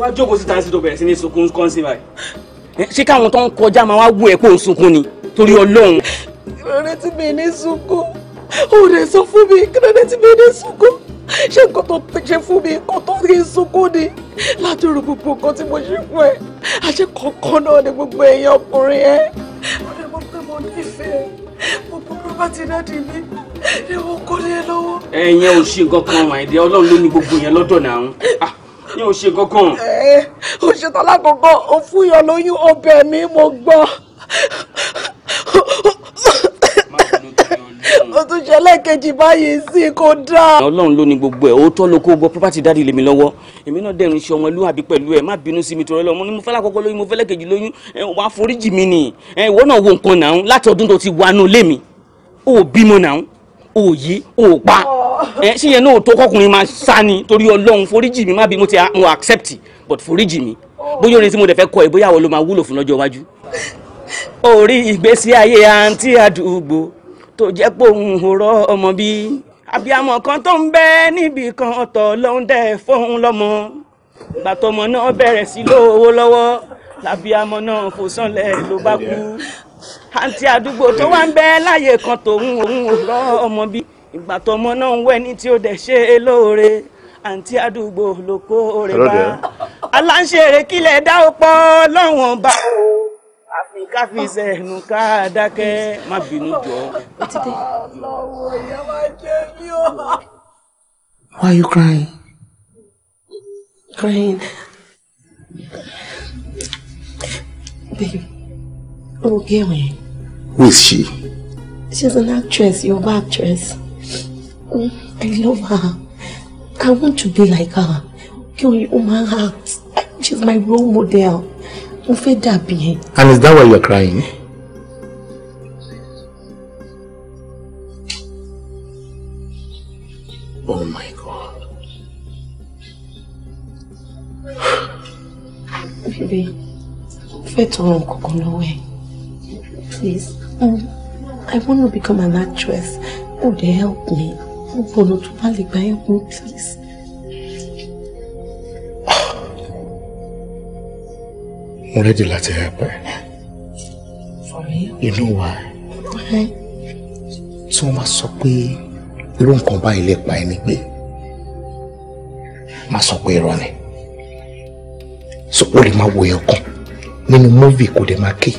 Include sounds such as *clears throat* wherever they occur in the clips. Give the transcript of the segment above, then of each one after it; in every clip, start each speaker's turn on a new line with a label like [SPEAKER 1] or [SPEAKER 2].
[SPEAKER 1] wá jókòó síta ní sító bẹ̀rẹ̀ sí ní sunkún kan sí báyìí. Eh, ṣé káwọn tó ń kọjá máa wá wú ẹ kó o sunkún ni torí
[SPEAKER 2] ọlọ́run.
[SPEAKER 3] ìrọ̀lẹ́ tí mi ní sunkún ó rẹ̀ sọ fún mi ìrọ̀lẹ́ tí mi ní sunkún ṣé nǹkan tó ṣe fún mi nǹkan tó rí sunkún ni látòrò gbogbo nǹkan tí
[SPEAKER 1] mo ṣe fún ẹ àṣẹ kọ̀ọ̀kan náà ni gbogbo èèyàn ọkùnrin ẹ. mo dẹ̀ mọ̀ pé mo nífẹ̀ẹ́ gbogbo ló bá ti dáàdì mi ni mo kọ́ yẹn ò ṣe kankan. ẹ eh,
[SPEAKER 3] ò ṣetán lákòókò o fún yọ lóyún ọbẹ̀ mi mo gbọ́.
[SPEAKER 1] o tún ṣe lẹ́ẹ̀kejì báyìí sí kò dáa. ọlọ́run ló ní gbogbo ẹ̀ òótọ́ ló kó gbọ́ property dáàdi lèmi lọ́wọ́ èmi náà dẹ̀rùn iṣẹ́ ọmọlúwàbí pẹ̀lú ẹ̀ má bínú sí mi torí ọlọ́run ni mo fẹ́ lákọ́kọ́ lóyún mo fẹ́ lẹ́ẹ̀kejì lóyún wàá foríjì mi nì ìwọ náà wo nǹkan náà láti ọdún tó ti wà nù lémi ò bímọ náà ò yí ò ẹ ṣí yẹn náà tó kọkùnrin máa sá ni torí ọlọ́run foríjì mi má bí mo ti mo accept but foríjì mi bóyá orin tí mo dẹ̀ fẹ́ kọ ẹ̀ bóyá àwọn ló máa wúlò fún lọ́jọ́ iwájú. orí ìgbésí ayé àǹtí àdúgbò tó jẹ́ pé òun ò rọ ọmọ bí abiyamọ kan tó ń bẹ níbi kan ọ̀tọ̀ ló ń dẹ̀ fóun lọ́mọ ìgbà tọmọ náà bẹ̀rẹ̀ sí lówó lọ́wọ́ làbíyamọ náà fò sánlẹ̀ ló bá kú àǹtí àdúgbò tó wá ń bẹ láyè kan tòun òun ò rọ ọmọ bí ìgbà tọmọ náà ń wẹ̀ ní tí ó dẹ̀ ṣe é lóore àǹtí àdúgbò ló kó oore bá aláǹṣeré kílẹ̀ dá ó lọ́wọ́n bá o àfi ká dákẹ́ má bínú jọ.
[SPEAKER 2] Why are you crying? Crying.
[SPEAKER 3] Babe, oh, get me. Who is she? She's an actress, Yoruba actress. I love her. I want to be like her. Kí o máa act. She's my role model. Mo fẹ́
[SPEAKER 4] And is that why you're crying?
[SPEAKER 2] Oh my God.
[SPEAKER 3] Baby, mo fẹ́ tọrọ nǹkan Please, um, I want to become an actress. Would you help me? mo bọ̀nà tó bá lè
[SPEAKER 2] gbà yẹn kún please.
[SPEAKER 4] mo rẹ́dí láti help ẹ. for real. you know why. tí wọ́n bá sọ pé irú nǹkan báyìí lè pa ẹni pé má sọ pé irọ́ ni so o lè máa wo èèyàn kan nínú múvì kò dé máa ké.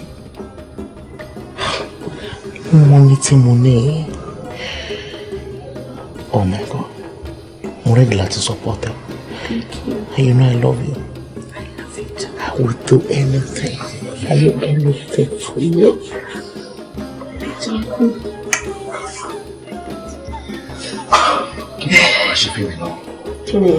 [SPEAKER 4] mo ní tí mo ní. Oh my God. I'm ready to support her. Thank you. And you know I love you. I love you too. I will do anything. I will do anything for you. Kí ni àwọn aṣèfìmí náà? Kí ni?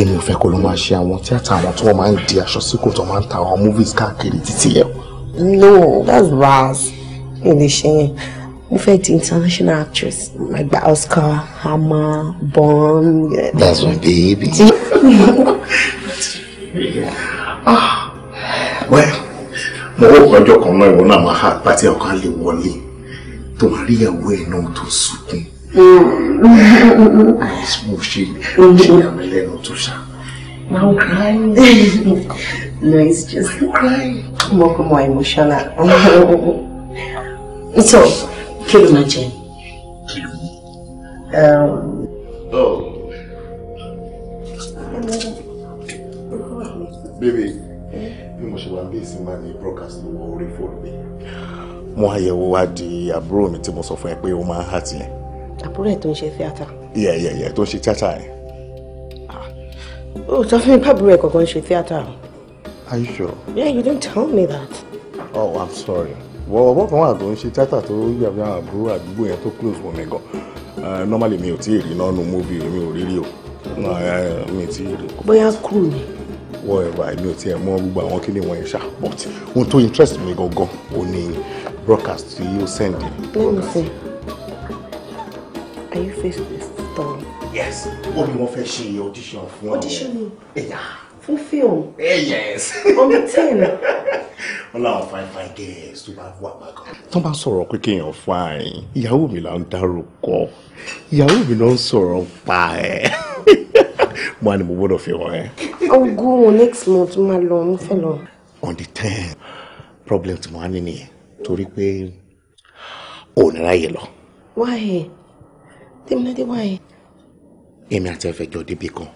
[SPEAKER 4] Èmi ò fẹ́ kó ló máa ṣe àwọn tíátà àwọn tí wọ́n máa ń di aṣọ sí kò tó máa ń ta àwọn movies káàkiri títí yẹn.
[SPEAKER 3] No, that's vast. Mi ò lè ṣe yẹn mo fẹ́ di international actress ma gba Oscar hammer born. Eh, that's
[SPEAKER 5] my baby. *laughs*
[SPEAKER 4] ah well mo wọ́n kọjọ́ kan náà ìwọ náà máa ha pàtí ọkọ àlè wọlé tó máa rí ìyàwó ẹ̀ náà tó sunkún.
[SPEAKER 2] Mm.
[SPEAKER 3] mo ṣe ṣe mm. àmẹ́lẹ́nu tó ṣá. now crying. *laughs* no it's just crying. mo kọ́ mọ emotional. *laughs*
[SPEAKER 2] so kí ló máa jẹ? Oh.
[SPEAKER 4] bébè bí mo ṣe wà bí ìsinmi ní broadcast ló wọ orí fóònù mi mo àyẹ̀wò wá di àbúrò mi tí mo sọ fún ẹ pé ó máa ń hà tiẹ̀.
[SPEAKER 3] àbúrò ẹ̀ tó ń ṣe tíátà.
[SPEAKER 4] yẹ yẹ yẹ tó ń ṣe tíátà yẹn.
[SPEAKER 3] ó ah. sọ fún mi pàbí rẹ̀ kọ̀ọ̀kan ṣe tíátà. Are you sure? Yeah, you don't tell me that.
[SPEAKER 4] Oh, I'm sorry wọ ọgbọ́n kan wà tó ń ṣe tíátà tó yàgbé àbúrò àdúgbò yẹn tó close wọ mi normally mi ò tí ì rí náà nu móbì mi ò rírí o mi ti rí.
[SPEAKER 3] bóyá kú ni.
[SPEAKER 4] wọ ẹ̀rọ mi ò tiẹ̀ mọ gbogbo àwọn kí ni wọ́n ṣá but ohun tó interest mi gangan ò ní broadcast tí yóò send in.
[SPEAKER 3] let me see are you face this
[SPEAKER 4] story? yes ó ní wọ́n fẹ́ ṣe audition fún ọ. audition ni. ẹ̀yà.
[SPEAKER 3] fún film. Eh, yes. on the ten. *laughs*
[SPEAKER 4] wọn làwọn fine fine girls tó bá wà bá kan. tó bá sọ̀rọ̀ pé kéèyàn fine ìyàwó mi là ń dárúkọ ìyàwó mi ló ń sọ̀rọ̀ pa ẹ̀ *laughs* mo á ní mo gbọ́dọ̀ fi hàn ẹ́.
[SPEAKER 3] ogun next month máa lọ mo fẹ́ lọ.
[SPEAKER 4] on the ten problem tí mo á ní nìyẹn torí pé ò ní ráyè lọ.
[SPEAKER 3] wáyé tèmínádé wáyé.
[SPEAKER 4] èmi àti ẹ jọ débi kan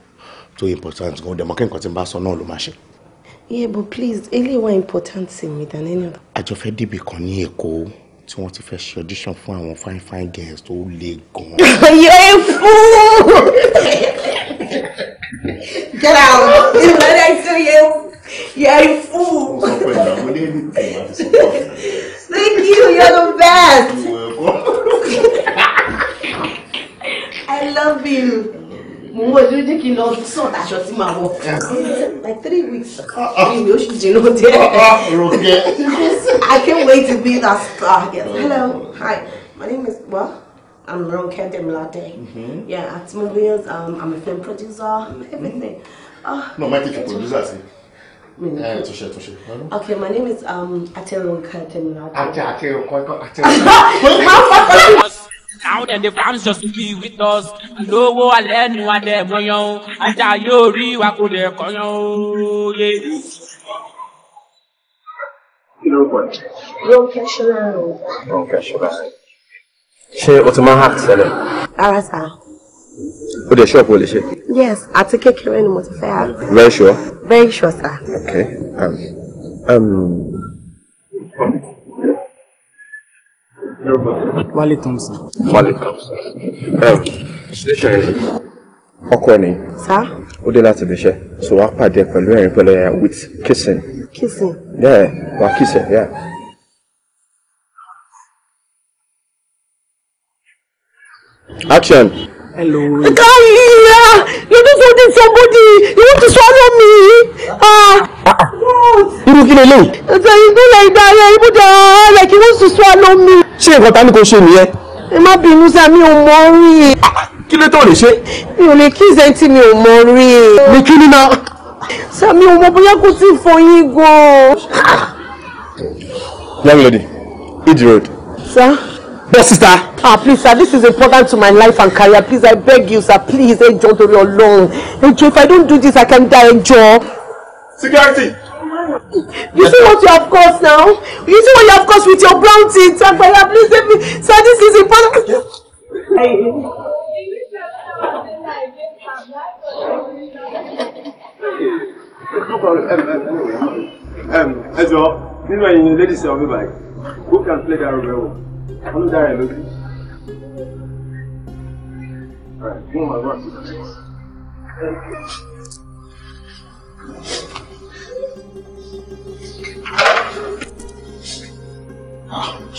[SPEAKER 4] tó important gan-an dẹ̀ mọ́ kí nǹkan tí n bá sọ náà ló máa ṣe
[SPEAKER 3] yeah but please eléyìí wá important sí mi than any other.
[SPEAKER 4] àjọfẹ́ dìbì kan ní èkó tí wọ́n ti fẹ́ ṣe audition fún àwọn fine fine girls tó le
[SPEAKER 3] gan-an.
[SPEAKER 2] *laughs* yẹ fún get out You I ìmọ̀lẹ́
[SPEAKER 3] you. yẹ a fool. thank you you're the best. *laughs* I love you mo wọ ìlú jẹ́ kí n lọ sọ̀t aṣọ tí like three weeks ìwé oṣù jìnnà díẹ̀. Ah, ah, Roke. *laughs* I can't wait to be that star again. Oh, Hello, hi, my name is what? I'm Ronke Demilade. Mm-hmm. Yeah, at Mobiles, um, I'm a film producer, mm-hmm. everything. mm no, my teacher producer, see.
[SPEAKER 6] Eh, okay,
[SPEAKER 3] my name is um, Ate Ronke Demilade. Ate, Ate,
[SPEAKER 6] Ronke,
[SPEAKER 1] *laughs* *laughs* àwọn tẹ̀lé fáńsọ̀ síbi wítọ́s lówó alẹ́ nu adẹ mọ́yán o ajá yóò rí wa
[SPEAKER 6] kó dẹ̀ kọ́yán o yé. Ronke Ṣọlárẹ̀
[SPEAKER 3] o. Ronke Ṣọlárẹ̀.
[SPEAKER 6] Ṣé o ti máa ń hàk tẹ́lẹ̀?
[SPEAKER 3] Rárá sá.
[SPEAKER 7] O de ṣọ́ọ̀bù o lè ṣe?
[SPEAKER 3] Yes, àti kékeré ni mo ti fẹ́ hàk. Very sure? Very sure
[SPEAKER 2] sir. Okay. Um, um,
[SPEAKER 6] Wálé Thompson. Wálé Thompson. ọkọ ẹ ni. sá.
[SPEAKER 8] ó dé láti so wàá pàdé pẹ̀lú ẹ̀rín pẹ̀lú
[SPEAKER 2] ẹ̀yà with kissing. kissing. yeah wàá kissing. yeah. action. Hello. Kaya! You just wanted somebody! You want to swallow me!
[SPEAKER 3] Ah! Irú kí lélẹ̀? Ṣé ibi like that? Yeah, ibi that like he wants to swallow me. She ain't got ni kò ṣe nìyẹn? Ẹ má bínú sá mi ò mọ̀ rí. Kí ló tó lè ṣe? Mi ò lè kí ìṣẹ́ntì mi ò mọ̀ rí. Mi kí nínà. Sàmì ò mọ̀ bóyá kò sí ìfọyín gan.
[SPEAKER 4] Young lady, hit the road.
[SPEAKER 3] Sir. But sister. Ah, please, sir, this is important to my life and career. Please, I beg you, sir, please, ẹ jọ̀ọ́ torí Ọlọ́run. Ẹ if I don't do this, I can die, ẹ Security. You see what you have caused now? You see what you have caused with your brown teeth, Agbaya, please help me. Sir, this is important. No
[SPEAKER 4] *laughs* um, ẹ jọ̀ọ́, nínú ẹ̀yin ladies, ẹ wá bí báyìí. Who can play that role? ó ń dára ẹ̀ lójú.
[SPEAKER 2] Mo máa wá sí ìdájọ́.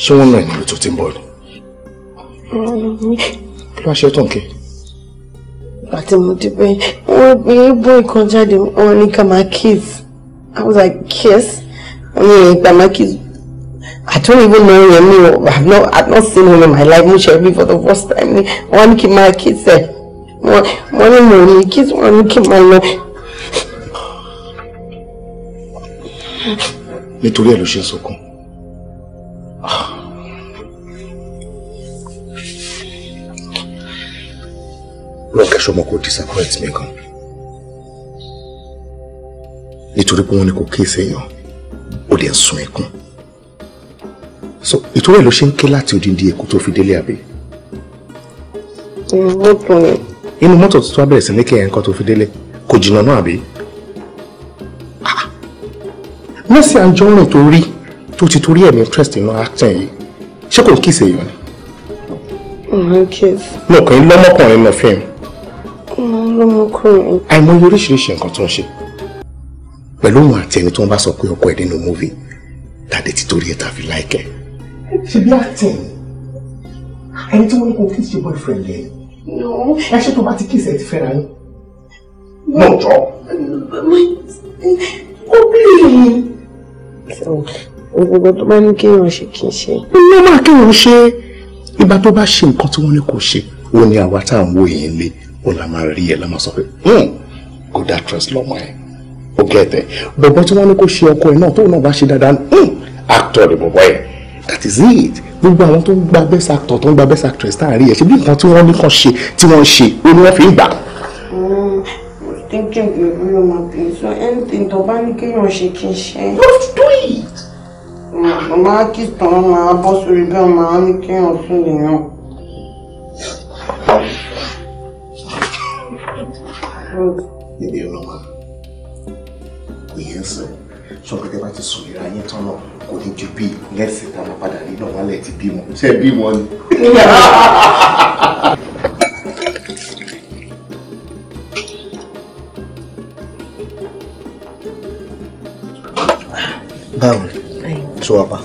[SPEAKER 4] Ṣé wọ́n náà ìnáwó tó ti ń bọ̀ ni? Kí wá ṣe tó ń ké?
[SPEAKER 3] Ìgbà tí mo dé bẹ́ẹ̀, wọ́n gbé bó nǹkan jáde, wọ́n ní ká kiss. I was like, kiss? I mean, ká máa kiss. I don't even know Yemi. I've not, I've not seen him in my life. Mushemi for the first time. One kid, my kids. One, one, one kids. One kid, my love.
[SPEAKER 4] Nítorí ẹ ló ṣe ń sọkún. Lọ́kẹ́ ṣọmọ kò disappoint me, gan. Nítorí pé wọ́n ní kò kí ìsẹ̀yàn, ó lè ń sun ẹkún so ìtúrọ ẹ ló ṣe ń ké láti odindi èkó tó fi délé àbí. inú mọ́tò tuntun abẹ́rẹ́ sí ní kí ẹ̀ nǹkan tó fi délé kò jìnnà náà àbí. Ah! nọ́ọ̀sì àjọrìn tó rí tó ti torí ẹ̀mí interest inú acting yìí ṣé kò ń kí ìsèyàn ni. lọkùnrin lọmọkùnrin lọ fíìmù.
[SPEAKER 3] lọmọkùnrin.
[SPEAKER 4] àìmọye oríṣiríṣi nǹkan tó ń ṣe pẹ̀lú òun àti ẹni tó ń bá sọ pé ọkọ ẹ̀ nínú múvi tàdé ti torí ẹ̀ tàbí láìkẹ́. Like She be acting ẹni tí wọ́n ní kò kí ṣe boyfriend yẹn
[SPEAKER 6] ẹ ṣe tó bá ti kiss ẹ Ferran. No, yín náà jọ. obìnrin.
[SPEAKER 2] gbogbo tó bá ní kéèyàn ṣe kì í ṣe.
[SPEAKER 3] ní ọmọ akéèyàn
[SPEAKER 4] ṣe ìgbà tó bá ṣe nǹkan tí wọ́n ní kò ṣe ó ní àwa tá à ń wo èèyàn lé ó la máa Hmm. ẹ la máa sọ pé good hmm, actress lọmọ ẹ ó gẹ̀ẹ́tẹ̀ bọ̀bọ̀ tí wọ́n ní kó ṣe ọkọ ẹ náà tóun náà bá ṣe dáadáa hmm, actor ni boy that is it gbogbo àwọn tó ń gba best actor tó ń gba best actress tá à ń rí ẹ ṣe bí nǹkan tí wọ́n ní kàn ṣe tí wọ́n ṣe
[SPEAKER 1] ó ní wọ́n fi ń gbà.
[SPEAKER 3] Mm, thinking pé orí ọmọ bìnrin so anything tó bá ní kéèyàn ṣe kí n just do it. Mm, màmá kí tán máa bọ́ sórí bẹ́ẹ̀ máa ní kéèyàn tún lè yàn. níbi ọlọ́mọ
[SPEAKER 4] ìyẹn sọ sọ pé tẹ bá ti sùn ìrayé tán náà kò ní ju bíi lẹ́sìn tá a máa padà rí náà wálẹ̀ ti bímọ ṣe bímọ ni.
[SPEAKER 3] báwo tó wà pa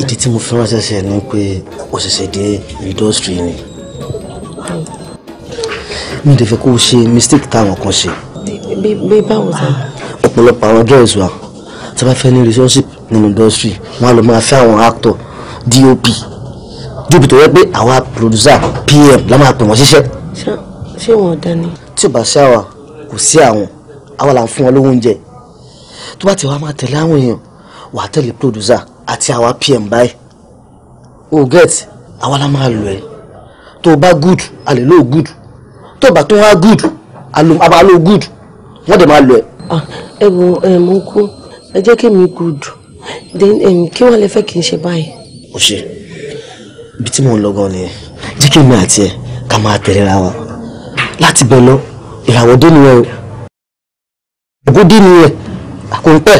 [SPEAKER 3] ìdí tí mo fi ránṣẹ́ sí ẹ ni pé òṣìṣẹ́ dé indọ́sítírì ni mi dẹ̀ fẹ́ kó o ṣe mistake táwọn kan ṣe. bí báwo sá. ọ̀pọ̀lọpọ̀ àwọn jọ́ọ̀sì wa tí a bá fẹ́ ní relationship nínú industry wọn á lọ máa fẹ́ àwọn actor dop dop tó yẹ pé àwa producer pm la máa pè wọ́n ṣiṣẹ́. ṣé wọn dání. tí ò bá ṣe àwa kò sí àwọn àwa là ń fún wọn lówó oúnjẹ tó bá ti wá máa tẹ̀lé àwọn èèyàn wàá tẹ̀lé producer àti àwa pm báyìí o get àwa la máa lò ẹ́ tó o bá good a lè lò ó good
[SPEAKER 4] tó o bá tó wá good a bá lò ó good wọ́n dẹ̀ máa lò ẹ́.
[SPEAKER 3] Ah, ẹ wo ẹ mú kú ẹ jẹ́ kí mi gùdù then um, kí wọ́n lè fẹ́ kí n ṣe báyìí. o ṣe ibi tí mò ń lọ gan nìyẹn jẹ́ kí èmi àti ẹ̀ ká máa tẹ̀lé ra wa láti bẹ̀ lọ ìràwọ̀ dé nìyẹn o ògo dé nìyẹn kò ń pẹ́.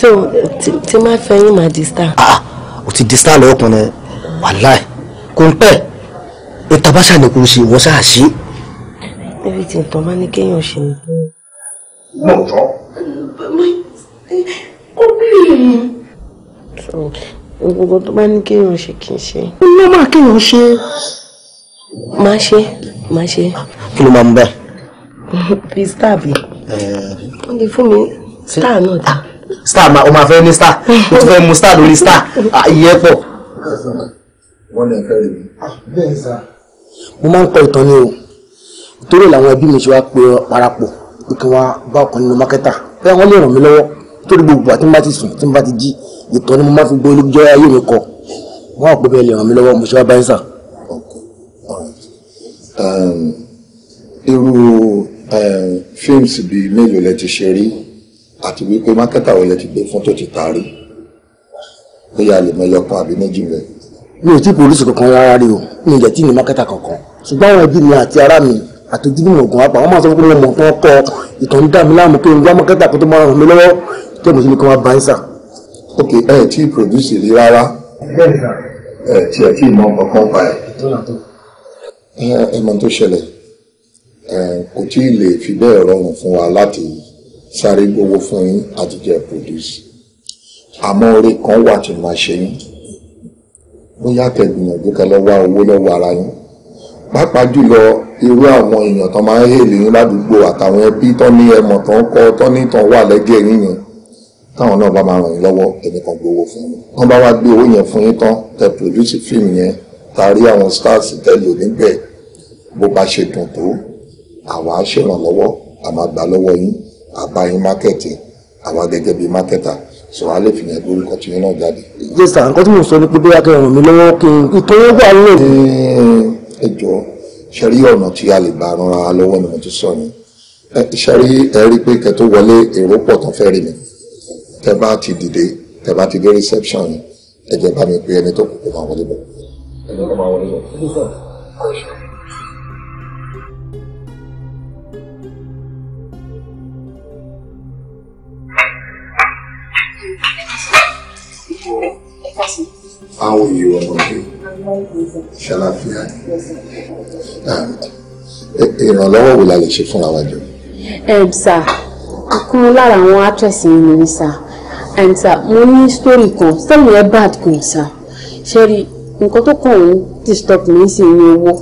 [SPEAKER 3] tó tí máa fẹ́ yín máa di star.
[SPEAKER 6] ah o ti di star lọ́kùnrin wàláì kò ń pẹ́ ìtàbáṣà
[SPEAKER 2] ni kò ṣe ìwọ́sà ṣe.
[SPEAKER 3] everything tó máa ní kéèyàn ṣe ni. mo sọ ó bèrè mi. gbogbo tó bá ní kéèyàn ṣe kì í ṣe. ó
[SPEAKER 2] ní máa kéèyàn ṣe.
[SPEAKER 3] má ṣe má ṣe. kí ló máa ń bẹ. fi *laughs* star bi. Eh. wọ́n lè fún mi star náà dá. star o máa fẹ́ ní star o tún fẹ́ mu star lórí star ah, ìyẹn pọ̀. wọ́n lè fẹ́ rẹ̀ mi. Ah, bẹ́ẹ̀ sá.
[SPEAKER 6] mo máa ń kọ ìtàn ni o torí làwọn ẹbí mi ṣe wá pe parapọ̀ pé kí wọ́n bá ọkàn nínú mákẹ́tà bẹ́ẹ̀ wọ́n lè ràn mí lọ́wọ́ torí gbogbo àti bá ti sùn tí bá ti jí ìtọ́ ni mo máa fi
[SPEAKER 4] gbọ́
[SPEAKER 5] olùjọ́ ayé mi kọ wọ́n á pè bẹ́ẹ̀ lè ràn mí lọ́wọ́ mo ṣe wá báyìí sàn. Um, irú um, films bíi mélòó lẹ ti ṣe rí àti wípé mákẹ́tà wo lẹ ti gbé fún tó ti taari bóyá lè mọ ẹyọkan àbí méjì rẹ. mi ò tí polisi kankan rárá rí o mi ò jẹ́ tí ní mákẹ́tà kankan
[SPEAKER 4] ṣùgbọ́n àwọn ẹbí mi àti ará mi àtòjú mi ò gùn apá wọn máa sọ pé mo mọ̀ fún ọkọ ìtàn dá mi láàmú pé ń gbá mákẹ́tà kó tó máa ràn mí lọ́wọ́ tẹ́mi sí ni kí wọ́n bá ń sà. ok ẹ ẹ tí produce
[SPEAKER 5] rí rárá ẹ tí ẹ tí ì mọ kankan pa ẹ. ẹ mọ tó ṣẹlẹ̀ kò tí ì lè fi bẹ́ẹ̀ rọrùn fún wa láti sáré gbowó fún yín àti jẹ produce àmọ́ orí kan wà tí màá ṣe yín bóyá tẹ̀gbìyànjú kan lọ wá owó lọ́wọ́ ara yín pàápàá jùlọ irú àwọn èèyàn tó máa ń hèlè yín ládùúgbò àtàwọn ẹbí tó ní ẹmọ tó ń kọ tó ní tàn wà lẹ́gẹ̀ẹ́ yín yẹn táwọn náà bá máa ràn yín lọ́wọ́ ẹnì kan gbowó fún mi. wọ́n bá wá gbé owó yẹn fún yín tán tẹ pòdúsì fíìmù yẹn taari àwọn stars tẹ́lẹ̀ oníbẹ̀ bó bá ṣe dùn tó àwa ṣèrànlọ́wọ́ a gbà lọ́wọ́ yín àbá yín mákẹ́tì àwa gẹ́gẹ́ bíi mákẹ́tà sọ wá lè fìyàn gbé orúkọ tìyẹn náà jáde. yẹ́sà nǹkan tí mo sọ ni pé bóyá kẹ́ ràn mí lọ́wọ́ kí n ìtọ́wọ́ wà lónìí. ẹ jọ ṣẹ́rí ọ̀nà tí a lè gbà ran ara lọ́wọ́ ni mo ti sọ ni ṣẹ́rí ẹ rí i pé kẹ́ tó wọlé èrò pọ̀ tán tẹ bá ti dìde tẹ bá ti dé reception
[SPEAKER 2] ẹ jẹ́ bá mi pé ẹni tó kù kó máa wọlé bọ̀. ẹ jẹ́ kó máa wọlé bọ̀.
[SPEAKER 5] How are you, Ọmọdé? Ìrànlọ́wọ́ wo la lè ṣe fún àwàjọ?
[SPEAKER 3] Ẹ̀m sà, ọ̀kan lára àwọn actress yìí ni sà and sir mo ní story kan sẹ́yìn ẹ bad kan sir ṣẹ́rí nǹkan tó kàn ń disturb mi sì ní owó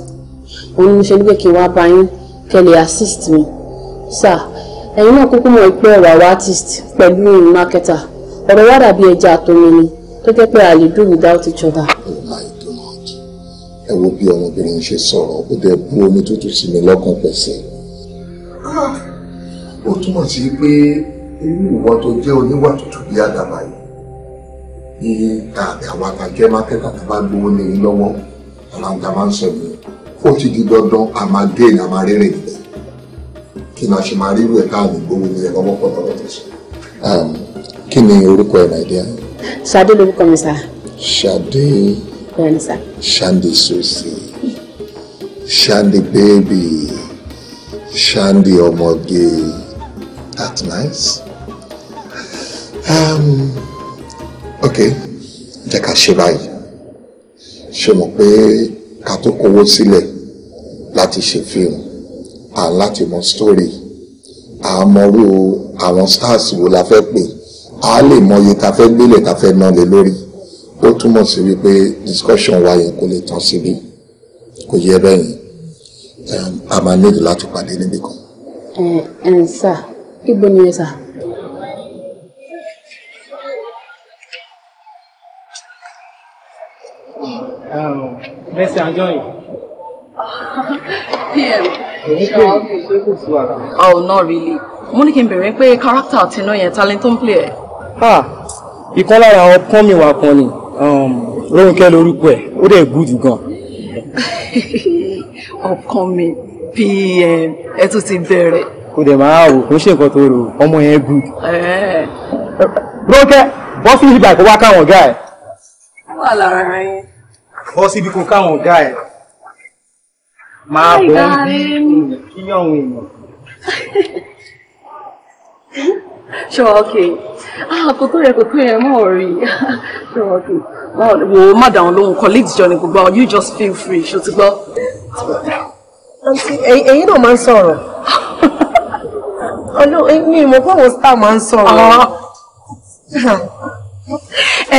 [SPEAKER 3] òun ni mo ṣe níbẹ̀ kí n wá bá yín kẹ́ lè assist mi sir ẹ̀yin náà kúkú mọ̀ pé ọ̀rọ̀ àwọn artist pẹ̀lú ìrìn marketer ọ̀rọ̀ wá dàbí ẹja àtomi ni tó jẹ́ pé a lè do without each other.
[SPEAKER 5] ẹ wo bí ọmọbìnrin ṣe sọ̀rọ̀ ó dẹ̀ bú omi tútù sí mi lọ́kàn pẹ̀sẹ̀. Ah, ó túmọ̀ sí pé irú ìwọ tó jẹ́ oníwà tútù bí àdàbà yìí ní tàbí àwọn àtàjẹ́ mákẹ́tà tó bá gbowó ní yín lọ́wọ́ aláǹtà máa ń sọ yìí ó ti di dandan àmàdé ní àmàrèrè nìyẹn kí ni a ṣe máa rírú ẹ̀ káàdì gbowó ní ẹ̀ lọ́wọ́ pọ̀ lọ́wọ́ tó um, kí ni orúkọ ẹ̀ nàìjíríà. Ṣadé lórúkọ mi sá. Ṣadé. bẹ́ẹ̀ni sá. Ṣadé sọ́sì Ṣadé bẹ́ẹ̀bì Ṣadé ọmọge that's nice. Um, ok jẹ́ ká ṣe báyìí ṣe mọ̀ pé ká tó kówó sílẹ̀ láti ṣe fíìmù à ń láti mọ sítórì àmọ́rú àwọn stars wo la fẹ́ pè á lè mọye ta fẹ́ gbélé ta fẹ́ ná lé lórí ó túmọ̀ sí wípé discussion wa yẹn kò lè tán síbi kò yẹ bẹ́ẹ̀ yẹn um, a máa nílò láti pàdé níbì
[SPEAKER 3] ẹ ẹ sà ibo ni ẹ sà. Let's yeah. Oh, not really. Mo ní kí n bèèrè pé character Tino yẹn talent tó ń play ẹ̀.
[SPEAKER 6] Ah, ìkan lára àwọn pọ́n mi wà kan ni. Um, Rónkẹ́ lórúkọ ẹ̀, ó dẹ̀ gúdù gan.
[SPEAKER 3] *laughs* Ọkàn mi PM ẹ tún ti bẹ̀rẹ̀.
[SPEAKER 1] Kò
[SPEAKER 6] dẹ̀ máa wò, kò ń ṣe nǹkan tó rò, ọmọ yẹn gùd. Eh. Rónkẹ́, bọ́sí ìgbà kó wá káwọn ọ̀gá ẹ̀. Wà lára bọ́ síbi kò káwọn ọ̀gá ẹ̀
[SPEAKER 8] máa oh bọ̀ ń bí
[SPEAKER 6] kíyàn àwọn èèyàn.
[SPEAKER 3] sure okay ah kò tó yẹ kò rí sure okay wo má dáhùn lóhùn colleagues jọ ni gbogbo you just feel free ṣó ti gbọ́. ẹ̀yin náà máa ń sọ̀rọ̀ *laughs* ọlọ́run mi ò mọ̀ pé àwọn star máa ń sọ̀rọ̀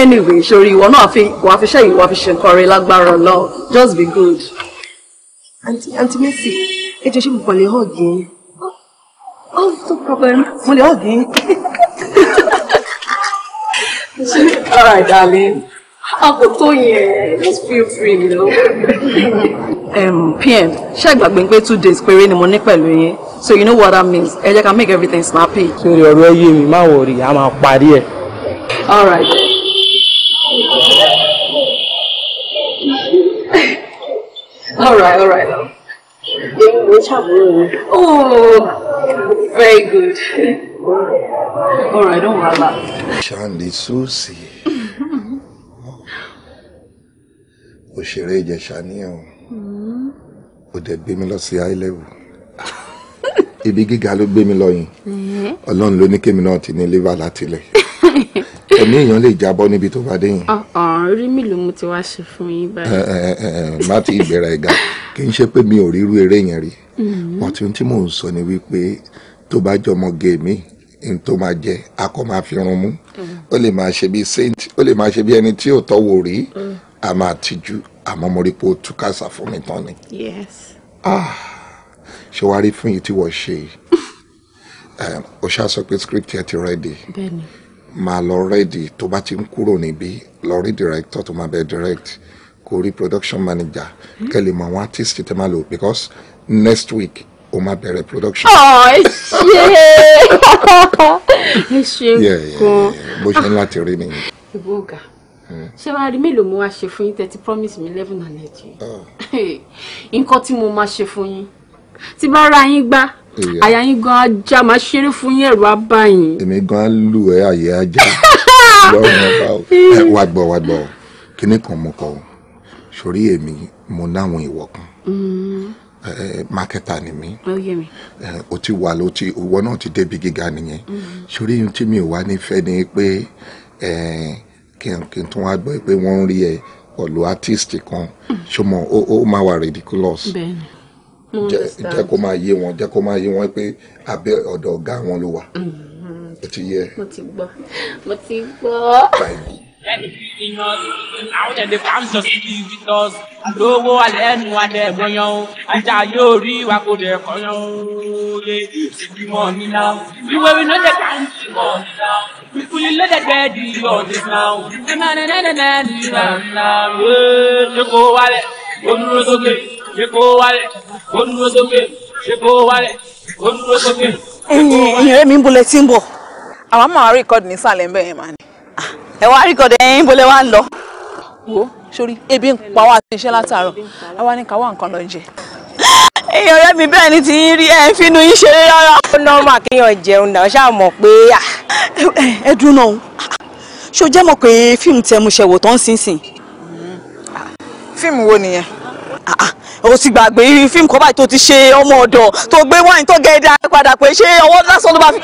[SPEAKER 3] anyway sori ìwọ náà fi wàá fi ṣe ìwà fi ṣe nǹkan rẹ lágbára lọ just be good. aunty aunty Mercy ẹ jọ ṣe mo kàn lè hug yín. oh no problem mo lè hug yín. *laughs* all right darling àkótó yẹn just feel free you know. um, pm ṣé ìgbàgbé pé two days péré ni mo ní pẹ̀lú yín so you know what that means ẹ jẹ́ ká make everything snappy.
[SPEAKER 6] sori ọ̀rọ̀ ẹ yé mi má wọrí a máa parí ẹ̀. All right.
[SPEAKER 2] all right, all right. Oh, very good. All right, don't worry.
[SPEAKER 5] Shandy Susie. òṣèré ìjẹ̀ṣà ní ẹ̀ ò dẹ̀ gbé mi lọ sí high level ibi gíga ló gbé mi lọ yìn mm-hmm. ọlọ́run ló ní kémi náà ti ní liver látilẹ̀ *laughs* ẹ̀mí èèyàn lè jábọ́ níbi tó bá dé yẹn.
[SPEAKER 3] Ah, ah, orí mi ló mú ti wá ṣe fún yín báyìí. Eh,
[SPEAKER 5] eh, eh, má ti ìgbéra ẹ̀ga kì í ṣe pé mi ò rí irú eré yẹn rí wọ́n mm-hmm. ti tí mò ń sọ ni wípé tó bá jọmọ gé mi n tó máa jẹ akọ máa fi run mú mm. ó lè máa ṣe bí saint ó lè máa ṣe bí ẹni tí ò tọ́wò rí mm. a máa tijú àmọ́ mo rí pé ó tú kásá fún mi tán ni. Ah, ṣé wàá rí fún yìí tí wọ́n ṣe yìí *laughs* o ṣáà sọ pé script yẹn ti ready. bẹ́ẹ̀ni máa lọ rẹ́ẹ̀dì tó bá ti ń kúrò níbí lọ rí director tó máa bẹ direct kò rí production manager hmm? kẹ́lẹ̀ mọ àwọn artist tẹ́ máa lò because next week o máa bẹ̀rẹ̀ production.
[SPEAKER 2] ọ̀ ẹ ṣe *laughs*
[SPEAKER 3] ẹ ṣe gan. bó ṣe ń láti rí nìyẹn. ìbò ọ̀gá hmm. ṣé wàá rí mélòó mo wá ṣe fún yín tẹ́tí promise mi eleven hundred yìí oh. *laughs* nǹkan tí mo
[SPEAKER 1] máa ṣe fún yín tí bá ra yín gbá àyà yín gan ajá máa ṣeré fún yín ẹ̀rù
[SPEAKER 5] abáyín. èmi gan lù ẹ́ àyè ajá *laughs* lọ́rùn ọba o wà gbọ́ wà gbọ́ kíní kan mo kọ sórí èmi mo náwọn ìwọ̀ kan mm. mákẹ́tà ni mí o ti wà ló ti ìwọ náà ti débi gíga nìyẹn mm. sórí ohun tí mi ò wá nífẹ̀ẹ́ ni pé kí n tún wá gbọ́ pé wọ́n ń rí ẹ pẹ̀lú artist kan mm. ṣọmọ ó máa wà ridiculous
[SPEAKER 2] jẹ́ kó
[SPEAKER 5] máa yé wọn jẹ́ kó máa yé wọn pé abẹ́ ọ̀dọ̀ ọ̀gá wọn ló wà mm-hmm. ó ti yẹ. mo ti gbọ́
[SPEAKER 1] mo ti gbọ́. àwọn ẹ̀dẹ̀ pàǹsọ̀ sí ti di tọ́s lówó alẹ́ ẹnu alẹ́ ẹ̀gbọ́nyán o ajá yóò rí wa kó dẹ̀ kọ́yán o lè ti bímọ nílá o ìwé iná jẹ́ pàǹsì mọ́ nílá o ìkùnlé lọ́dẹ̀gbẹ́ di ọ̀dẹ̀ náà o
[SPEAKER 2] ẹ̀mẹ́rẹ́rẹ́rẹ́
[SPEAKER 1] nílá nílá o ṣé kó wálẹ̀ onúró sókè
[SPEAKER 3] ìyẹn mi ń bolẹ̀ tí ń bọ̀ àwọn máa rékọ́dì nísàlẹ̀ ń bẹ̀ yẹn máa ní ah, ẹ wá rékọ́dì ẹ̀yìn bolẹ̀ wá lọ wo sórí ebi ń pa wá àti iṣẹ́ látàárọ̀ àwa ní ká nǹkan lọ jẹ. èèyàn ọ̀rẹ́ mi bẹ́ẹ̀ ni ti ń rí ẹ̀ ń finú yín ṣeré rárá. ó nọ́ọ̀mà kéèyàn jẹun náà ṣáà mọ̀ pé. ẹ dúró náà ṣó jẹ́ mọ̀ pé fíìmù tẹ́ mo ṣẹ̀wò tán sínsìn. fíìmù wo nìyẹn. Ah, ah. o ti gbàgbé fíìmù kan báyìí tó ti ṣe ọmọ ọ̀dọ̀ tó gbé wáìnì tó gẹ padà pé ṣé ọwọ́ lásán ló máa fi.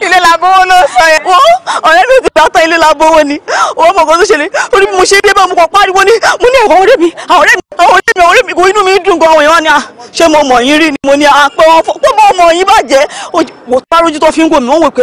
[SPEAKER 3] *laughs* ilé labowó ló sọ yẹn wọ́n ọ̀rẹ́ mi ti gbàtọ́ ilé labowó ni owó mọ̀ kan tó ṣẹlẹ̀ ó ní mo ṣe dé bá mo kàn pariwo ni mo ní ọ̀rẹ́ mi ọ̀rẹ́ mi ọ̀rẹ́ mi ọ̀rẹ́ mi kò inú mi dùn gan
[SPEAKER 1] àwọn ni ah, ṣé mo mọ̀ yín rí ni mo ní pé wọ́n yín bàjẹ́ wò tó tó fi ń wò wọ́n wò pé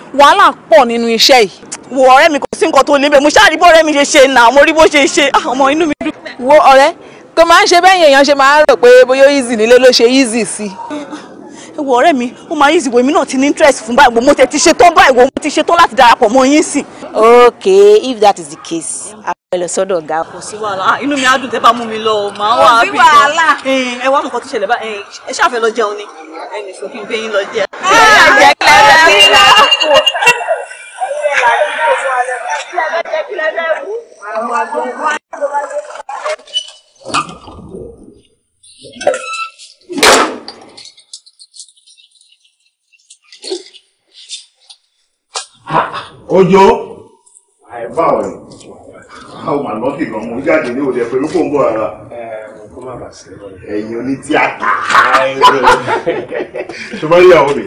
[SPEAKER 3] wàhálà pọ̀ nínú iṣẹ́ yìí. wo ọ̀rẹ́ mi kò sí nǹkan tó níbẹ̀ mo ṣáà bó ọ̀rẹ́ mi ṣe ṣe nà mo rí bó ṣe ṣe ah, ọmọ inú mi dùn. wo ọ̀rẹ́ kò máa ń ṣe bẹ́ẹ̀ èèyàn ṣe máa ń rò pé bóyá easy nílé ló ṣe easy sí i. Ah, ẹ wo ọ̀rẹ́ mi ó máa easy wo èmi náà ti ní interest fún báyìí wo mo ti ṣe tán báyìí wo mo ti ṣe tán láti darapọ̀ mọ́ yín sìn. okay if that is the case ẹ lọ sọ́dọ̀ ọ̀gá. kò
[SPEAKER 1] sí wàhálà ah, inú mi á dùn tẹ́ bá mú mi lọ o
[SPEAKER 2] máa wà á bì
[SPEAKER 3] kan
[SPEAKER 1] ẹ wá nǹkan tó ṣẹlẹ̀ bá eh, ẹ ṣáà lọ jẹun ni ẹ nìṣó kí lọ jẹ. ẹ
[SPEAKER 2] ẹ jẹ kí
[SPEAKER 4] Ojo, àìbáwọ̀ ni àwọn àlọ́kì kan mo jáde ní òde pẹ̀lú kò ń bọ̀ rárá.
[SPEAKER 6] ẹ̀yin oní tíátà. tó bá yà ó rè.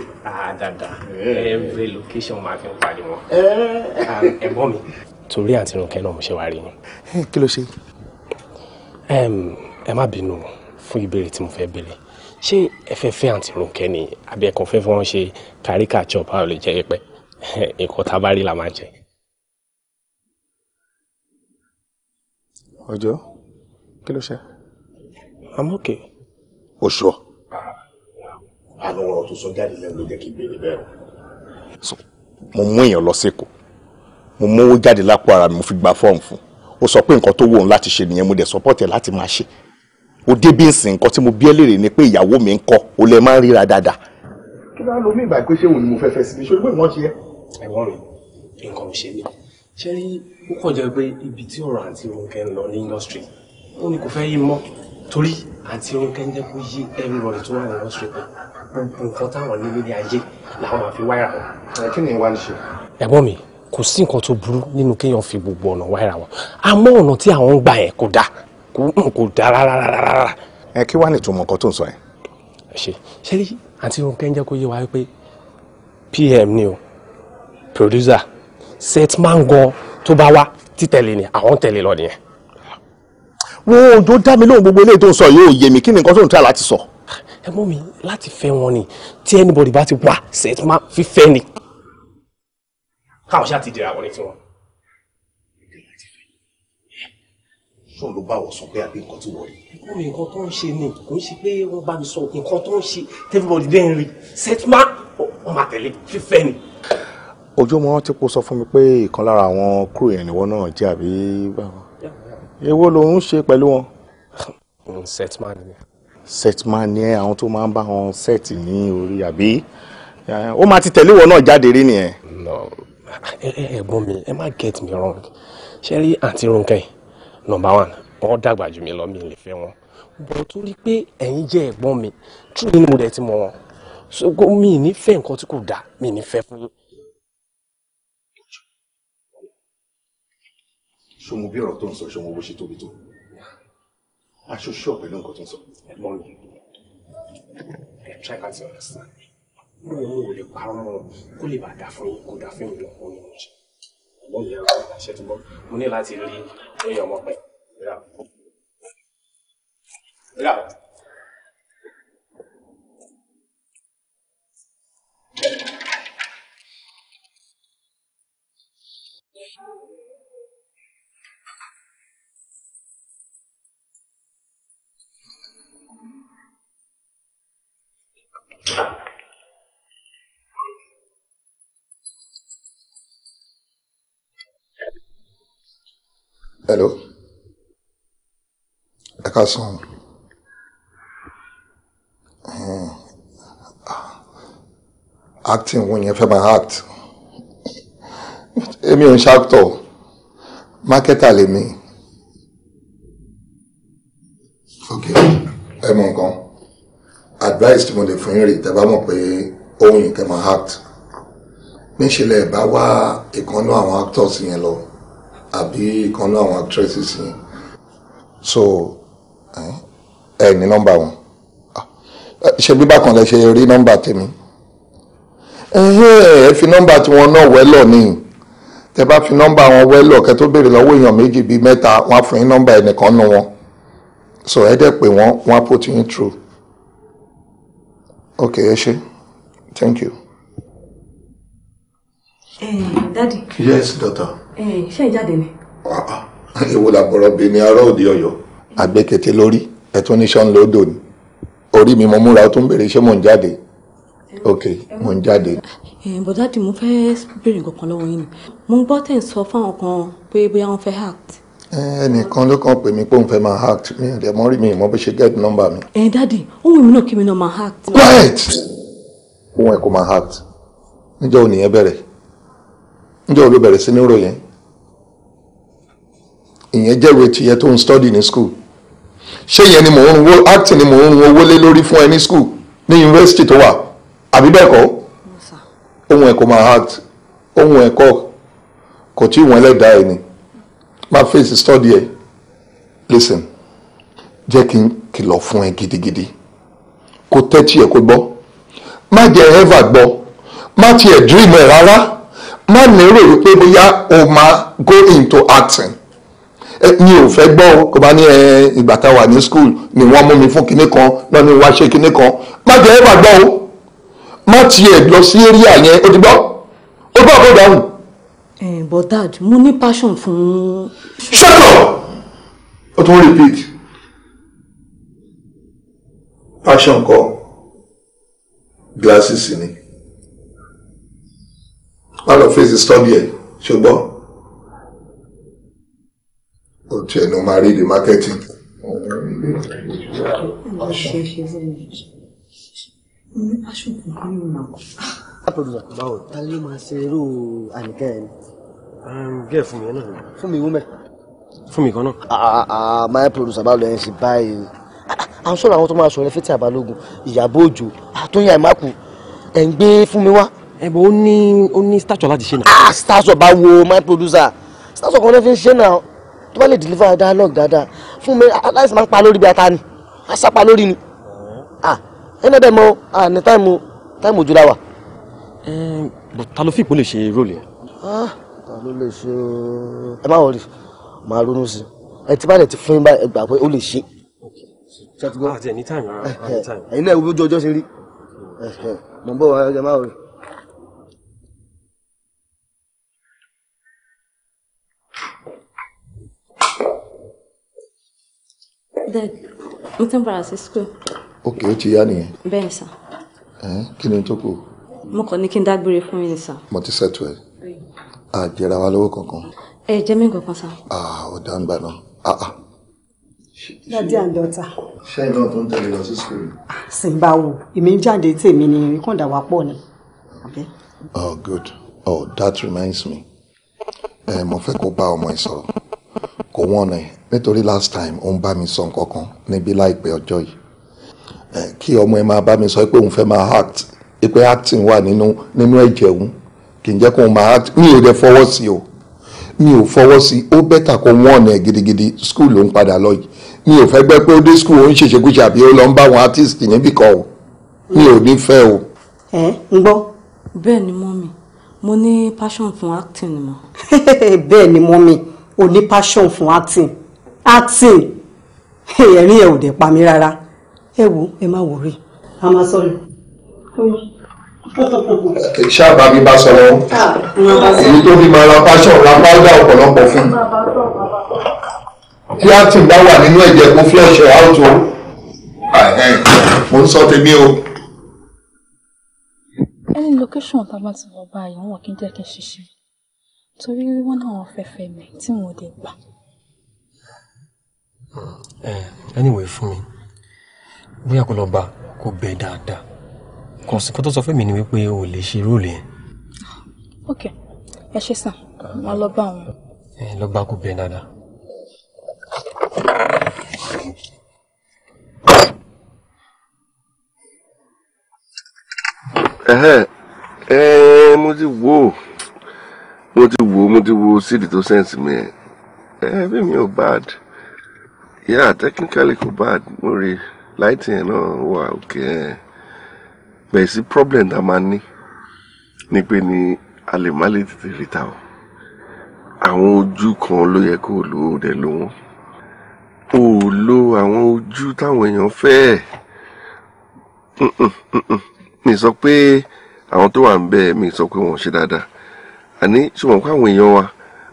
[SPEAKER 6] dáadáa every location máa fi ń pàdé wọn. ẹ̀gbọ́n mi torí àǹtí Rónkẹ́ náà mo ṣe wá rí ni. kí ló ṣe. ẹ má bínú fún ìbéèrè tí mo fẹ́ béèrè ṣé ẹ fẹ́ fẹ́ àǹtí Rónkẹ́ ni àbí ẹ kàn fẹ́ fọ́n ṣe káríkà chop báwo lè jẹ́ pẹ́ nǹkan tá la máa jẹ.
[SPEAKER 4] ọjọ́ kí ló ṣe i'm okay. o ṣọ. Ah, àná ọ̀rọ̀ tó sọ jáde lẹ́nu ló jẹ́ kí n béèrè bẹ́ẹ̀ o. mo mú èèyàn lọ sẹ́kọ̀ọ́ mo mówó jáde lápò ara mi mo fi gba fọ́ọ̀mù fún ó sọ pé nǹkan tó wù òun láti ṣe nìyẹn mo dẹ̀ support ẹ̀ láti máa ṣe ó débí nsìn nǹkan tí mo bí ẹ léèrè ni pé ìyàwó mi ń kọ ó lẹ máa ń ríra dáadáa. kí ló ń lo mí ìgbà pé ṣé òun ni mo fẹ́
[SPEAKER 6] fẹ́ sí ṣé ó gbé ìwọ́n ṣe é. ẹ̀wọ̀n rẹ̀ nǹkan ò ṣe mí ṣe rí ó kàn jẹ́ pé ibi tí ọ̀rọ̀ àǹtí Ronke ń lọ ní industry ó ní kò fẹ́ yí mọ́ torí àǹtí Ronke ń jẹ́ kó yí everybody tó wà ní industry pé gbogbo nǹkan táwọn nílé ní ayé làwọn máa fi wáyà wọn. kí ni ìwà ń ṣe. ẹ̀gbọ́n mi kò sí nǹkan tó burú nínú kéèyàn fi gbogbo ọ̀nà wáyà wọn àmọ́ ọ̀nà tí àwọn ń gbà yẹn kò dáa kò dáa rárá. ẹ kí wàá nìtò mọ nǹkan tó ń sọ yẹn. ṣe ṣe rí àǹtí Ronke ń jẹ́ kó yé wa pé PM ni o producer set man gan tó bá wá títẹ̀lé ni àwọn tẹ̀lé lọ nìyẹn.
[SPEAKER 4] wo òjò dá mi lóhùn gbogbo eléyìí tó ń sọ yìí ò yé mi kí ni nǹkan
[SPEAKER 6] tó ń tà láti sọ. ẹ mú mi láti fẹ́ wọn ni tí anybody bá ti wá set man fífẹ́ ni. káwọn ṣáà ti dira wọn ní tiwọn.
[SPEAKER 4] sọ ló bá wọ sọ pé àbí nǹkan tí wọ́n rí.
[SPEAKER 6] ẹ̀kọ́ mi nǹkan tó ń ṣe ni kò ń ṣe pé wọ́n bá mi sọ nǹkan tó ń ṣe everybody dẹ́n rí set man ó máa tẹ̀lé fífẹ́ ni
[SPEAKER 4] ojú ọmọ rántí kó sọ fún mi pé ìkan lára àwọn crew yẹn níwọ náà jẹ́ àbí báwo èwo ló ń ṣe pẹ̀lú wọn.
[SPEAKER 6] Mm, setman ni.
[SPEAKER 4] setman ni àwọn tó máa ń bá wọn set ní orí àbí
[SPEAKER 6] eh, ó máa ti tẹ̀lé ìwọ náà
[SPEAKER 4] jáde rí nìyẹn.
[SPEAKER 6] no eh, eh, ẹ̀gbọ́n mi ẹ má get me wrong ṣe rí àǹtí Rónkẹ́ number one wọ́n dàgbà jù mí lọ mi lè fẹ́ wọn bọ̀ torí pé ẹ̀yin jẹ́ ẹ̀gbọ́n mi true ni mo dẹ̀ ti mọ̀ wọn so mi ní fẹ́ nǹkan tí kò dáa mi ní fẹ́ fún yín
[SPEAKER 4] ṣòwò bí ọ̀rọ̀ tó ń sọ ṣòwò bó ṣe tóbi tó aṣọ ṣọ pẹ̀lú nǹkan tó ń sọ. ẹ̀gbọ́n
[SPEAKER 6] mi ẹ try láti understand mi ò mú lè parọ́ mọ́ kó lè bá dà fún yín kó dà fún mi lọ́kọ́ mi jẹ ẹ̀gbọ́n mi yàrá ọ̀gá ṣe tó bọ́ mo ní láti
[SPEAKER 2] rí ẹyẹ ọmọ pẹ̀ rà Hello. Ẹ ká sàn.
[SPEAKER 5] Hmm. Acting wo yẹn fẹ́ máa act. Èmi ò ń ṣàkítọ̀. Marketer lèmi. Okay, Ẹ mọ nǹkan advice tí mo lè fún yín rè tẹ́bá mọ̀ pé ohun yìí kẹ́ máa act níṣẹ́lẹ̀ ẹ̀ bá wá ìkànnú àwọn actors yẹn lọ àbí ìkànnú àwọn actresses yẹn so ẹ ní nọ́mbà wọn ah, ṣe bí bákan lẹ ṣe rí nọ́mbà tèmi ẹ fi nọ́mbà tiwọn náà wẹ́lọ̀ nìyí tẹ bá fi nọmba wọn wẹlọ kẹ tó béèrè lọ́wọ́ èèyàn méjì bíi mẹ́ta wọn á fún yín nọmba ẹnìkan nu wọn so ẹ dẹ pé wọn wọn á put yín through ok ẹ ṣe thank you.
[SPEAKER 3] Eh, dadi. yes daughter. Eh, ṣé ìjáde ni. èwo
[SPEAKER 5] ah, ah. la bọ̀rọ̀ bí ni ará òde ọ̀yọ́. àgbẹ̀kẹ̀tẹ̀ lórí ẹ̀tún ní sọ́n lódò ni orí mi mo múra ó tún bèrè ṣé mò ń jáde ok mò ń jáde.
[SPEAKER 3] Eh, bọ̀dá dì mo fẹ́ béèrè nǹkan kan lọ́wọ́ yín ni mo ń gbọ́ tẹ̀ ń sọ fáwọn kan pé bóyá wọ́n fẹ́ act
[SPEAKER 5] ẹnìkan ló kàn pè mí pé òun fẹ́ máa act mi ò mọ́ rí mi ìmọ̀ bó ṣe get number mi.
[SPEAKER 3] ẹ dáàdi ohun èmi náà kí mi náà máa act.
[SPEAKER 5] quiet ohun ẹ̀ kò máa act níjọ́ ò nìyẹn bẹ̀rẹ̀ níjọ́ ò ló bẹ̀rẹ̀ sí ní ròyìn ìyẹn jẹ́ ìwé tìyẹn tó ń study ní school ṣé ìyẹn ni mò ń wo acting ni mò ń wo wọlé lórí fún ẹ ní school ní university tó wà àbí bẹ́ẹ̀ kọ́ ohun ẹ̀ kò máa act ohun ẹ̀ kọ́ kò tí ì wọ́n ẹlẹ́dàá ẹ̀ ni. My face is still ẹ̀ listen jẹ́ kí n kìlọ̀ fún ẹ gidigidi kó tẹ́tí ẹ̀ kó gbọ́ má jẹ́ ever gbọ́ má tiẹ̀ dream ẹ̀ rárá má lérò wípé bóyá o máa go into acting mi ò fẹ́ gbọ́ kó bá ní ìgbà tá a wà ní school ni wọ́n mú mi fún kinní kan lọ́ni wá ṣe kinní kan má jẹ́ ever gbọ́ o má tiẹ̀ lọ sí area yẹn o ti gbọ́ o gbọ́ kó
[SPEAKER 3] Eh, but dad mo ní passion fún.
[SPEAKER 2] shut up o tún repeat
[SPEAKER 5] passion kọ glasses ni wà lọ face study ẹ ṣùgbọ́n o tiẹ̀ ní o the marketing.
[SPEAKER 2] Mo
[SPEAKER 3] ní passion fún ni o máa kọ́. Báwo ta ló máa ṣe irú àníkẹ́ ẹ Um, gẹ́ fún mi náà. fún mi wúmẹ̀. fún ah kan náà. Ah, ah, ah, my producer bá lọ ẹ̀ ń ṣe báyìí à ń sọ̀rọ̀ àwọn tó máa sọ̀rọ̀ fẹ́tì àbálògùn ìyàbọ̀ òjò àtúnyà ìmáàkù ẹ̀ ń gbé fún mi wá. ẹ bọ ó ní ó ní stature ah stature bá wo my producer stature kan náà fi ń ṣe náà tó bá lè deliver dialogue dáadáa fún mi aláìsàn máa ń pa lórí a sápa lórí ni ah ẹni ẹdẹ mọ ah ní táìmù táìmù ojú la wà.
[SPEAKER 6] ẹ bọ̀ ta ló fi ìpò lè ṣe róòlù
[SPEAKER 3] ah ló lè ṣe o ẹ má wọlé màá ronú sí ẹ ti bá dẹ̀ ti fún yín báyìí ẹ gbà pé ó lè ṣe.
[SPEAKER 6] àti ẹni táìmù rárá ẹni táìmù. ẹ̀yin náà ojú ọjọ́ ṣe rí mọ̀ ń bọ̀ wá ẹ má wọlé.
[SPEAKER 3] Dad, mo ti ń padà sí school.
[SPEAKER 5] Ok, ó ti yá nìyẹn. Bẹ́ẹ̀ sà. Ẹ kí ni tó kù?
[SPEAKER 3] Mo kàn ní kí n dágbére fún yín ni sà.
[SPEAKER 5] Mo ti ṣètò ẹ̀ àjẹra wa lówó kankan.
[SPEAKER 3] ẹ jẹ́ mi kankan sá.
[SPEAKER 5] ọ̀dà ń gbà náà.
[SPEAKER 3] Daddy and daughter.
[SPEAKER 5] ṣé iná tó ń tẹ̀lé lọ sí school.
[SPEAKER 3] Ah, simba wo èmi ń jáde tèmi ni ìrìn kan dàwà pọ̀ ni.
[SPEAKER 5] oh good oh that reminds me ẹ mo fẹ́ kó bá ọmọ ẹ sọ̀rọ̀ kò wọ́n ni nítorí last time ó ń bá mi sọ nǹkan kan níbi láìpẹ́ ọjọ́ yìí kí ọmọ ẹ máa bá mi sọ pé òun fẹ́ máa act pé acting wà nínú nínú ẹ̀jẹ̀ òun kì í jẹ́ kó máa mi ò dẹ̀ fọwọ́ sí o mi ò fọwọ́ sí ó bẹ́tà kó wọ́n ẹ̀ gidigidi skul ló ń padà lọ yìí mi ò fẹ́ gbẹ́ pé ó dé skul ó ń ṣèṣekúṣe àbí ó lọ ń bá àwọn artist níbìkan o mi ò ní fẹ́ o.
[SPEAKER 3] ẹ ń gbọ́. bẹ́ẹ̀ ni mọ́mì mo ní passion fún acting ni mo. *laughs* bẹ́ẹ̀ ni mọ́mì o ní passion fún acting acting ẹ̀rín ẹ̀ ò dẹ̀ pa mí rárá ẹ wo ẹ má wọrí. a máa sọ̀rọ̀
[SPEAKER 2] ṣáàbà mi bá sọ̀rọ̀ èyí tó fi máa ra passion ra pàdà ọ̀pọ̀lọpọ̀ fún
[SPEAKER 5] tí acting bá wà nínú ẹ̀jẹ̀ kó flush ẹ̀ out o
[SPEAKER 2] mo ń sọ tèmi o.
[SPEAKER 3] any location tá a bá ti lọ báyìí wọn kì í jẹ́ kí n ṣiṣẹ́ torí wọn náà wọn fẹ́fẹ́ mi tí mo dé gbà.
[SPEAKER 6] anyway fún mi bóyá kó lọ bá kó bẹ dáadáa kàn sí kó tó sọ fún mi ni wípé o lè ṣe róòlù yẹn.
[SPEAKER 3] ok ẹ ṣe sàn wọn lọ bá wọn.
[SPEAKER 6] ẹ lọ gbá kó bẹ́ẹ̀ dáadáa.
[SPEAKER 5] ẹ ẹ
[SPEAKER 9] mo ti wò ó mo ti wò ó mo ti wò ó tó sẹ́ǹsì mi ẹ bí mi ò bad yeah technically kò bad mo rí láìtì yẹn náà wà òkè ẹ bẹ̀rẹ̀ problem tá a máa ní ni pé ni a lè má lè tètè rí ta o àwọn ojú kan ló yẹ kó lò ó dẹ̀ lò wọ́n o ò lo àwọn ojú táwọn èèyàn fẹ́ ẹ̀ mi sọ pé àwọn tó wà ń bẹ̀ mi sọ pé wọ́n ṣe dáadáa àní ṣùgbọ́n pé àwọn èèyàn wa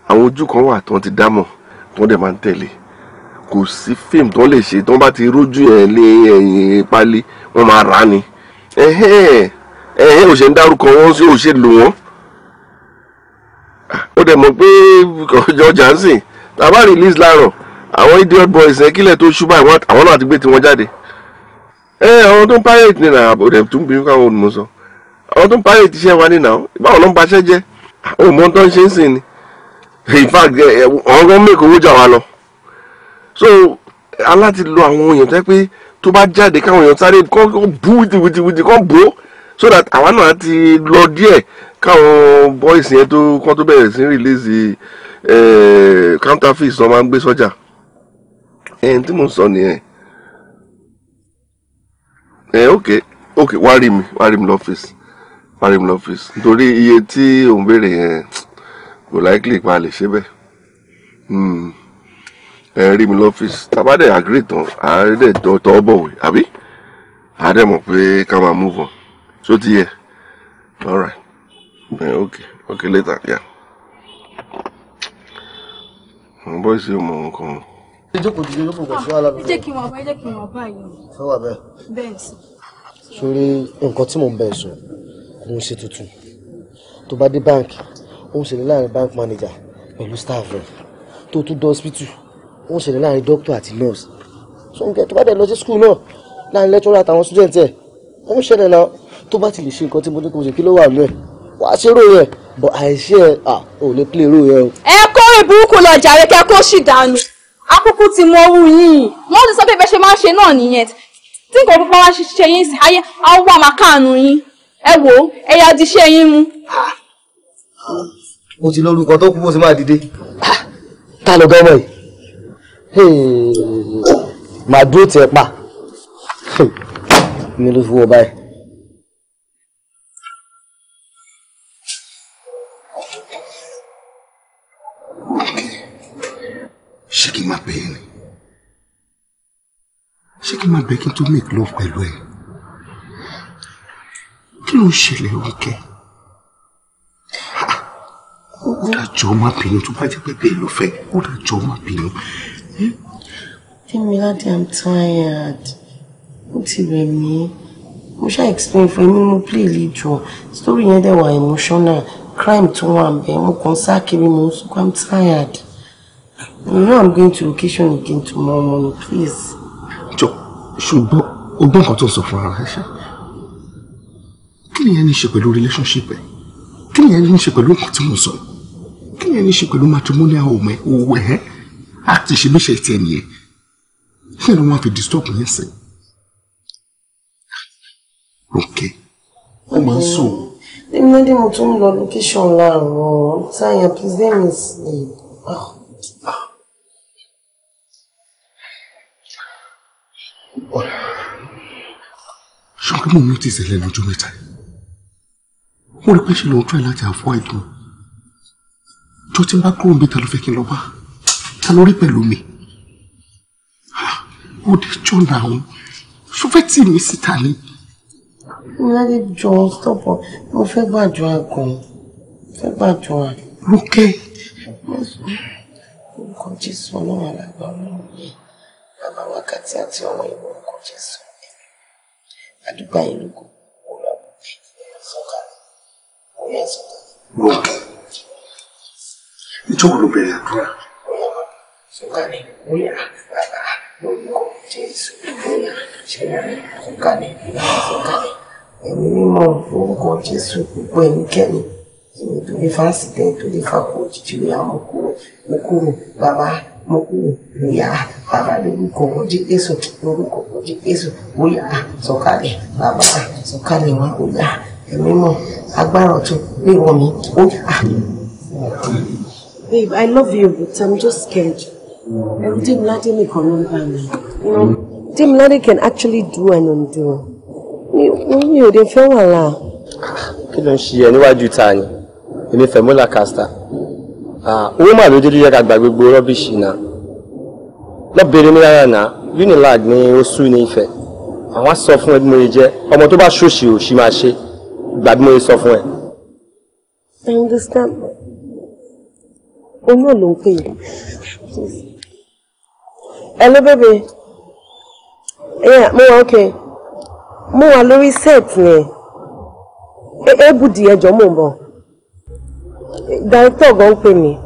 [SPEAKER 9] àwọn ojú kan wà tó ti dámọ̀ tó dẹ̀ máa ń tẹ̀lé kò sí fíìmù tó lè ṣe tó bá ti rójú ẹ̀ lé ẹ̀yìn pálí wọ́n máa rà á ni ẹ̀hẹ́n ẹ̀hẹ́n ò ṣe ń dárúkọ wọn sí ò ṣe lò wọ́n ó dẹ̀ mọ̀ pé ọjà ń sìn tàbá release láàárọ̀ àwọn idiot boys yẹn kílẹ̀ tó ṣubá àwọn náà ti gbé tiwọn jáde ẹ àwọn tó ń pirate ni nà ó dẹ̀ tún bínú káwọn olùmọ̀ sọ àwọn tó ń pirate iṣẹ́ wa ni nà báwo ló ń baṣẹ́ jẹ́ òun mọ́ tó ń ṣe ń sìn ni in fact àwọn mẹ́kọ̀ọ́ owó jà lọ so aláti lo àwọn èèyàn tẹ́ pé tó bá jáde káwọn èèyàn sáré kọ́ bú wìtìwìtì kọ́ bò ó so that àwa náà ti lọ díẹ̀ káwọn boys yẹn tó kọ́ tó bẹ̀rẹ̀ sí release counterfeit tó máa ń gbé sọ́jà ẹni tí mo sọ nìyẹn ẹ ok ok wá rí mi wá rí mi lọ́fíìsì wá rí mi lọ́fíìsì nítorí iye tí òun béèrè yẹn kò likely pa lè ṣe bẹ́ẹ̀. Hmm ẹ rí mi lọ́fíìsì tabadẹ agree tán ààrẹ dẹ tọ́ bọ̀wé àbí ààrẹ mọ̀ pé ká máa move on so ti yẹ alright ẹ ok ok later ya àwọn bọ́ọ̀
[SPEAKER 4] ṣe mọ nǹkan. ìjókòó ti jókòó kò sí wàhálà bẹ́ẹ̀. jẹ́
[SPEAKER 3] kí n wà báyìí jẹ́ kí n wà báyìí.
[SPEAKER 1] fẹ́
[SPEAKER 4] wà bẹ́ẹ̀. bẹ́ẹ̀ sì. sórí nǹkan tí mò ń bẹ̀ sọ kò ń ṣe tuntun
[SPEAKER 3] tó bá dé báńkì ó ń ṣẹlẹ̀ láàrin bank manager pẹ̀lú staff rẹ̀ tó tún dé hospital ó ń ṣẹlẹ̀ láàrin doctor àti nurse so nǹkan tó bá dẹ̀ lọ sí school náà láàrin lecturer àtàwọn student ẹ̀ ó ń ṣẹlẹ̀ náà tó bá ti lè ṣe nǹkan tí mo ní kó ṣe kí ló wà nù ẹ̀ wà á ṣerú yẹn but àìṣe ẹ̀ à ò lè play rú yẹn o. ẹ kó ìbúrúkú lọ jàre kẹ kó sì dànù akókó ti mọ owó yìí wọn ti sọ pé bẹ ṣe máa ń ṣe náà nìyẹn tí nǹkan púpọ̀ wá ṣiṣẹ́ yín sí ayé àwọn àmàkàánú yín ẹ wò ó ẹ yá di iṣẹ́ yín mú. Ah.
[SPEAKER 4] mo ti lórúkọ tó kú bó ṣe máa dìde. Ah. ta ló gbọ́ mọ́ yìí màá hmm. dúró tiẹ̀ pa mi hmm. ló fi wọ báyìí. ṣé kí n máa bẹ̀ ẹ́ ni ṣé kí n máa bẹ̀ kí n tó make love pẹ̀lú ẹ kí ló ń ṣẹlẹ̀ oríkẹ́ ó dájọ́ má bínú tó bá jẹ́ pé bẹ́ẹ̀ ló fẹ́ ó dájọ́ má
[SPEAKER 3] bínú Fẹ́mi láti I'm tired. Ó ti rẹ̀ mí. Mo ṣáà explain fún mi mo play lead role. Story yẹn dẹ̀ wà emotional. Crime tó wà bẹ́ẹ̀. Mo kàn sá kiri mo ń sunkún. I'm tired. You know I'm going to location again tomorrow morning. Please.
[SPEAKER 4] Jọ ṣùgbọ́n o gbọ́ nǹkan tó ń sọ fún ara ẹ Kí ni ẹ ní ṣe pẹ̀lú relationship ẹ? Kí ni ẹ ní ṣe pẹ̀lú nǹkan tí mo sọ? Kí ni ẹ ní ṣe pẹ̀lú matrimonial home ẹ? Òwò ẹ̀? act ṣe bí ṣe tiẹ̀ nìyẹn ṣé ni wọ́n fi disturb yẹn sìn.
[SPEAKER 2] Ronke ó máa ń sùn.
[SPEAKER 3] Nínú ẹni mo tún ń lọ location láàárọ̀ sáyẹn please let me sleep.
[SPEAKER 4] Ṣọ́kí mò ń notice lẹ́nu ọjọ́ mẹ́ta yìí. Mo rí pé ṣe lòun try láti avoid mi. Jọ́ tí n bá kúrò níbi ta ló fẹ́ kí n lọ bá sá lórí pẹ̀lú mi ó ah, dé jọ̀nà àwọn ṣọfẹ́tì
[SPEAKER 3] mi síta ni. lórí jọ tọpọ mo fẹ́ gbàdúrà gan fẹ́ gbàdúrà. lókè. orúkọ jésù ọlọ́run alágbà ọlọ́run yìí bàbá wákàtí àti ọmọ ìwọ orúkọ jésù àdúgbò àyẹlógún olùwàbù sọ̀kalẹ̀ oyè
[SPEAKER 4] sọ̀kalẹ̀.
[SPEAKER 2] lókè. nítorí olùbẹ̀rẹ̀ àdúrà. Babe,
[SPEAKER 3] I love you, but I'm just scared. Demlade can ló ń bá mi. Demlade mm. can actually do and undo. Mi ò dé fẹ́ wàhálà.
[SPEAKER 6] Kí ló ń ṣe ẹ níwájú ta ni? Èmi fẹ́ Mola Caster. Owó màá lójú yẹ ká gbà gbogbo rọ́bìṣì náà. Lọ́bẹ̀rẹ̀ mi rárá náà, Unilag ni ó sú ní ìfẹ́. Àwọn á sọ fún ẹ bí mo lè jẹ́. Ọmọ tó bá ṣòṣì ò ṣì máa ṣe. Gbà bí mo lè sọ fún ẹ.
[SPEAKER 3] I understand. Oyún ló ń pè é hello baby yeah mo wà okay mo wà lórí set ni ebudi e ẹjọ mo ń bọ̀ director gan pè mí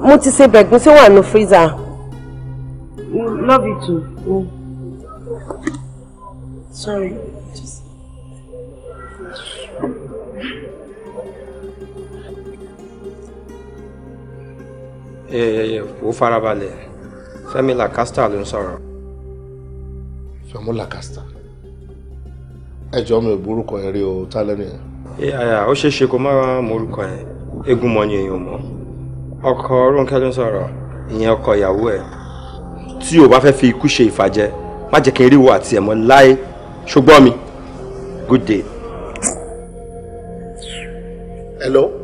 [SPEAKER 3] mo ti ṣe bẹ̀gún sí wà ní freezer. love you too. Mm.
[SPEAKER 2] sorry. Just...
[SPEAKER 6] ẹ ẹ ẹ o farabalẹ̀. Fẹ́mi Lancaster ló ń sọ̀rọ̀. Fẹ́mi Lancaster
[SPEAKER 4] ẹjọ́ mi ò borúkọ ẹ rí o tá lẹ́nu yẹn. ẹ àyà ó ṣeé ṣe kó
[SPEAKER 7] má mọ orúkọ ẹ
[SPEAKER 8] eégún mọ ni èèyàn mọ
[SPEAKER 7] ọkọ Rónkẹ́ ló ń sọ̀rọ̀
[SPEAKER 8] ìyẹn
[SPEAKER 6] ọkọ ìyàwó ẹ tí o bá fẹ́ fi ikú ṣe ìfàjẹ má jẹ́ kí n rí wo àti ẹ̀mọ́ láé ṣùgbọ́n mi good day.
[SPEAKER 9] hello.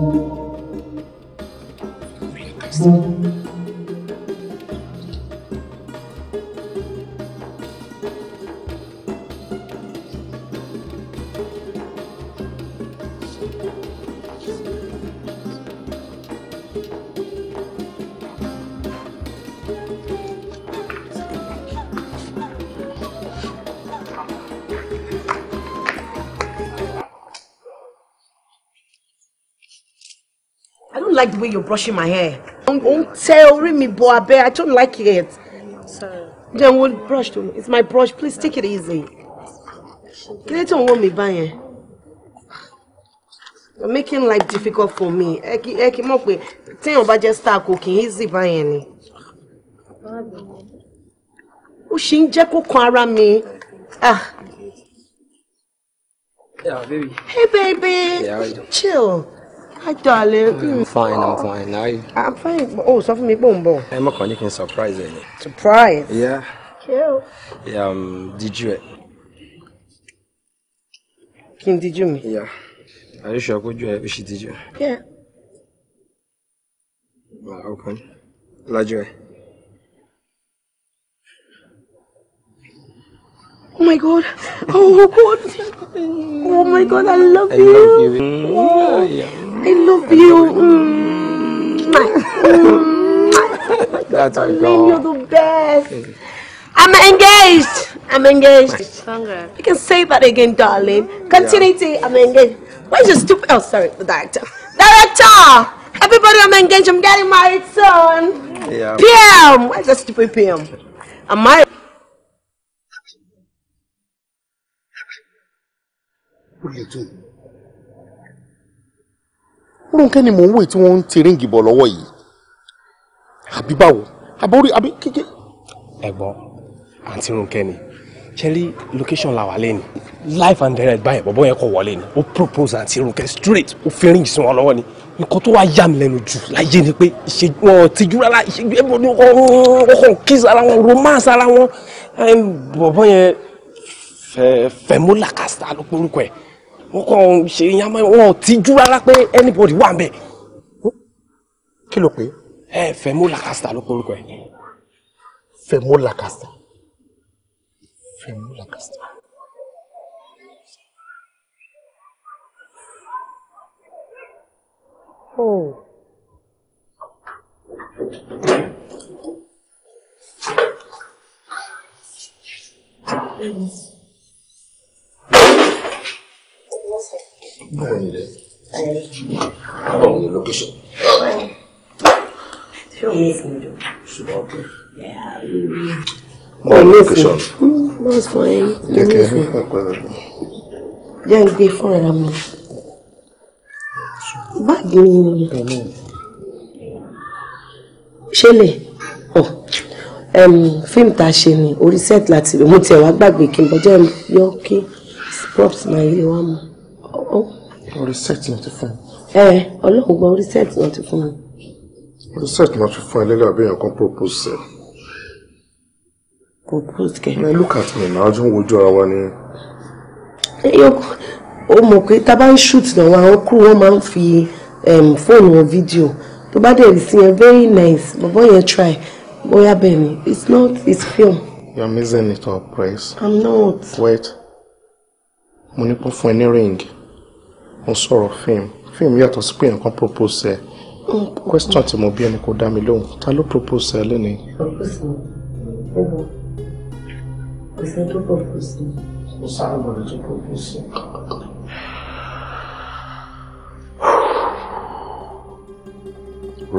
[SPEAKER 2] Thank you.
[SPEAKER 3] like the way you're brushing my hair. Don't tell me, boy, bear. I don't like it. Sorry. Then we'll brush to It's my brush. Please take it easy. Can you tell me buying? You're making life difficult for me. Ẹ kì í mọ̀ pé téèyàn bá jẹ́ star kò kì í easy báyẹn ni. Ó ṣì ń jẹ́ kó kan Ah. Yeah, baby. Hey, baby. Yeah, chill. Hi, mm, I'm fine, I'm fine. How are you? I'm fine. Oh, something me boom boom. ò ń bọ̀. Ẹ surprise ẹ Surprise? Yeah. Chill. Yeah, um, díjú ẹ. Kí n díjú mi? Yeah. Àyùṣe
[SPEAKER 7] you? ẹ, she did you? Yeah. Ọkàn. Lájú ẹ.
[SPEAKER 2] Oh
[SPEAKER 3] my god. Oh, oh god. Oh my god, I love I you. Love you. I love you. That's all. goal. You're the best. I'm engaged. I'm engaged. Congrats. You can say that again, darling. Continuity. Yeah. I'm engaged. Why is your stupid? Oh, sorry, the director. Director. Everybody, I'm engaged. I'm getting married soon. Yeah. PM. Why is that stupid PM? Am I?
[SPEAKER 5] ó lè tún.
[SPEAKER 4] Rónkẹ́ ni mò ń wò tí wọ́n ń ti ríǹgì bọ̀ lọ́wọ́ yìí
[SPEAKER 6] àbí báwo àbórí àbí kíkẹ́. ẹ̀gbọ́n àǹtí Rónkẹ́ ni ṣẹ́rí location la wà lẹ́nu life and direct báyìí bọ́bọ́ yẹn kọ̀ wọlé ni ó propose àǹtí Rónkẹ́ straight ó fi ríǹgì sí wọn lọ́wọ́ ni nǹkan tó wá yà mí lẹ́nu jù láyé ni pé ìṣèjú wọn tìjú rárá ìṣèjú ẹ̀bùn ọdún ọkàn kiss ara wọn romance ara wọn bọ̀bọ́ yẹn fẹ́ fẹ́ mọ́lá kásítà ló pé orúkọ ẹ̀ wọ́n kàn ṣe yamayama wọn ò tijú rárá pé anybody wà ńbẹ̀. kí ló pé. ẹ Fẹ́mi Lancaster ló porúkọ ẹ. Fẹ́mi Lancaster. Fẹ́mi
[SPEAKER 4] Lancaster.
[SPEAKER 2] Oh. No one needed. How about your location? Show me food. Okay. Yeah. More location. Mm, that's fine. Okay.
[SPEAKER 3] Jẹ́ ń mm. gbé fún ara mi. Báàgì mi ni. Ṣé lè? Fíìmù tá a ni orí set láti mo tiẹ̀ wá gbàgbé kí n bọ́jọ́ yọ kí props máa lé wa mọ́ orí set náà ti fún mi. ẹ ọlọ́run gba orí set náà ti fún mi.
[SPEAKER 5] orí set náà ti fún ẹ lélẹ̀ àbí èèyàn kan propose ẹ. propose kẹ. ẹ look at me náà ojú ń wojú ara wa ni.
[SPEAKER 3] o mọ̀ pé tá a shoot náà wọn àwọn crew wọn máa ń fi fóònù wọn fídíò tó bá dẹ̀ rí sí very nice But boy, yẹn try Boy, bẹ́ẹ̀ ni it's not it's film.
[SPEAKER 4] you are missing it all price? i'm not. wait mo ní kó fún ring mo sọ̀rọ̀ fíìmù fíìmù yàtọ̀ sí pé nǹkan propose ẹ̀ question tí mo bí ẹni kò dá mi lóhùn ta ló propose ẹ lónìí.
[SPEAKER 2] propose mi ó wọ kò sí tó propose
[SPEAKER 4] mi. kò sáà gbọdọ̀ tó propose mi.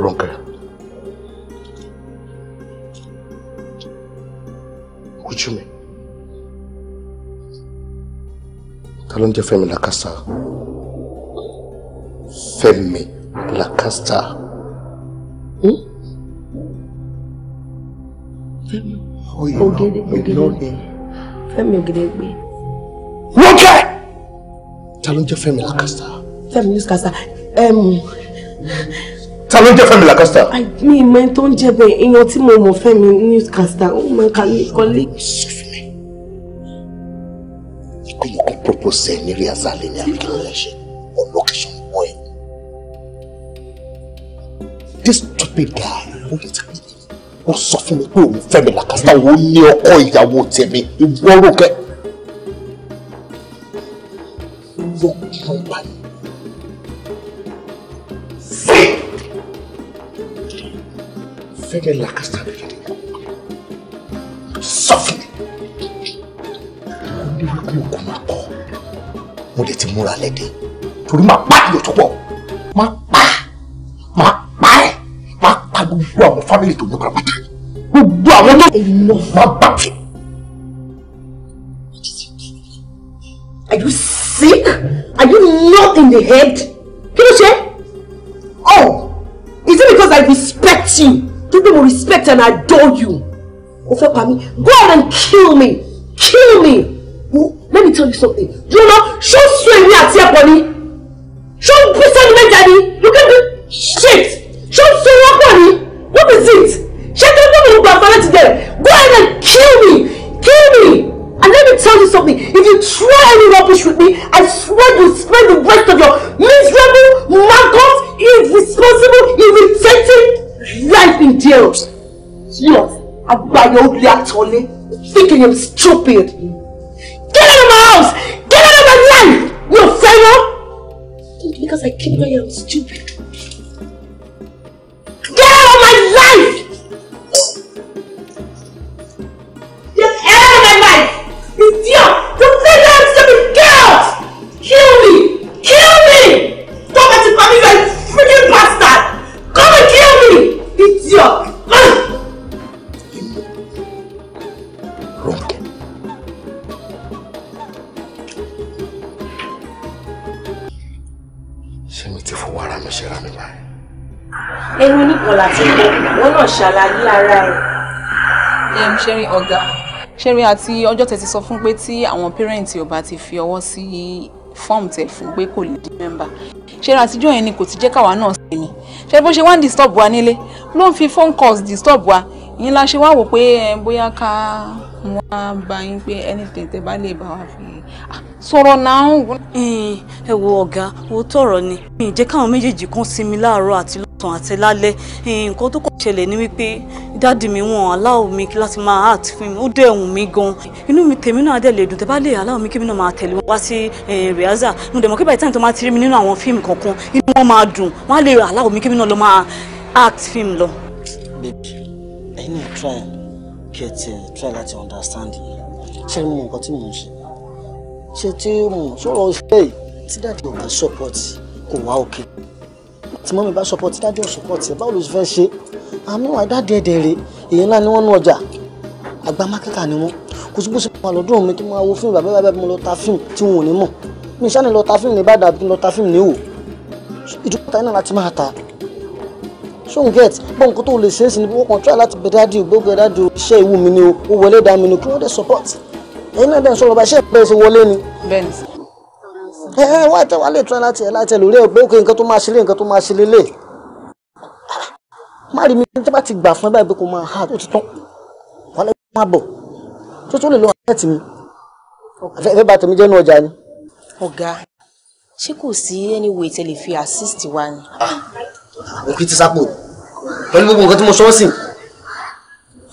[SPEAKER 2] Ronke.
[SPEAKER 6] Uchumi. Ta ló ń Mm -hmm.
[SPEAKER 5] Fẹ́mi Lancaster.
[SPEAKER 2] Hmm?
[SPEAKER 3] Fẹ́mi Oh, you Ògèdègbè.
[SPEAKER 4] Rókẹ́! Ta ló ń jẹ́ Fẹ́mi Lancaster?
[SPEAKER 3] Fẹ́mi Lancaster. Ta ló ń jẹ́ Fẹ́mi Lancaster? Mi ìmọ̀ ẹni tó ń jẹ́ bẹ́ẹ̀, èèyàn tí mo mọ̀ Fẹ́mi Lancaster, ó mọ kọ́lé. Ìgbìmọ̀ kan propose ẹ̀ ní Ríazá lè ní àbíkí on location.
[SPEAKER 4] this stupid guy ó sọ fún mi pé òun fẹ́ mi làkàtà òun ní ọkọ ìyàwó tèmi ìwọ́rò kẹ́. fẹ́rẹ̀ làkàtà mi kiri sọ fún mi ó ní wípé òkú máa kọ́ mo lè ti múra lẹ́dẹ̀ẹ́ torí máa pàdé òtún pọ̀. gbogbo àwọn fámìlì
[SPEAKER 3] tó ní pàpàtà gbogbo àwọn tó. iná máa bà pẹ́. are you sick? are you not in the head? kí ló ṣe? oh is it because i respect you? tó bí mo respect and adore you? o fẹ́ pa mí go ahead and kill me kill me well, let me tell you something. jùlọ ṣó sún èmi àti ẹ̀pọ̀ ni ṣó ń bí sẹ́ni méjà ni. rubbish with me, I swear to spread the rest of your miserable, maggot, irresponsible, irritating life in jail. Yes, àgbáyé orí àtọ́lé, thinking you're stupid. Get out of my house! Get out of my life! You failure! Because I keep my I'm stupid. lára ẹ̀. ṣẹ́rin ọ̀gá ṣẹ́rin àti ọjọ́ tẹ̀ ti sọ fún pé tí àwọn pẹ́rẹ́ǹtì ò bá ti fi ọwọ́ sí fọ́ọ̀mù tẹ̀ fún pé kò lè di mẹ́mbà ṣẹ́rin àtijọ́ yẹn ni kò ti jẹ́ káwa náà sinmi ṣẹ́rin bó ṣe wá ń disturb wa nílé ló ń fi phone calls disturb wa ìyẹn la ṣe wá wò pé bóyá ká mo wá bá yín pé anything tẹ bá lè bá wa fi sọ̀rọ̀ náà. ẹ wo ọ̀gá owó tọrọ ni mi ì jẹ́ káwọn méjèèjì kan sinmi láàárọ̀ àti lọ́sàn-án àti lálẹ́ nǹkan tó kàn ṣẹlẹ̀ ni wípé dáàdì mi wọn aláwọ̀ mi láti máa hàt fún mi ó dẹ̀ ẹ̀wùn mi gan inú mi tèmi náà dẹ̀ lè dùn tẹ bá lè aláwọ̀ mi kí mi náà máa tẹ̀lé wọn wá sí rìhásà mo dẹ̀ mọ̀ kí báyìí táyì tó máa ti rí mi nínú àwọn fíìmù kọ̀ọ̀kan inú wọn máa dùn wọn á lè aláwọ̀ mi kí mi náà lọ máa act fíìmù lọ. baby ẹni ẹ̀ tún ẹ̀ kí ẹ tiẹ̀ try láti understand yìí Tell me what you mò ń ṣe ṣé tí mo sọ̀rọ̀ ṣe tí dáàdì ò bá support kò wá òkè tí mọ́mí bá support tí dáàdì ò support ẹ̀ báwo ló ṣe fẹ́ ṣe àmì wà dáàdì ẹ̀dẹ̀ rè èyí ńlá ni wọ́n nu ọjà àgbà mákẹ́tà ni wọ́n kò sí bó ṣe máa lọ́dún mi tó máa wo fíìmù bàbá bàbá mi lọ ta fíìmù tí wọn ò ní mọ̀ mi ṣáà ní lọ ta fíìmù ní bàdà lọ ta fíìmù ní wò ìdúpọ̀ ṣó ń get bó nǹkan tó lè ṣe é sí ni wọ́n kàn try láti bẹ dáàdì gbó dáàdì iṣẹ́ ìwú mi ni o wọlé dá mi ni kí wọ́n dé support ẹ̀yin náà dẹ̀ ń sọ̀rọ̀ bá iṣẹ́ ìpẹ́ ṣe wọlé ni. bẹ́ẹ̀ni. ẹ ẹ wá tẹ wá lè try láti ẹ láti ẹ lórí ẹ pé òkè nǹkan tó máa ṣe lé nǹkan tó máa ṣe lélẹ̀ má rí mi tó bá ti gbà fún ẹ báyìí pé kò máa ha ó ti tán wọn má bọ̀ tó tó lè lọ àtẹ̀tì mi àfẹ́fẹ́
[SPEAKER 5] bá tèmi jẹ́nu ọjà ni.
[SPEAKER 3] ọ̀gá ṣé kò sí anyway tẹ fi assist wa ni. Ah,
[SPEAKER 6] mo fi ti sápò pẹ̀lú gbogbo nǹkan tí mo sọ́ọ́ sìn.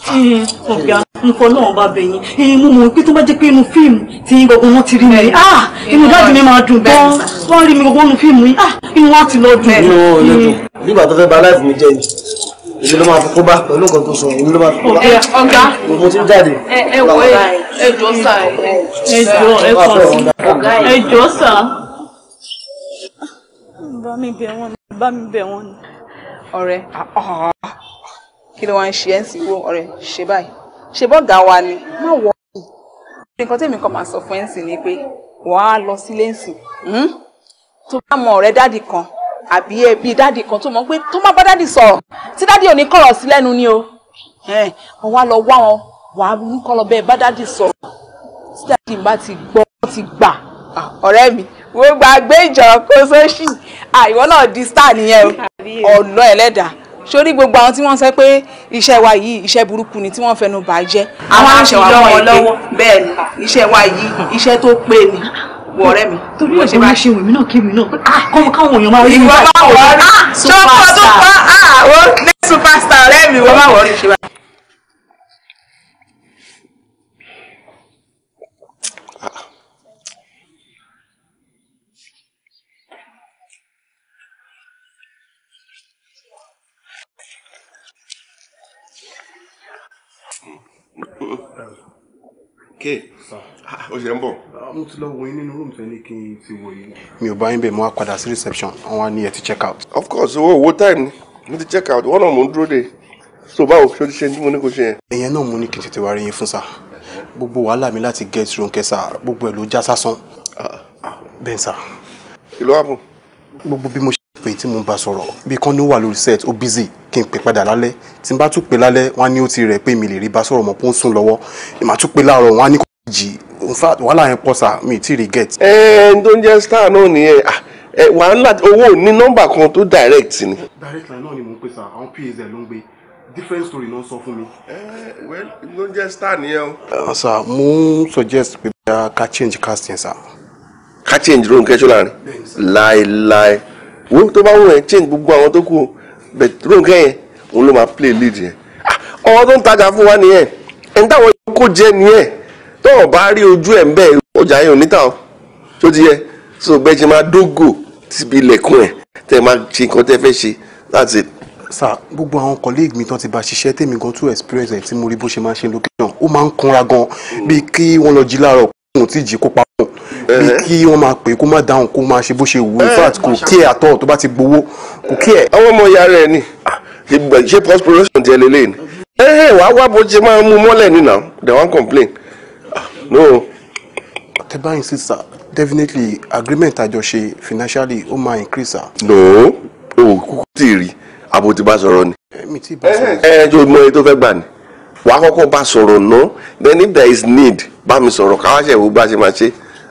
[SPEAKER 3] Hm, ọ̀gá nǹkan náà bá bẹ̀ yín hm, mo mọ̀ pé tó bá jẹ́ pé inú fíìmù tí yín gbogbo wọn ti rí mi ah inú dáàbì mi máa dùn gan wọ́n rí mi gbogbo inú fíìmù yín ah inú wọn ti lọ dùn.
[SPEAKER 1] bí hm. bàtà fẹ́ ba aláìfù mi jẹ́ ni èmi ló máa fi kó bá pẹ̀lú
[SPEAKER 3] nǹkan tó sọ èmi ló máa fi kó bá. ọ̀gá mo ti ń jáde. ẹ ẹ wọ ẹ ẹ jọ sà ẹ jọ ẹ kàn sí ọ̀gá ẹ jọ sà bá mi bẹ̀ wọ́n ni bá mi bẹ̀ wọ́n ni. ọ̀rẹ́ ah, ah, kí ló wàá ń ṣe ẹ́ sí wo ọ̀rẹ́ ṣe báyìí ṣe bọ́gà wa ni má wọ ọ́ nǹkan tèmi kan máa sọ fún ẹ̀ǹsì ni pé wàá lọ sílé ẹ̀ǹsì hmm? tó bá mọ ọ̀rẹ́ dáàdì kan àbí ẹbí dáàdì kan tó mọ̀ pé tó má bá dáàdì sọ̀rọ̀ tí dáàdì ò ní kọ̀rọ̀ sí lẹ́nu ni o wọ́n wá lọ wá wọn wàá ń kọ́ lọ bẹ́ẹ̀ bá dáàdì sọ̀rọ̀ tí dáàdì bá ti gbọ́ ti gbà ah, ọ̀rẹ́ mi wo gbàgbé ìjọ kó sóṣì àìwọ náà di star nìyẹn o ọ̀nà ẹlẹ́dàá sórí gbogbo àwọn tí wọ́n sọ pé iṣẹ́ wa yìí iṣẹ́ burúkú ni tí wọ́n fẹnu bà jẹ́ àwọn àṣẹ wa mọ̀ lọ́wọ́ bẹ́ẹ̀ ni iṣẹ́ wa yi, iṣẹ́ tó pé ni wọ̀ọ́rẹ́ mi. torí ẹ̀sìn máa ṣe wèmí náà kémi náà ah, kọ́mọ káwọn èèyàn máa rí mi. ìwọ máa wọ̀ ọ́ rí ṣọ́kọ́ tó pa àwọn ní superstar ọ̀rẹ́ mi wọ́n máa wọ̀ ọ́ rí ṣe Ah.
[SPEAKER 2] ké
[SPEAKER 9] o ṣe ń bọ̀. mo ti lọ wo yín nínú rúùmù tẹ́lẹ̀ kí n
[SPEAKER 4] ti wo mi ò bá yín bẹ̀ mo wá padà sí reception wọn wá ní ẹ ti check out. of course owó owó time ni mo ti check out One náà mo dúró de so báwo ṣe o ti ṣe tí mo ní kò ṣe yẹn. ìyẹn náà mo ní kí n tètè wá rí yín fún sá gbogbo wàhálà mi láti get Ronke sá gbogbo ẹ̀ ló já sásán ah. bẹ́ẹ̀ sá. kí ló wà fún. gbogbo bí mo pè tí mo bá sọ̀rọ̀ bí kan ní wà lórí set ó busy kí n pè padà lálẹ́ tí n bá tún pè lálẹ́ wọ́n á ní ó ti rẹ̀ pé mi lè rí bá sọ̀rọ̀ mọ́ pé sùn lọ́wọ́ ìmọ̀ tún pè láàárọ̀ wọ́n á ní kò jì in wàhálà yẹn pọ̀ sá mi tí rí get. ẹ ẹ n tó ń jẹ star náà nìyẹn wàhálà owó
[SPEAKER 9] ní nọ́mbà kan tó direct ni.
[SPEAKER 4] direct line náà ni mò ń pè sá àwọn pas ló ń gbé different story náà sọ fún mi. ẹ ẹ ló ń jẹ star nìyẹn o. sá mo ń suggest pé ká change casting sá.
[SPEAKER 9] ká change room kẹ́sọ́ láàrin láéláé wo tó bá wù ẹ́ change gbogbo àwọn tó kù but Rónkẹ́ yẹn òun ló máa play lead yẹn ah, ọ̀rọ̀ tó ń tajà fún wa nìyẹn ẹni táwọn kó jẹ nìyẹn tó o bá rí ojú ẹ̀ ń bẹ́ẹ̀ ọjà yẹn ò níta o tó ti yẹ so bẹ́ẹ̀ ṣe máa dógò síbi ilẹ̀kùn ẹ̀ tẹ́ máa ṣe nǹkan tẹ́ fẹ́ ṣe that's it.
[SPEAKER 4] gbogbo àwọn colleague mi tán ti bá ṣiṣẹ́ tèmi gan tún experience ẹ̀ tí mo rí bó ṣe máa ṣe lókè náà ó máa ń kanra gan bíi kí wọ́n lọ jí láàárọ̀ kóun tí jí kópa bí kí wọ́n máa pè kó má dáhùn kó máa ṣe bó ṣe wù in kò kí ẹ̀ àtọ̀ tó bá ti gbowó kò kí ẹ̀. àwọn ọmọ ìyá rẹ ni ah, ṣé post production jẹ lélẹ̀ ni
[SPEAKER 9] ẹ wàá wá bó ṣe máa mú mọ́lẹ̀ nínà they wan complain ah, no.
[SPEAKER 4] tẹ báyìí sísà definitely agreement àjọṣe financially ó máa increase.
[SPEAKER 9] no o kúkú tí ì rí àbò tí bá sọ̀rọ̀ ni.
[SPEAKER 4] èmi eh, tí bá sọ̀rọ̀. ẹ jọ mọ
[SPEAKER 9] èyí tó fẹ́ gbà ni wàá kọ́kọ́ bá sọ̀rọ̀ ná then if there is need bá mi sọ̀rọ̀ káwá ṣe bá ṣe máa ṣe.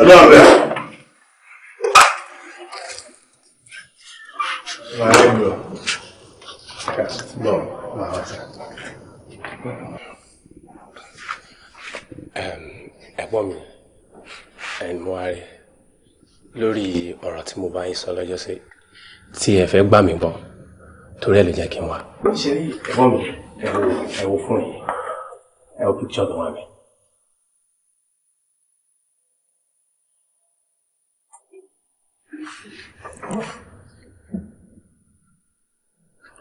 [SPEAKER 2] Yàrá rẹ̀.
[SPEAKER 6] Ẹ̀gbọ́n mi, ẹ̀nu ààrẹ lórí ọ̀rọ̀ tí mo bá yín sọ lọ́jọ́ sí tí ẹ fẹ́ gbà mí bọ̀ torí ẹ̀ ló jẹ́ kí n wá.
[SPEAKER 2] Ṣé ẹ̀gbọ́n mi ẹ fún yìí ẹ píkítsọ̀ tó wà mí.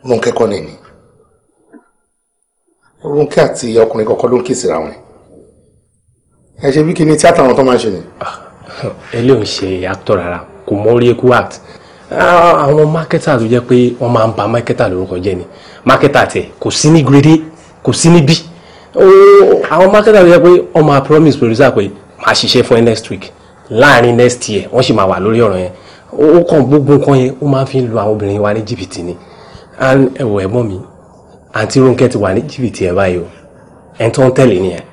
[SPEAKER 2] Rónkẹ́ kọ́ nìyí
[SPEAKER 4] Rónkẹ́ àti ọkùnrin kọ̀ọ̀kan ló ń kì síra wọn ẹ ṣe bí kíni tíátà àwọn tó máa ń ṣe ni. Ah,
[SPEAKER 6] eléyìí ń ṣe actor rárá kò mọ orí eku act ah, àwọn mákẹ́tà tó jẹ́ pé wọ́n máa ń ba mákẹ́tà lórúkọ jẹ́ ni mákẹ́tà tẹ̀ kò sí ní gírèdè kò sí ní bí àwọn mákẹ́tà tó jẹ́ pé wọ́n máa promise producer pé máa ṣiṣẹ́ fún ẹ next week láàrin next year wọ́n sì máa wà lórí ọ̀rọ̀ yẹn ó kàn gbogbo nǹkan yẹn ó máa fi ń lu àwọn obìnrin wa ní jìbìtì ni ẹ̀wọ̀ ẹ̀gbọ́n mi àǹtí Rónkẹ́ ti wà ní jìbìtì ẹ̀ báyìí o ẹ̀ tó ń tẹ̀lé nìyẹn.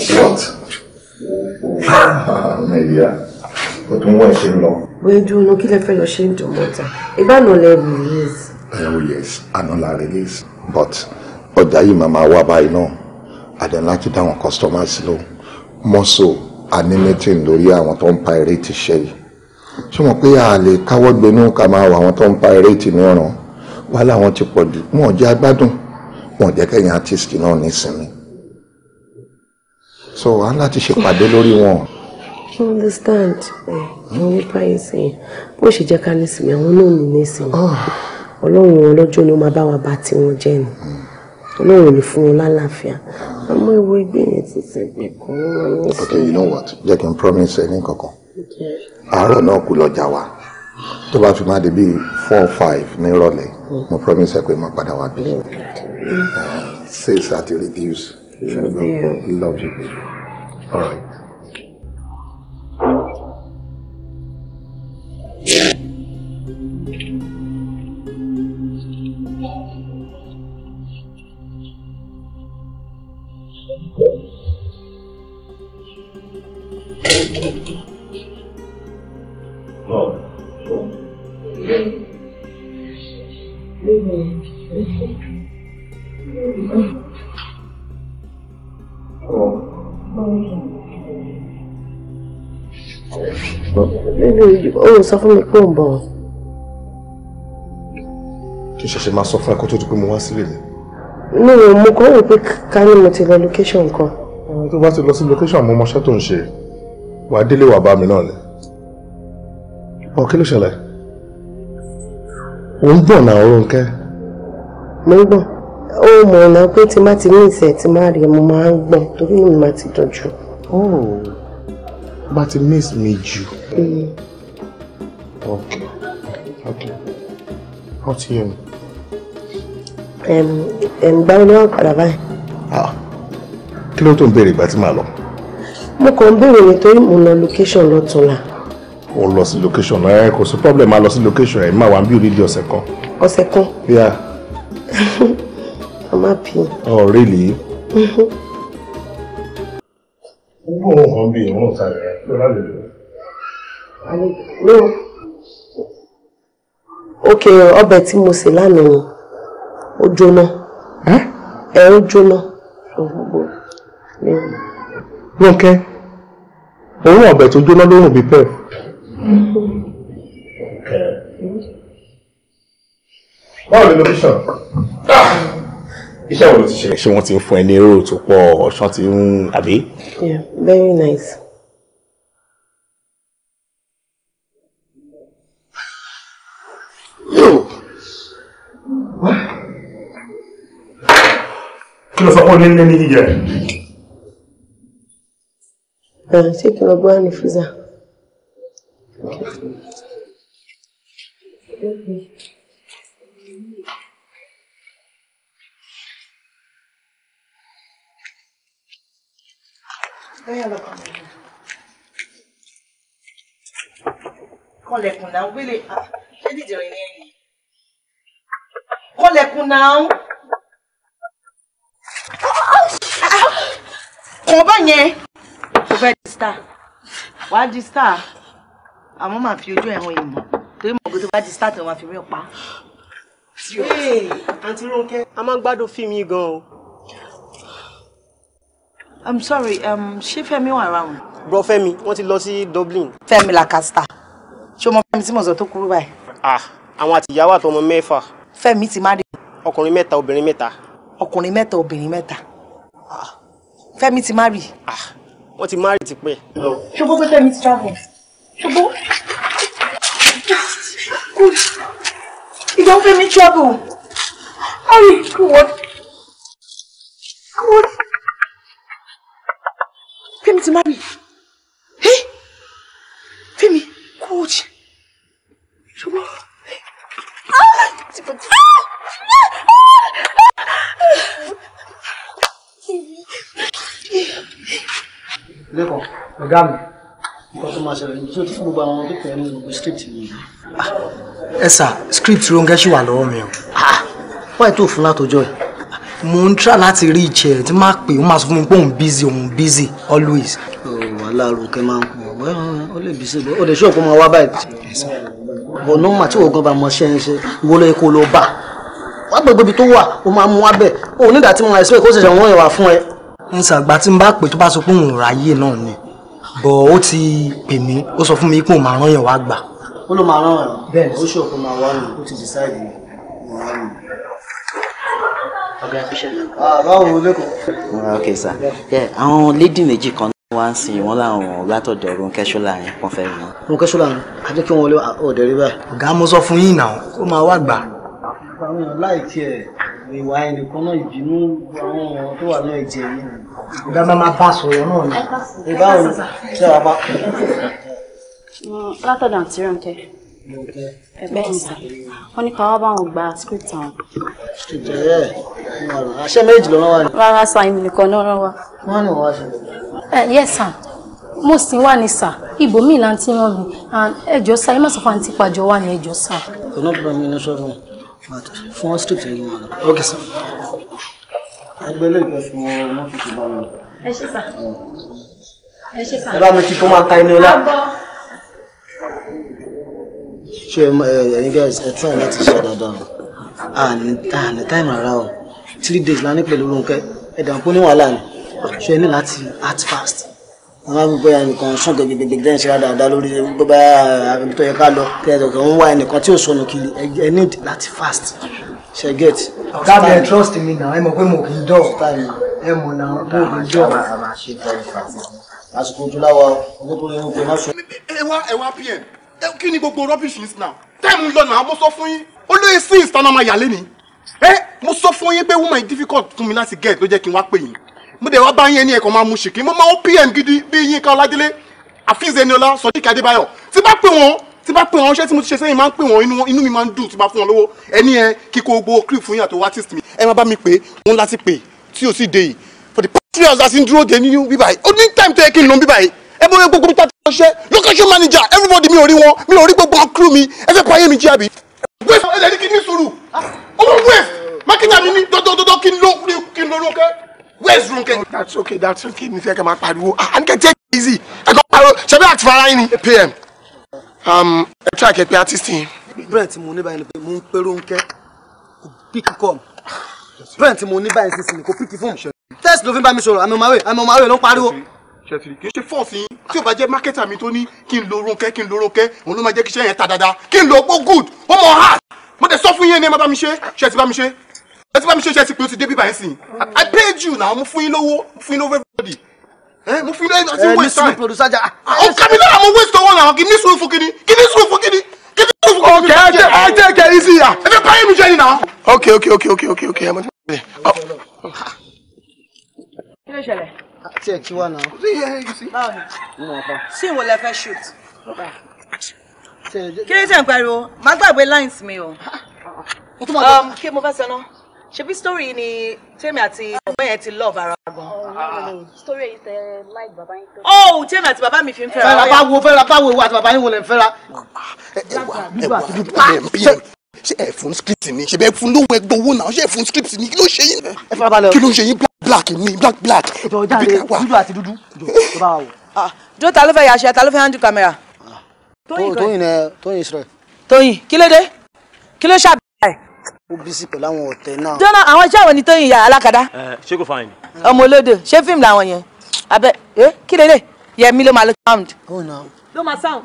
[SPEAKER 2] What?
[SPEAKER 5] Mẹ́líà, o tún wọ́n ṣe ń lọ.
[SPEAKER 3] Bóyá dúró kí lẹ fẹ́ lọ ṣe ń dùn mọ́ta. Ìbáná
[SPEAKER 2] lẹ release.
[SPEAKER 5] Oh yes, àná release. But ọjà yìí màmá wà báyìí náà. Àdán láti dá àwọn customers lóhùn. Mọ́sọ̀ àní meeting lórí àwọn tó ń pa eré ti ṣe yìí. Ṣé mo pé a lè káwọ́ gbénú ká máa wọ àwọn tó ń pa eré ti ní ọ̀ràn? Wá láwọn ti pọ̀ jù. Wọ́n jẹ́ agbádùn. Wọ́n jẹ́ kẹ́yìn artist náà nísìnyí so à ń láti ṣèpàdé lórí wọn.
[SPEAKER 3] I understand àwọn eh, nípa ẹ̀sìn bó ṣe jẹ́ ká nísìnyí àwọn náà ní nísìnyí ah. ọlọ́run ọlọ́jọ́ ni ó máa bá wa bá tiwọn jẹ́ ni ọlọ́run ní fún wọn lálàáfíà àmọ́ ìwọ ẹgbẹ́ yẹn ti
[SPEAKER 5] sẹ́gbẹ́ kan wọn ní sí. okay you know what jẹ́ kí n promise ẹ ní kankan àárọ̀ náà kú lọ́jà wa tó bá fi máa dé bíi four five ní ìrọ̀lẹ́ mo promise ẹ pé máa padà wá bí eh, sales àti
[SPEAKER 2] reduce. Love you. Loves you. All right. ó
[SPEAKER 3] sọ fún mi pé ò ń bọ̀.
[SPEAKER 4] kí ṣẹ̀ṣẹ̀ máa sọ fún ẹ kó tó di pé mo wá sílé mi.
[SPEAKER 3] mi ò mú kọ́ rò pé
[SPEAKER 4] ká ní mo ti lọ location kan. tó bá ti lọ sí location mo mọṣẹ́ tó ń ṣe wàá délé wàá bá mi náà ni. ọ kí ló ṣẹlẹ̀ ò ń gbọ̀n náà ọ̀rọ̀ nkẹ́.
[SPEAKER 3] mo ń gbọ̀n ó mọ̀ ọ̀nà pé tí má ti ní ìsẹ̀ tí má rí mo máa ń gbọ̀n torí mi máa ti dọ̀jú. ó oh, bá ti
[SPEAKER 4] miss mi jù.
[SPEAKER 3] Mm.
[SPEAKER 2] Oh, okay. Okay.
[SPEAKER 4] What's to you?
[SPEAKER 3] Um, báwo ni wọ́n padà báyìí?
[SPEAKER 4] Ah, kí ló tó ń béèrè ìgbà tí màá lọ?
[SPEAKER 3] Mo kàn ń béèrè location lọ́túnla.
[SPEAKER 4] O lọ sí location ẹ kò sí problem máa lọ sí location ẹ máa wà bí onídìí ọ̀sẹ̀ kan. Ọ̀sẹ̀ Yeah. *laughs* I'm happy. Oh, really? Mm-hmm. Gbogbo nǹkan bíi ìwọ̀n ìtajà rẹ̀
[SPEAKER 2] ló òkè
[SPEAKER 3] ọbẹ̀ tí mo sè lánàá o ó jóná ẹ ó jóná gbogbo ní. Rónkẹ́
[SPEAKER 2] òun ọbẹ̀ tó
[SPEAKER 8] jóná ló rùn bí pẹ́ẹ́.
[SPEAKER 3] báwo ni location ah!
[SPEAKER 8] iṣẹ́ wo ló ti ṣe. ṣé wọ́n ti ń fún
[SPEAKER 4] ẹ ní èrò tó pọ̀ ọ̀ṣán ti ń àbí.
[SPEAKER 3] yeah very nice.
[SPEAKER 2] kí ló sọ pé
[SPEAKER 3] nílé ní jíjẹ. ṣé kí lọ gbọ́ ní fúzà. Voy a Kọ́lẹ̀kùn náà wílé ṣé dìdìrín ní ẹ̀yìn? Kọ́lẹ̀kùn náà. Kàn bá yẹn. Kò fẹ́ di star. Wàá di star. Àmọ́ màá fi ojú ẹ̀hún ìmọ̀. Torí mọ̀ gbogbo tó bá di star tó máa fi rí ọ̀pá. Àǹtí Rónkẹ́. A máa ń gbádùn fíìmù yìí gan o. I'm sorry, um, ṣé Fẹ́mi wà around? Bro Fẹ́mi, wọ́n ti lọ sí Dublin. Fẹ́mi Lancaster ṣé o mọ fẹ́mi tí mo sọ tó kúrú báyìí.
[SPEAKER 1] ah àwọn àtìyàwó
[SPEAKER 3] àtọmọ mẹ́fà. fẹ́mi ti má dé. ọkùnrin mẹ́ta obìnrin mẹ́ta. ọkùnrin mẹ́ta obìnrin mẹ́ta. fẹ́mi ti má rì. ah wọ́n ti má rì tipẹ́. ṣùgbọ́n pé fẹ́mi ti travel ṣùgbọ́n ìjọ fẹ́mi travel. Ay, God. God. Fẹ́mi ti má rì. Hey! Eh? Fẹ́mi, coach ṣùgbọ́n. lẹ́kọ̀ọ́ ọ̀gá mi nǹkan tó máa ṣẹlẹ̀ ní tó ti fún gbogbo àwọn tó pẹ̀lú nínú script mi. ẹ sà script ronke ṣì wà lọ́wọ́ mi o. wáyé tó fún látọjọ́ yìí mo ń tra láti rí ìjẹ tí busy òun busy always. wàhálà Ronke máa ń pọ̀ o lè bí sí i ó lè ṣọ́ọ̀pọ̀ máa wá báyìí wọnú mà tí òògùn bá mọ ṣe ń ṣe wo ló yẹ lọ bá wọn gbogbo ibi tó wà ó máa mú wá bẹ ó nígbà tí mo rà sí pé kó wọn
[SPEAKER 6] yẹn fún ẹ. ń sàgbà tí n bá pè tó bá sọ pé òun ráyè náà ni bọ̀ ó ti pè mí ó sọ fún mi pé òun máa rán yẹn wá gbà.
[SPEAKER 3] ó ló máa rán ẹ bẹ́ẹ̀ ó ṣòfò máa wá nù ó ti decide ah, ni mo ẹ fi ṣe. báwo lẹ́kọ̀ọ́. ok sir àwọn lédì méjì kan wá ń sìn wọn láwọn látọ̀dọ̀ Rónkẹ́ṣọ́lá yẹn wọ́n fẹ́ wọn. Rónkẹ́ṣọ́lá àti kí wọ́n lé ọ̀dẹ̀ rí báyìí. ọ̀gá mo sọ fún yín náà ó máa wá gbà. àwọn èèyàn láì tiẹ̀ ìwà ẹnìkan náà ìbínú àwọn èèyàn tó wà ní ẹ̀jẹ̀ yìí. ọ̀gá bá máa pàṣẹ ọ̀rọ̀ náà ni. ẹ báwo ṣé wàá bá. látọ̀dọ̀ àǹtí Rónkẹ́ ẹgbẹ́ ìsà wọn ní káwá báwọn gba script àwọn.
[SPEAKER 2] àṣẹ méjì ló wa ni.
[SPEAKER 3] rárá sáà ìmìnìkan náà wa wọ́n ní wọ́n ṣe. yes sir most wà ní sà ibòmíì là ń tí wọ́n mi ẹjọ́ sá ẹ má sọ fún àǹtí pàjọ wà ní ẹjọ́ sá. kò náà bá mi ní sọ fún fún wọn ṣe yín mọ ok sir. ẹgbẹ́ ilé ìgbẹ́ fún
[SPEAKER 2] wọn mọ́ fífi bá wọn. ẹ ṣe sà ẹ ṣe sà. ẹ bá mi kí kó máa ta iná ọlá.
[SPEAKER 3] ṣé ẹ̀yin guys ẹ try láti ṣe dáadáa o àní táìmù rárá o three days la ní pẹ̀lú Rónkẹ́ ẹ̀dà ní wàhálà ni ṣe ní láti act fast àwọn gbogbo ya nìkan sùn gẹgẹgẹgẹ dẹ́n ṣe dáadáa lórí gbogbo àbí tó yẹ ká lọ kẹsàn kò ń wá ẹnìkan tí ò sọnù kiri ẹ need láti fast ṣe get. dábì ẹ trust me na ẹ mọ̀ pé mo kì í dọ̀
[SPEAKER 4] ẹ mọ̀ na mo kì í dọ̀. àsìkò ojúláwọ owó tó yẹ wípé má ṣe. ẹ wá ẹ wá pm kí ni gbogbo rubbish list now tẹ́ẹ̀mù lọ́nà àmọ́ sọ fún yín olóyè sí ìsànà máa yà lẹ́ni ẹ mo sọ fún yín pé woman difficult fún mi láti get ló jẹ́ kí n wá pè yín mo dẹ̀ wá bá yín ẹni ẹ̀kọ́ máa mu ṣìkì mo máa ń pm gidi bí Yínká Ọládélé àfihàn Ẹniọlá Sodiq tí bá pè wọ́n tí bá pè wọ́n ṣé tí mo ti ṣe sẹ́yìn máa ń pè wọ́n inú mi máa ń dùn tí bá fún wọn lówó ẹni ẹ kíkó gbogbo clip fún yín àti artist mi ẹ máa bá mi pè wọ́n láti pè tí ò sì dé yìí for the past three hours as in dúró de nínú bíbáyìí ó ní time tó kí n lọ bíbáyìí ẹ bọ́ gbogbo mi tàbí ọṣẹ location manager everybody mi ò rí wọn mi ò rí gbogbo crew mi ẹ fẹ́ payé mi jí àbí. wẹ́ẹ̀sì ẹ̀dẹ̀ ní kí ní sùúrù ọmọ wẹ́ẹ̀sì mákìnyà ní dọ́dọ́dọ́dọ́ kí n lọ kí n lọ lókè where's Ronke. Oh, that's okay that's okay mi fẹ́ kẹ́ máa pariwo ah, and kẹ́ take it easy ẹ kọ́ pariwo ṣebí àti fara yín ni. pm um, ẹ try kẹ́ pé artist yín.
[SPEAKER 3] brent mo ní báyìí ni pé mo ń pe
[SPEAKER 4] Ronke kò píkì kọ́ mi brent mo ní báyìí sísìn kò píkì fún mi test ló fi ń bá mi sọ̀rọ̀ àmì ọmọwé àmì ọmọwé ló ń pariwo ṣẹtiri kì í ṣe fọ́ọ̀sì yín tí o bá jẹ́ mákẹ́tà mi tó ní kí n lo Ronke kí n lo Ronke òun ló máa jẹ́ kí iṣẹ́ yẹn ta dáadáa kí n lo ó oh, good ó mọ̀ hard mo tẹ̀ sọ fún yín ẹni ẹ má bá mi ṣe ṣe ti bá mi ṣe ẹ ti bá mi ṣe iṣẹ́ ti pé o ti dé bíbá yẹn sìn i paid you now mo fún yín lówó mo fún yín lówó everybody
[SPEAKER 1] mo fún yín lówó ẹni tí waste time
[SPEAKER 4] ó ká mi lára mo waste owó náà kì í ní sùúrù fún kíní kì í ní sùúrù fún kíní kì í ní sùúrù fún kíní. ok ẹ jẹ ẹ jẹ kẹ isi ya. ẹ fẹ́
[SPEAKER 3] báyìí mi jẹ́ ni náà.
[SPEAKER 4] ok ok ok ok ok ok ẹ mọ tí mo ti bẹ̀rẹ̀.
[SPEAKER 3] kí ló ṣẹlẹ̀. àti ẹ̀ kí wà náà. báwo ni sí ìwọ lẹ fẹ́ shoot. kí ló ṣe ń pariwo má gbàgbé lines mi o. Ah. Um, kí mo fẹ́ sọ náà ṣebí story yìí ni tèmi àti bàbá yẹn ti love ara gan. story yìí tẹ like bàbá yín tó. oh tèmi àti bàbá mi fi ń fẹ́ra. fẹ́ra báwo fẹ́ra báwo ìwọ àti bàbá yín wọlé ń fẹ́ra. ṣé ẹ
[SPEAKER 4] fún script ni ṣe bẹ fún lóhun ẹgbẹ owó náà ṣé ẹ fún script ni kí ló ṣe yín. ẹ fara balẹ̀ o kí ló ṣe yín black black
[SPEAKER 3] ni black black. ìjọ jáde dúdú àti dúdú tó bá wà wò. dúró ta ló fẹ́ yàṣẹ ta ló fẹ́ handle camera. tóyìn tóyìn tóyìn sọ̀rọ̀. tóyìn kí ló dé kí ló ṣàb ó bísí pẹ̀lú àwọn ọ̀tẹ̀ náà. jọ́nà àwọn iṣẹ́ àwọn onítọ̀yìn ìyá alákàdá. ṣé kò fáyìn. ọmọ olódò ṣé fíìmù làwọn yẹn abẹ ẹ kí lélẹ̀ yẹmi ló máa lo sound. ló máa sound.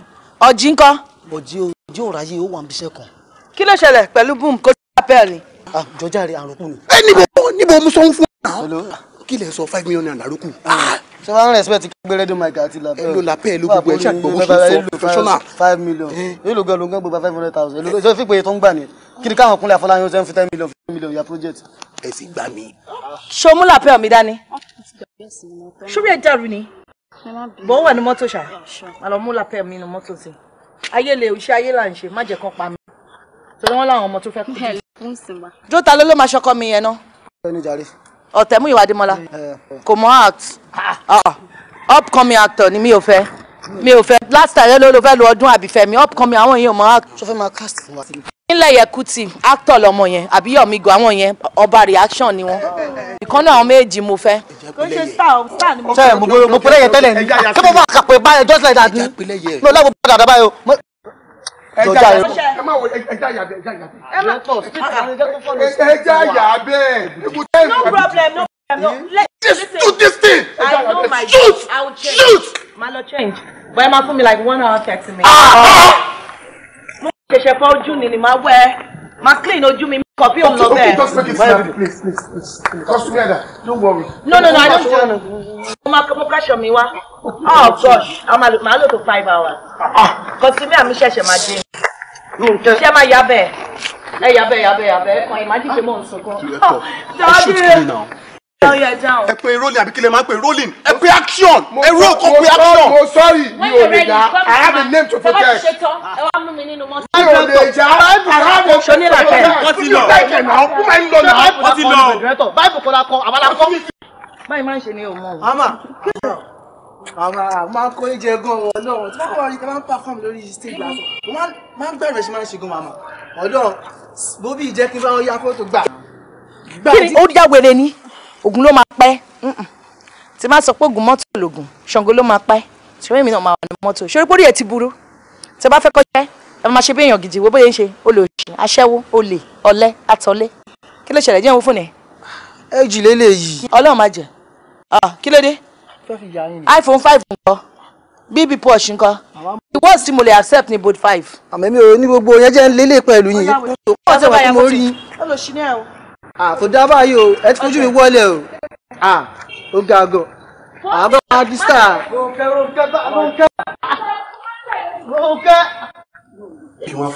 [SPEAKER 3] ọ̀jì ńkọ́. ọ̀jì ojú òòrà yìí ó wà ń bíṣẹ́ kan. kí ló ṣẹlẹ̀ pẹ̀lú boom kó sí apel ni. Ah, jọjá rẹ àròkù ni. ẹ níbo níbo mo sọ fún ọ kí lè sọ five million naira lókù. Ah, ṣé wàá ń respect gbé rédíò mic àti làpẹ́ èlò làpẹ́ èlò gbogbo ẹ̀ ṣàgbọ̀wọ́
[SPEAKER 4] ṣe fọ professional. five million èlò eh? gan ló ń gbogbo five hundred thousand èlò ṣé fipè tó ń gbà ní kí ni káwọn kúnlẹ̀ afọláyún ṣe ń fi ten million fifteen million ya project. ẹ sì gbà mí.
[SPEAKER 3] ṣé o mú làpẹ́ ọ̀mí dání. ṣúbí ẹ dàrú ni bọ́ wà ní mọ́tò ṣá àlọ́ mú làpẹ́ mi ní mọ́tò sí ayé lè iṣẹ́ ayé là ń ṣe má jẹ́ kán pa mi torí wọ́n láwọn ọmọ tó fẹ́ Ọ̀tẹ̀múyìwá Adémọ́lá kò mọ act ah, ah. upcoming actor ni mi ò fẹ́ mi ò fẹ́ last time ló ló fẹ́ lo ọdún àbífẹ́ mi upcoming àwọn èèyàn mọ act. sọ fẹ́ máa cast fún wa. nílẹ̀ yẹkùtì actor lọmọ yẹn àbí yọ̀mígo àwọn yẹn ọba reaction ni wọ́n ìkan náà àwọn méjì mo fẹ́. kò ṣe star o star ni mo fẹ́. sẹ́yìn mo pẹ́lẹ́yẹ tẹ́lẹ̀ ni kí mo bá kàpẹ́ báyọ̀ just like that ni lọ́lá mo bá dàda báyọ̀ ẹja yà bẹ́ẹ̀ ẹ má yà bẹ́ẹ̀ ẹja yà yà bẹ́ẹ̀. no problem no problem no
[SPEAKER 2] let's do this thing. I know my shoot
[SPEAKER 3] shoot. ma lọ change bóyá ma fún mi like one hour text me. Ah! mo ṣẹ̀ṣẹ̀ fọ ojú mi ni màá wẹ̀ ma clean ojú mi. Copy on okay, okay, just make it snappy, please,
[SPEAKER 2] please, please. Because together, don't worry. No, no, no, I don't want
[SPEAKER 3] to. Mo ma cash on me, Oh gosh, I'm a my to five hours. because to me, I'm ṣẹ̀ṣẹ̀ máa dín. Ṣé máa yá bẹ́ẹ̀? Ẹ yá bẹ́ẹ̀, yá bẹ́ẹ̀, yá imagine ṣe mò ń sunkún. Too oh, late. I should clean now ẹ
[SPEAKER 4] pè rolling àbí kí lè máa pè rolling ẹ pè action ẹ ro kò pè action. mo sọ́ọ̀rì mi ò lè dá I have a name to protect. mi
[SPEAKER 3] ò lè dá I name to protect. wọ́n ti lọ wọ́n ti lọ. báyìí kò la kọ báyìí máa ń ṣe ni o mọ o àwọn àwọn akọrin jẹ gan wọn lọ́wọ́ tí wọn kọ wọn máa ń perform lórí stage lásán wọn máa ń gbàgbé ṣe máa ṣe gan màmá ọ̀dọ̀ bóbí jẹ́ kí n bá wọn yá gbà. kí ni ó yá ni ògùn ló máa pẹ́ tí má sọ pé ògùn mọ́tò lògùn ṣàngó ló máa pẹ́ ṣòro èmi náà máa wà ní mọ́tò ṣòro pórí ẹ̀ ti burú tí bá fẹ́ kọjá ẹ máa ṣe bí èèyàn gidi wo bóyá ń ṣe olòṣì aṣẹ́wó olè ọ̀lẹ àtọ̀lé kí ló ṣẹlẹ̀ jẹ́ òun fún ẹ. ẹ jì lélẹ̀ yìí. ọlọ́run máa jẹ kí ló dé iphone five nǹkan bb porsche nǹkan the worst mo lè accept ni bold five. àmọ́ mi ò ní gbogbo yẹn jẹ́ ń lélẹ̀ pẹ̀lú yìí. ó ti Ah, kò dá báyìí o ẹ ti fojú mi wọlé o ah, ó ga gan àbá ah, adista. Rónkẹ́ Rónkẹ́ Rónkẹ́ Rónkẹ́.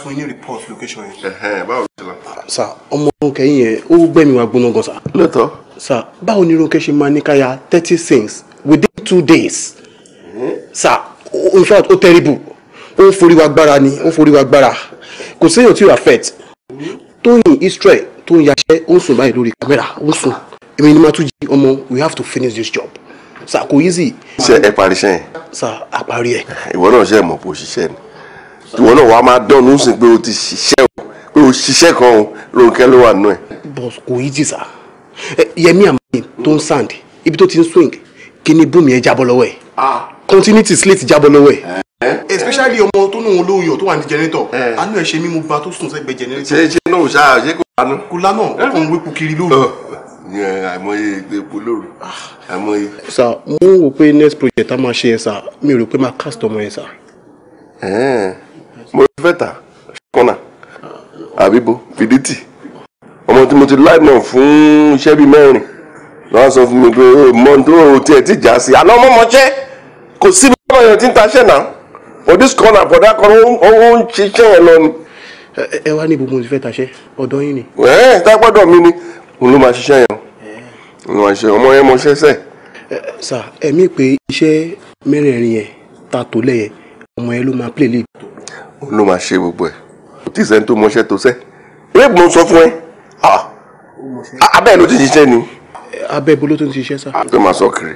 [SPEAKER 4] fún yín report location yẹn. báwo ló ti lọ. sà ọmọ Rónkẹ́ yín yẹn ó gbẹ̀mí wa gbóná gan sà. lóòótọ́. sà báwo ni Rónkẹ́ ṣe máa ní káyà thirty cents within two days. sà in fact ó terrible ó ń forí wa gbára ni ó ń forí wa gbára kò séèyàn tí ò affect Tóyìn Israel tó ń yaṣẹ́ ó ń sùn báyìí lórí kámẹ́rà ó ń sùn èmi ni màá tún jí ọmọ we have to finish this job sà kò easy. ṣe ẹ parí iṣẹ́ yẹn. sà á parí ẹ̀.
[SPEAKER 9] ìwọ náà ṣe mọ̀ pé o ṣiṣẹ́ ni ìwọ náà wàá máa dán lóṣù pé o ti ṣiṣẹ́ o pé o ṣiṣẹ́ kan o ronke ló wà nù ẹ̀.
[SPEAKER 4] but kò easy sà yẹmi àmàlẹ́ tó ń sand ibi tó ti ń swing kí ni bùnmi ẹ jábọ́ lọ́wọ́ ẹ̀ ah. continuity slate jábọ́ lọ́wọ́ ẹ̀ Eh? Eh. especially ọmọ tó nù olóyún tó wà ní jẹnẹrétọ̀ anú eh. ẹ̀ ṣe mí mo ba tó sùn sẹ́gbẹ̀ẹ́ jẹnẹrétọ̀. ṣe ṣe náà ṣáà ṣe kò lánà. kò lánà ọkàn wípé kiri lóru. àìmọye epo lóru ah. àìmọye. sà mo ń wò pé next project a máa ṣe yẹn sà mi ò rò pé máa cast ọmọ yẹn
[SPEAKER 9] mo fẹ́ ta kọ́nà àbíbo fìdítì ọmọ tí mo ti láì náà fún iṣẹ́ bíi mẹ́rin lọ́wọ́ sọ fún mi pé oh, mọ́tò tiẹ̀ ti jà sí àná ọmọ mọ́ṣẹ́ kò síbi ọmọ yẹn ti ń taṣẹ́ náà
[SPEAKER 4] for this corner for that corner ó ń ṣiṣẹ́ yẹn lọ ni. ẹ wá ní gbogbo ohun tí fẹ́ taṣẹ́ ọ̀dọ́ yín ni. ẹ tá gbọ́dọ̀ mi ni òun
[SPEAKER 9] ló máa ṣiṣẹ́ yẹn òun ló máa ṣiṣẹ́ ọmọ yẹn mo ṣe
[SPEAKER 4] sẹ́. sà ẹ̀mí pé iṣẹ́ mẹ́rẹ̀ẹ̀rin yẹn ta tó lẹ̀ yẹn ọmọ yẹn ló máa play lead.
[SPEAKER 9] òun ló máa ṣe gbogbo ẹ̀ kò tí ì sẹ́ni tó mọṣẹ́ tó sẹ́
[SPEAKER 4] rape mo sọ fún ẹ abẹ́ ló ti ṣiṣẹ́ ni. abẹ́ ibo ló tó ń ṣiṣẹ́ sá. a tó máa
[SPEAKER 9] sọ kiri.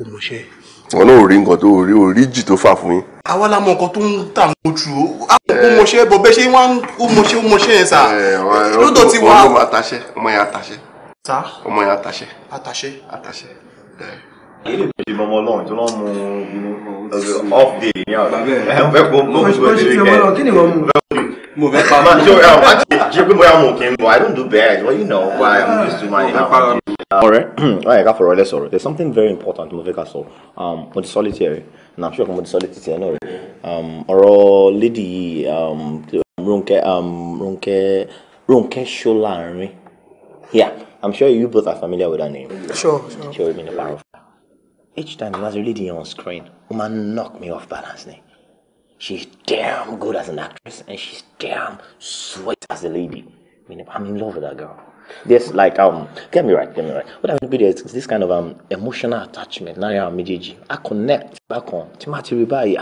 [SPEAKER 9] ó mọṣẹ́ wọn náà ò rí nǹkan tó rí orí jì tó fà fún yín.
[SPEAKER 4] àwa la mọ nǹkan tó ń tà mọ jù ó àwọn ọmọọṣẹ bọ bẹ́ẹ̀ ṣe wọn ó mọṣẹ ó mọṣẹ yẹn sà
[SPEAKER 9] lọ́dọ̀ ti wá. ọmọ àtàṣe ọmọ yẹn àtàṣe. sa ọmọ yẹn àtàṣe. àtàṣe.
[SPEAKER 7] àtàṣe. èyí lè fi mọmọ Ọlọ́run tó lọ mú off day ní ọ̀la ẹ̀fẹ́ kó mú I don't do bad well you know why I'm used to my house. ọ̀rẹ́ *clears throat* ọ̀rẹ́ ká there's something very important to fẹ́ ká sọ um, mo ti solitary, and I'm sure na I'm sure mo ti sọ́ọ́ létí tiẹ̀ náà rẹ̀ Um, runke. Um, um, Ronke Ronke Ronke Ṣọlárin yeah I'm sure you both are familiar with her name. sure sure. sure each time you must really on screen, woman knock me off balance. Ne? She's damn good as an actress and she's damn sweet as a lady. I mean, I'm in love with that girl. This like um get me right, get me right. What I mean be there is this kind of um emotional attachment. Now I'm Mijiji. I connect back on Timothy Ribai.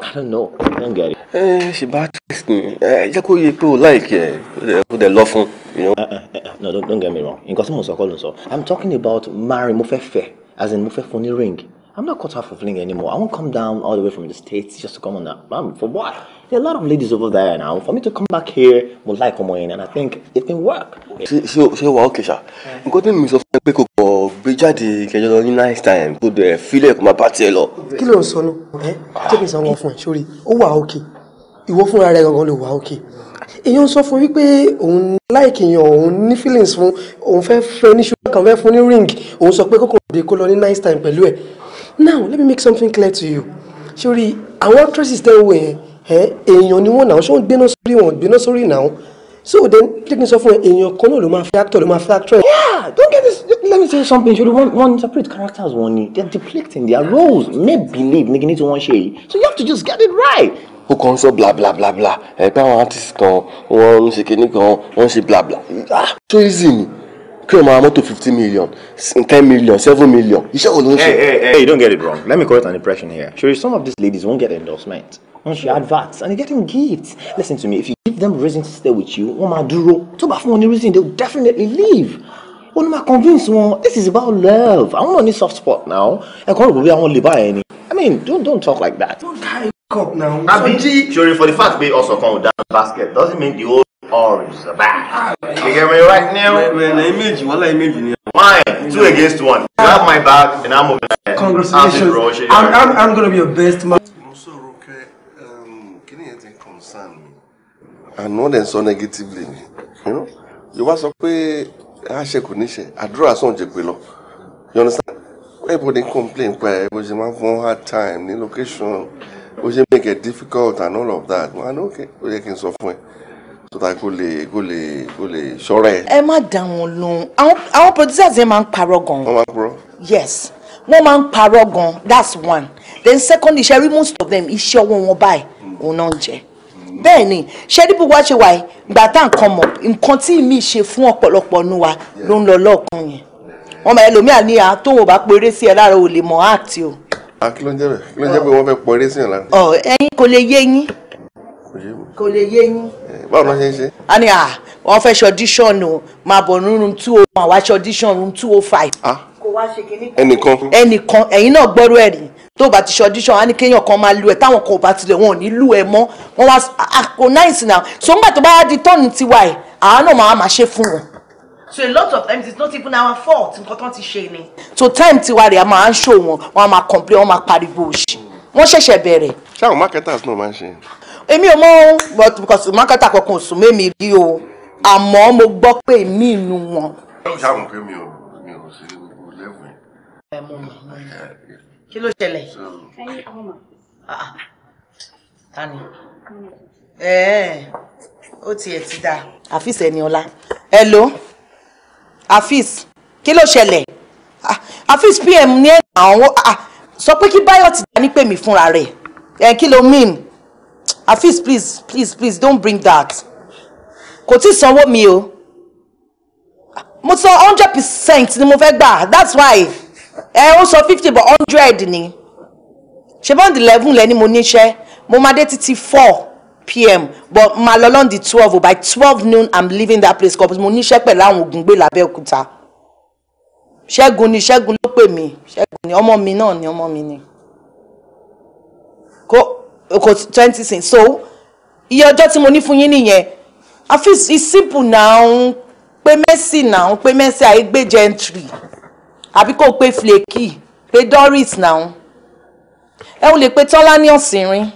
[SPEAKER 7] I don't know. I don't get it. Eh, she bad texting. Eh, jẹ́ kó yẹ like ẹ̀ o the love fún. You know? Uh, uh, uh, no, don't, don't get me wrong. In tí mo sọ kọ́ ló I'm talking about marry Mufefe as in mo fẹ́ fún ring I'm not cut out for fling anymore. I won't come down all the way from the States just to come on that. Um, for what? There are a lot of ladies over there now. For me to come back here, would like ọmọ yẹn, and I think it can work. So, so wà ókè ṣá? Nǹkan tí mi sọ fún ẹ pé kò kọ̀ gbé nice time kó dẹ̀ feel like my party, tiẹ̀
[SPEAKER 3] Kill Kí ló Okay, take me some jẹ́ kí Surely, sanwó fún ẹ sórí. Ó wà ókè. Ìwọ fúnra rẹ̀ gangan ló èèyàn sọ fún wípé òun láìkì yàn òun ní feelings fún òun fẹ́ fẹ́ ní ṣùgbọ́n kan fẹ́ fún ní ring òun sọ pé kókò òde kó lọ ní nice time pẹ̀lú ẹ̀ now let me make something clear to you sori àwọn actresses tẹ́ wo yẹn èèyàn ni wọ́n náà ṣé wọ́n gbéná sórí wọn gbéná sórí náà so then jẹ́ kí n sọ fún ẹ èèyàn kan náà ló máa fẹ́ actor ló máa fẹ́ actress. yeah don't get this let me tell you something sori
[SPEAKER 7] one one separate characters wọn ni they are deflecting their roles May believe nígbà tí wọ́n ṣe yìí so you have to just get it right ó kàn ń sọ bla bla bla bla ẹ pé àwọn artist kan wọ́n ń ṣe kinní kan
[SPEAKER 9] wọ́n ń ṣe bla bla ah so easy ni kí o máa mọ́tò fifteen million ten million
[SPEAKER 7] seven million iṣẹ́ wo ló ń ṣe. hey hey hey you don't get it wrong let me correct an impression here sure some of these ladies won't get endorsement wọ́n ṣe adverts and they're getting them gifts listen to me if you give them reason to stay with you wọ́n máa dúró tó bá fún wọn ní reason they will definitely leave wọ́n máa convince wọn this is about love àwọn náà ní soft spot now ẹ̀kọ́ rògbòbí àwọn lè bá ẹ ni i mean don't don't talk like that
[SPEAKER 3] cup now. àbí
[SPEAKER 7] ṣòro for the fact pé also kan ò dá basket doesn't mean the whole orange. is bad. you get me right now. na image wala image ni. why two against one you have my back and i'm over there. congratulations i'm
[SPEAKER 6] i'm i'm gonna be your best man. mo
[SPEAKER 9] sọ̀rọ̀ um,
[SPEAKER 2] pé kíni yẹn ti concern mi.
[SPEAKER 9] Ah, àná dẹ̀ sọ negatively ni yorùbá sọ pé àṣẹ kò níṣẹ́ àdúrà sàn jẹ pé lọ you understand everybody complain pé ẹ bó ṣe hard time The location ó ṣe make it difficult and all of that wọn á ní okay ó yẹ kí n sọ fún ẹ tó ta kó lè kó lè kó lè ṣọ́ra ẹ.
[SPEAKER 3] ẹ má dá wọn lóhùn àwọn producers yẹn máa ń parọ́ gan. wọ́n máa ń parọ́. yes wọ́n máa ń parọ́ gan that's one then second iṣẹ́ rí most of them iṣẹ́ ọwọ́ wọn báyìí òun náà ń jẹ bẹ́ẹ̀ ni ṣé dípò wá ṣe wà yìí gbà tá nǹkan mọ̀ nǹkan tí mi ṣe fún ọ̀pọ̀lọpọ̀ nu wa ló ń lọ lọ́ọ̀kan yẹn wọ́n máa ẹlòmíà ní à ah, tóun ò bá péré sí ẹ lára ò lè mọ̀ áàtì o
[SPEAKER 9] a ah, kí ló ń jẹ́ bẹ́ẹ̀ kí ló ń jẹ́ bẹ́ẹ̀ wọ́n fẹ́ pọ eré sí ìlànà.
[SPEAKER 3] ọ ẹ̀yin kò lè yé yín kò lè yé yín. báwo ló ṣe ń ṣe. a ní à wọ́n fẹ́ ṣe o máa bọ̀ ní room two o oh àwa ṣe audition room two o oh five. Ah. kò wá ṣe kinní kan. ẹnìkan. ẹnìkan ẹ̀yin náà gbọ́rọ̀ ẹ̀ rí tó bá ti ṣe audition á ní kéèyàn kan máa lu ẹ táwọn kan ò bá tilẹ̀ wọn ò ní lu ẹ mọ́ wọn wá kò náìsì náà so tó bá di tọ́ọ̀nù tiwa ẹ̀ àwa náà máa máa ṣe fún wọn so a lot of times it's not even our fault nǹkan tán ti ṣe ni. so time tiwa rẹ̀ a máa ń ṣò wọn wọn a máa complain wọn máa pariwo òṣì wọn ṣẹ̀ṣẹ̀ bẹ̀rẹ̀. ṣé àwọn
[SPEAKER 9] marketers náà máa ń ṣe.
[SPEAKER 3] èmi ò mọ but because marketer kankan sùn mémi rí o àmọ́ mo gbọ́ pé èmi inú wọn.
[SPEAKER 9] ṣé àwọn pé mi ò mi ò sí lẹ́wọ̀n.
[SPEAKER 3] ẹ mọ mọ kí ló ṣẹlẹ̀. Ah, ah. tani ó tiẹ̀ ti dáa. àfíìsì ẹni ọlá hello afis kí ló ṣẹlẹ̀ ah, afis pm ní ẹ̀nà àwọn ah, sọ pé kí Báyọ̀ ti dání pè mí fúnra rẹ̀ ẹ̀ kí ló mean afis please please please don't bring that kò tí ì sanwó mi o mo sọ hundred percent ni mo fẹ́ gbà that's why ẹ ó sọ fifty but hundred ni ṣe bọ́ǹdì eleven lẹ́ni mo níṣẹ́ mo máa dé títí four pm but máa lọ lọ́ndì twelve by twelve noon i'm leaving that place cause mo níṣẹ́ pẹ̀lú àwọn ògùngbé làbẹ́òkúta ṣẹ́gun ni ṣẹ́gun ló pè mí ṣẹ́gun ni ọmọ mi náà ni ọmọ mi ni kò kò twenty six so iye ọjọ́ tí mo ní fún yín nìyẹn i feel it's simple now pé mercy now pé mercy àìgbé gentry àbí kò pé flaky pé doris now ẹ ò lè pe tọ́lá ní ọ̀sìn rin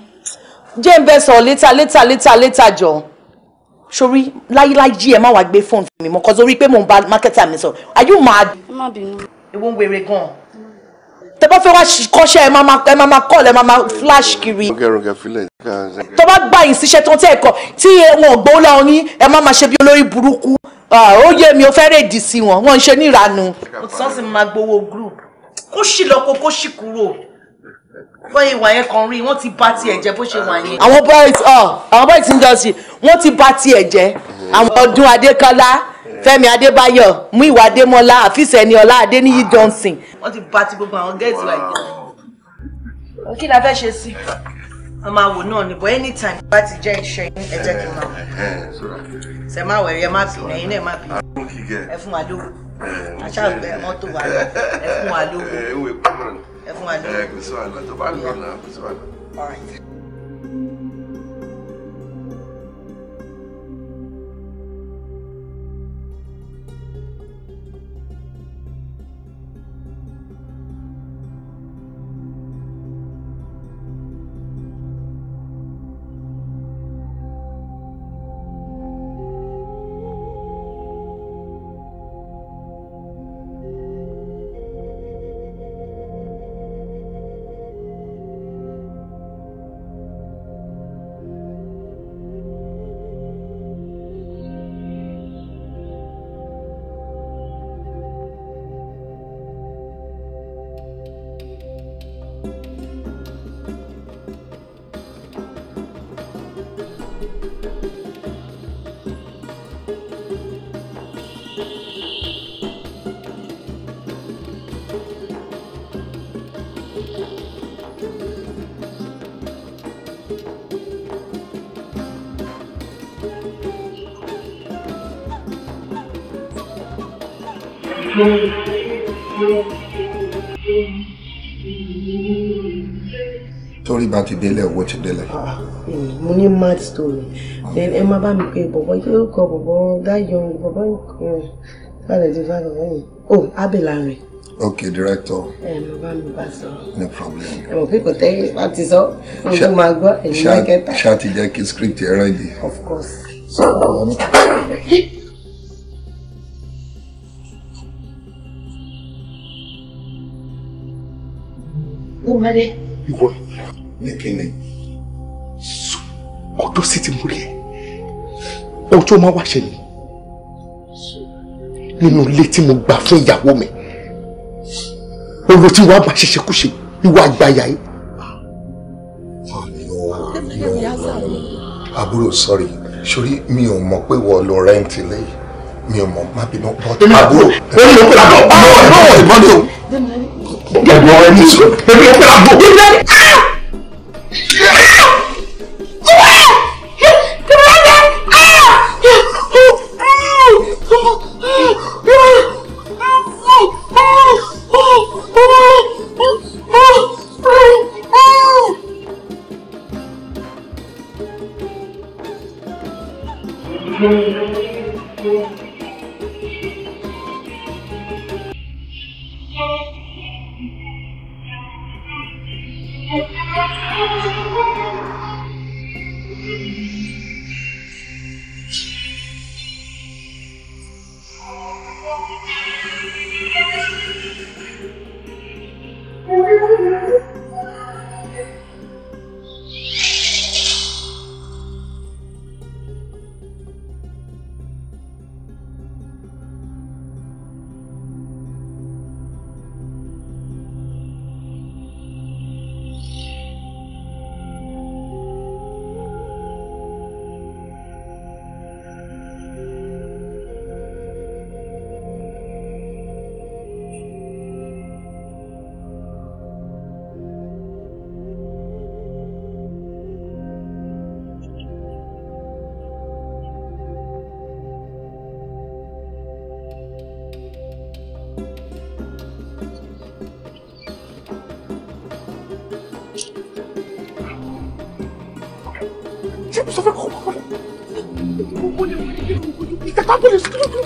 [SPEAKER 3] jẹ́ ń later later later later létà létà jọ sori láyéláyé ẹ má wàá gbé fóònù fún mi mọ́ kọ́sọ́ orí pé mò ń bá mákẹ́tà mi sọ are you mad. ẹ má bínú. ewu ń wèrè gan-an tẹ bá fẹ́ wá kọ́ṣẹ́ ẹ máa ẹ máa kọ́ọ̀lù ẹ máa flash kiri. rọgẹrọgẹ filẹ. tó bá gbà yín síṣẹ́ tó ń tẹ́ ẹ̀kọ́ tí wọn ò gbówó lọ́wọ́ yín ẹ má máa ṣe bí olórí burúkú ó yé mi ó fẹ́ rèdì sí wọn wọn ń ṣe ní mo ti sọ́ọ́ sì máa gbowó group kó ṣì lọ́kọ kó ṣì kúrò bọ́ ìwà yẹn kan rí wọ́n ti bà tiẹ̀ jẹ́ bó ṣe wà yẹn. àwọn boys ah, àwọn boys industry wọ́n ti bà tiẹ̀ jẹ́ àwọn ọdún adékọ́lá fẹ́mi adébáyọ̀ mú ìwà adémọ́lá àfíìsẹ́niọlá adéníyí johnson. wọ́n ti bà ti gbogbo àwọn gẹ́ẹ̀tì wa yẹn. kí la fẹ́ ṣe sí i ọmọ àwò náà ni bọ́ anytime bá ti jẹ́ iṣẹ́ ẹ jẹ́ kí n máa wọ̀ ṣe máa wẹ̀ ẹ má bì í ẹ̀yin náà má bì í ẹ fún wa lówó aṣáàgbẹ̀ eh, mọ́tò wa lọ
[SPEAKER 9] ẹ fún wa lówó. Eh, ẹ fún wa lọ. ẹ kò sí wàhálà tó bá lọ náà kò sí wàhálà. all right.
[SPEAKER 5] délẹ̀ owó ti délẹ̀. Ah, mm, mo ní mad
[SPEAKER 3] story then ẹ má bá mi pé bọ̀bọ̀ yóò kọ bọ̀bọ̀ dáyọ̀ bọ̀bọ̀ fàlẹ̀ ti fàlẹ̀ lẹ́yìn o Abẹ́lárìn.
[SPEAKER 5] ok director.
[SPEAKER 3] ẹ mo bá mi bá sọ. no problem. ẹ mọ̀ pé kò tẹ́ bá ti sọ ojú máa
[SPEAKER 2] gbọ́ ẹ̀yìn mẹ́kẹ́ta. ṣáà
[SPEAKER 5] ti jẹ́ kí script ẹ rẹ̀
[SPEAKER 2] of course.
[SPEAKER 3] Umare.
[SPEAKER 4] Ìwọ ní kíni. ọjọ́ sì ti mú rí ẹ ọjọ́ máa wá ṣẹlẹ̀ nínú ilé tí mo gbà fún ìyàwó mi olo tí wàá bá ṣiṣẹ́ kúṣe ìwà àgbáyà yìí.
[SPEAKER 5] àbúrò sọrí sórí mi ò mọ̀ pé wọ́n lo rẹ́ǹtì lẹ́yìn mi ò mọ̀ má bínú but àbúrò. ó ní òkúta bọ̀ ọ́ ọ́ ọ́ ìbọn ni
[SPEAKER 2] o. ẹ̀gbọ́n ẹni sọ èmi òkúta bọ̀.
[SPEAKER 3] sọ fẹ́ kọ́ ọmọ rẹ̀. ìkàtà bọ̀lẹ̀ sí kí ló kí ló.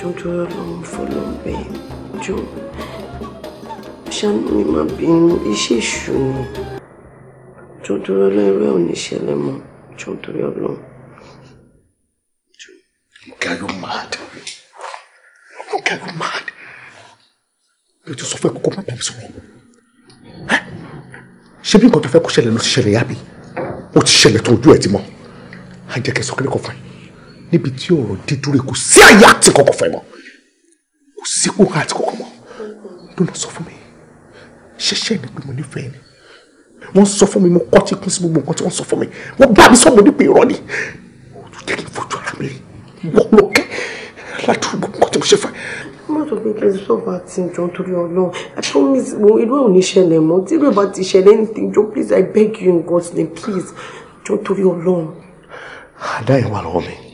[SPEAKER 3] jọjọ lọ́n fọlọ́ bẹ́ẹ̀ jọ ṣáánú mi máa bínú iṣẹ́ ìṣù ni jọjọ lọ́n ò ní ṣẹlẹ̀ mọ́ jọjọ lọ́n.
[SPEAKER 2] Nǹkan yóò máa dẹ̀
[SPEAKER 3] yóò máa bí o ti sọ fún ẹ kókó má
[SPEAKER 4] sọ̀rọ̀ ṣé bí nǹkan tó fẹ́ kó ṣẹlẹ̀ ló ti ṣẹlẹ̀ yá mi ó ti ṣẹlẹ̀ tó ojú ẹ̀ ti mọ́ á jẹ́ kẹ́ fún ẹ níbi tí ọ̀rọ̀ dé dúró kò sí àyà àti kọ̀kọ̀ fẹ́ mọ́ kò sí kókà àti kọ̀kọ̀ mọ́ ló lọ sọ fún mi ṣẹ̀ṣẹ̀ ni pé mo nífẹ̀ẹ́ ni wọ́n sọ fún mi mo kọ́ tí kún sí gbogbo nǹkan tí wọ́n sọ fún mi wọ́n bá mi sọ́mọ nípa irọ́ ni ó tún jẹ́ kí n fojú ara mi
[SPEAKER 3] wọ́n lọ kẹ́ ládùúgbò nǹkan tí mo ṣe fẹ́ má sọ pé kí n sọ bá ti jọ torí Ọlọ́run i promise mo irú ẹ̀ ṣẹlẹ̀ mọ́ tí irú ẹ̀ ti ṣẹlẹ̀ anything jọ please i beg you in God's name please jọ torí Ọlọ́run.
[SPEAKER 4] àdá ìwà mi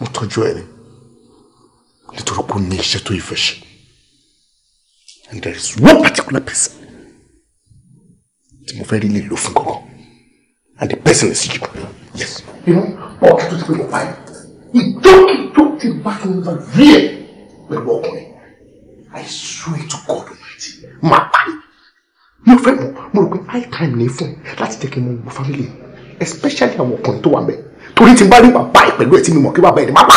[SPEAKER 4] mo tọ́jú ẹ ni nítorí pé ó ní iṣẹ́ tó ìfẹ́ ṣe and there is one particular person tí mo fẹ́ rí lè lò fún kankan and the person is you yes you know ọ̀rọ̀ tó ti pé mo pa ẹ̀ ìjókòó tí bá tó ń bá rí ẹ̀ pẹ̀lú ọkùnrin I swear to God Almighty máa parí mo fẹ́ mọ̀ mo rò pé high time ní fún ẹ láti jẹ́ kí n mọ gbogbo family especially àwọn ọkùnrin tó wà mẹ́rin torí tí n bá rí bàbá ẹ pẹ̀lú ẹ tí mi mọ̀ kí bàbá ẹ ní bàbá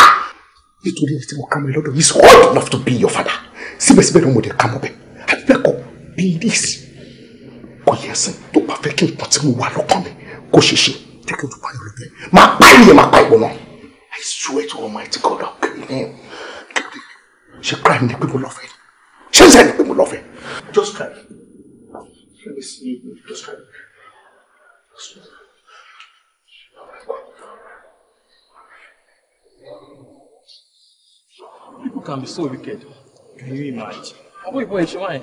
[SPEAKER 4] nítorí ẹ tí mo kà mọ́ ẹ lọ́dọ̀ he is old enough to be your father síbẹ̀síbẹ̀ ni mo dẹ̀ kà mọ́ bẹ́ẹ̀ àbí bẹ́ẹ̀ kọ́ bí this kò yẹ ẹsìn tó bá fẹ́ kí nǹkan tí mo wà lọ́kàn mi kó ṣe ṣe jẹ́ kí o tó bá yọrọ bẹ́ẹ̀ máa pa ìyẹn máa pa ìwọ náà I swear to Almighty God I'll kill him ṣe crime ni pé mo lọ́fẹ̀ẹ́ ṣé ṣe ni pé mo lọ́fẹ̀ẹ́ just try. Let me see you. Just try. Just try.
[SPEAKER 10] People can be so wicked. Can you imagine?
[SPEAKER 2] Àwọn ìbọn ìṣe wáyé.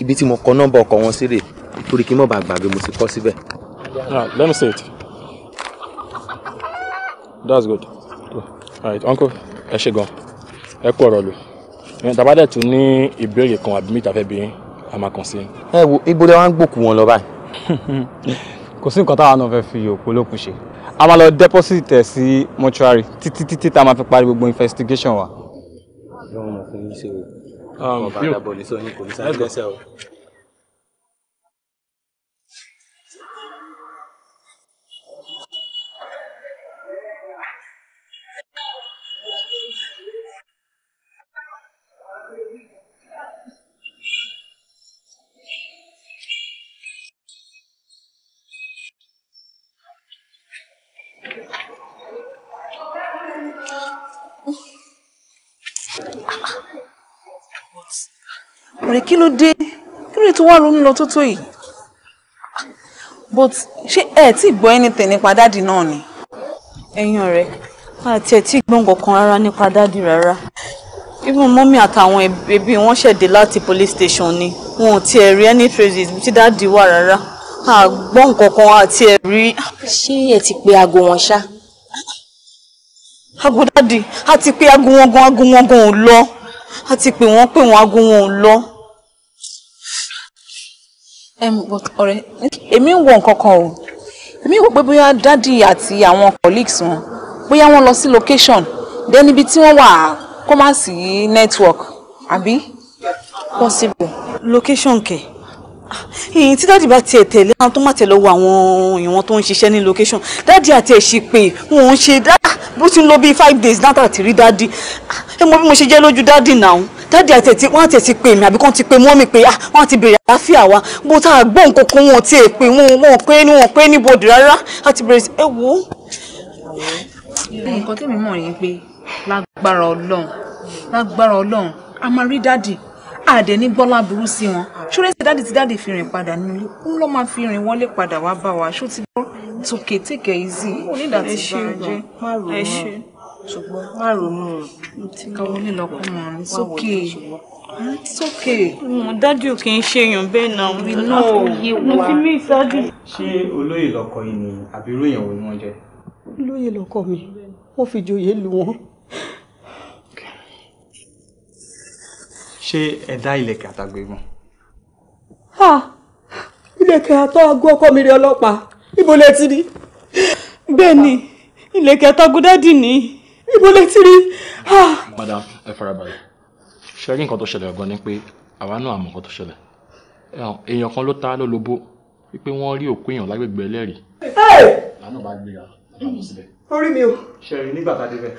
[SPEAKER 4] Ibi tí mo kọ nọ́mbà
[SPEAKER 10] ọkọ̀ wọn sílẹ̀ torí kí n mọ̀ bá gbàgbé mo ti kọ́ síbẹ̀. Let me see it. That's good. All right, uncle, ẹ ṣe gan. Ẹ kú ọ̀rọ̀ lò. Tàbá dẹ̀ tún ní ìbéèrè kan àbí mìta fẹ́ bí a máa kàn sí. Ẹ wo ibo lẹ wá ń gbòkú wọn lọ báyìí. *laughs* kò sí nǹkan táwọn náà fẹ́ fi òkú olókùn ṣe
[SPEAKER 8] a máa lọ deposit ẹ̀ sí mortuary títí títí tá a máa fi parí gbogbo investigation wa.
[SPEAKER 2] yóò mọ̀ fún yín ṣe o. bí o bá ní sọ yín kò ní sáré lẹ́sẹ̀ o. ọ̀rẹ́ kí
[SPEAKER 3] ló dé kí ló tó wá ronú lọ tó tó yìí but ṣé ẹ ti gbọ́ anything nípa dáàdì náà ni. ẹ̀yin ọ̀rẹ́ àti ẹ ti gbọ́ nǹkan kan rárá nípa dáàdì rárá
[SPEAKER 1] even mọ́mí àtàwọn ẹbí wọn ṣẹ̀dé láti police station ni wọn
[SPEAKER 3] ò tiẹ̀ rí any traces tí dáàdì wà rárá àgbọ́ nǹkan kan àti ẹ̀rí. ṣé ẹ ti pe aago wọn ṣá. aago dáàdì a ti pe aago wọn gan aago wọn gan ò lọ a ti pè wọ́n pè wọ́n aago wọn ò lọ. ọ̀rẹ́ èmi ń wọ nǹkan kan o èmi wò pé bóyá dáàdì àti àwọn colleagues wọn bóyá wọ́n lọ sí location then ibi tí wọ́n wà kó network àbí possible. location kẹ̀ èyí tí dáàdì bá tiẹ̀ tẹ̀lé àwọn tó má tẹ̀lé wo àwọn èèyàn tó ń ṣiṣẹ́ ní location dáàdì àti ẹ̀ ṣe pé wọn ò ń ṣe dáàdì ah, bó ti ń lọ bíi five days náà tàbí rí dáàdì ah, ẹ mọ bí mo ṣe jẹ́ lójú dáàdì náà dáàdì àti ẹ̀ tí wọ́n àti ẹ̀ ti pè mí àbí kàn ti pè mọ́mì pé ah, wọ́n ti bèrè àlàáfíà wa bó tá a gbọ́ nǹkan kan wọn ti pè wọn wọn pé ní wọn pé ní bòdì rárá àti bẹ̀rẹ̀ ẹ wò ó. nǹkan tẹ́mi mọ̀ ni pé lágbára ọlọ́run lágbára ọlọ́run a máa rí dáàdì àdẹ ní gbọ́lá burú sí wọn ṣúrẹ́ sí dáàdì tí dáàdì fi rìn padà nílé ó lọ́ máa fi rìn wọlé padà wá bá wa ṣó ti gbọ́ tòkè tèkè easy ó ní ìdá tí bá jẹ́ má rò ó ṣùgbọ́n má rò ó káwọn nílò
[SPEAKER 1] ọkùnrin ọ̀run sókè sókè. mo dájú kì í ṣe èèyàn bẹ́ẹ̀ náà we
[SPEAKER 3] know mo fi
[SPEAKER 1] mí ìsáájú.
[SPEAKER 6] ṣé olóyè lọkọ yìí ni àbí irú èèyàn wo ni wọ́n jẹ́.
[SPEAKER 3] olóyè lọkọ mi wọ́n fi joyè lu wọn.
[SPEAKER 6] ṣé ẹ̀dá ilẹ̀kẹ̀ àtàgbé mọ́.
[SPEAKER 1] ilẹ̀kẹ̀ àtọ́ agó ọkọ mi rí ọlọ́pàá ibo lẹ ti rí. bẹ́ẹ̀ ni ilẹ̀kẹ̀ àtàgùn dádì ní ibo lẹ ti rí.
[SPEAKER 10] madam ẹ farabalẹ̀ ṣe rí nǹkan tó ṣẹlẹ̀ ọ̀gbọ́n ni pé àwa náà àmọ̀ nǹkan tó ṣẹlẹ̀ èèyàn kan ló ta lólobó wípé wọ́n rí òkú èèyàn lágbègbè ẹlẹ́rìí. lánàá bá gbéra
[SPEAKER 6] lánàá bó sílẹ̀. orí mi o. ṣe rí nígbà tá a débẹ̀.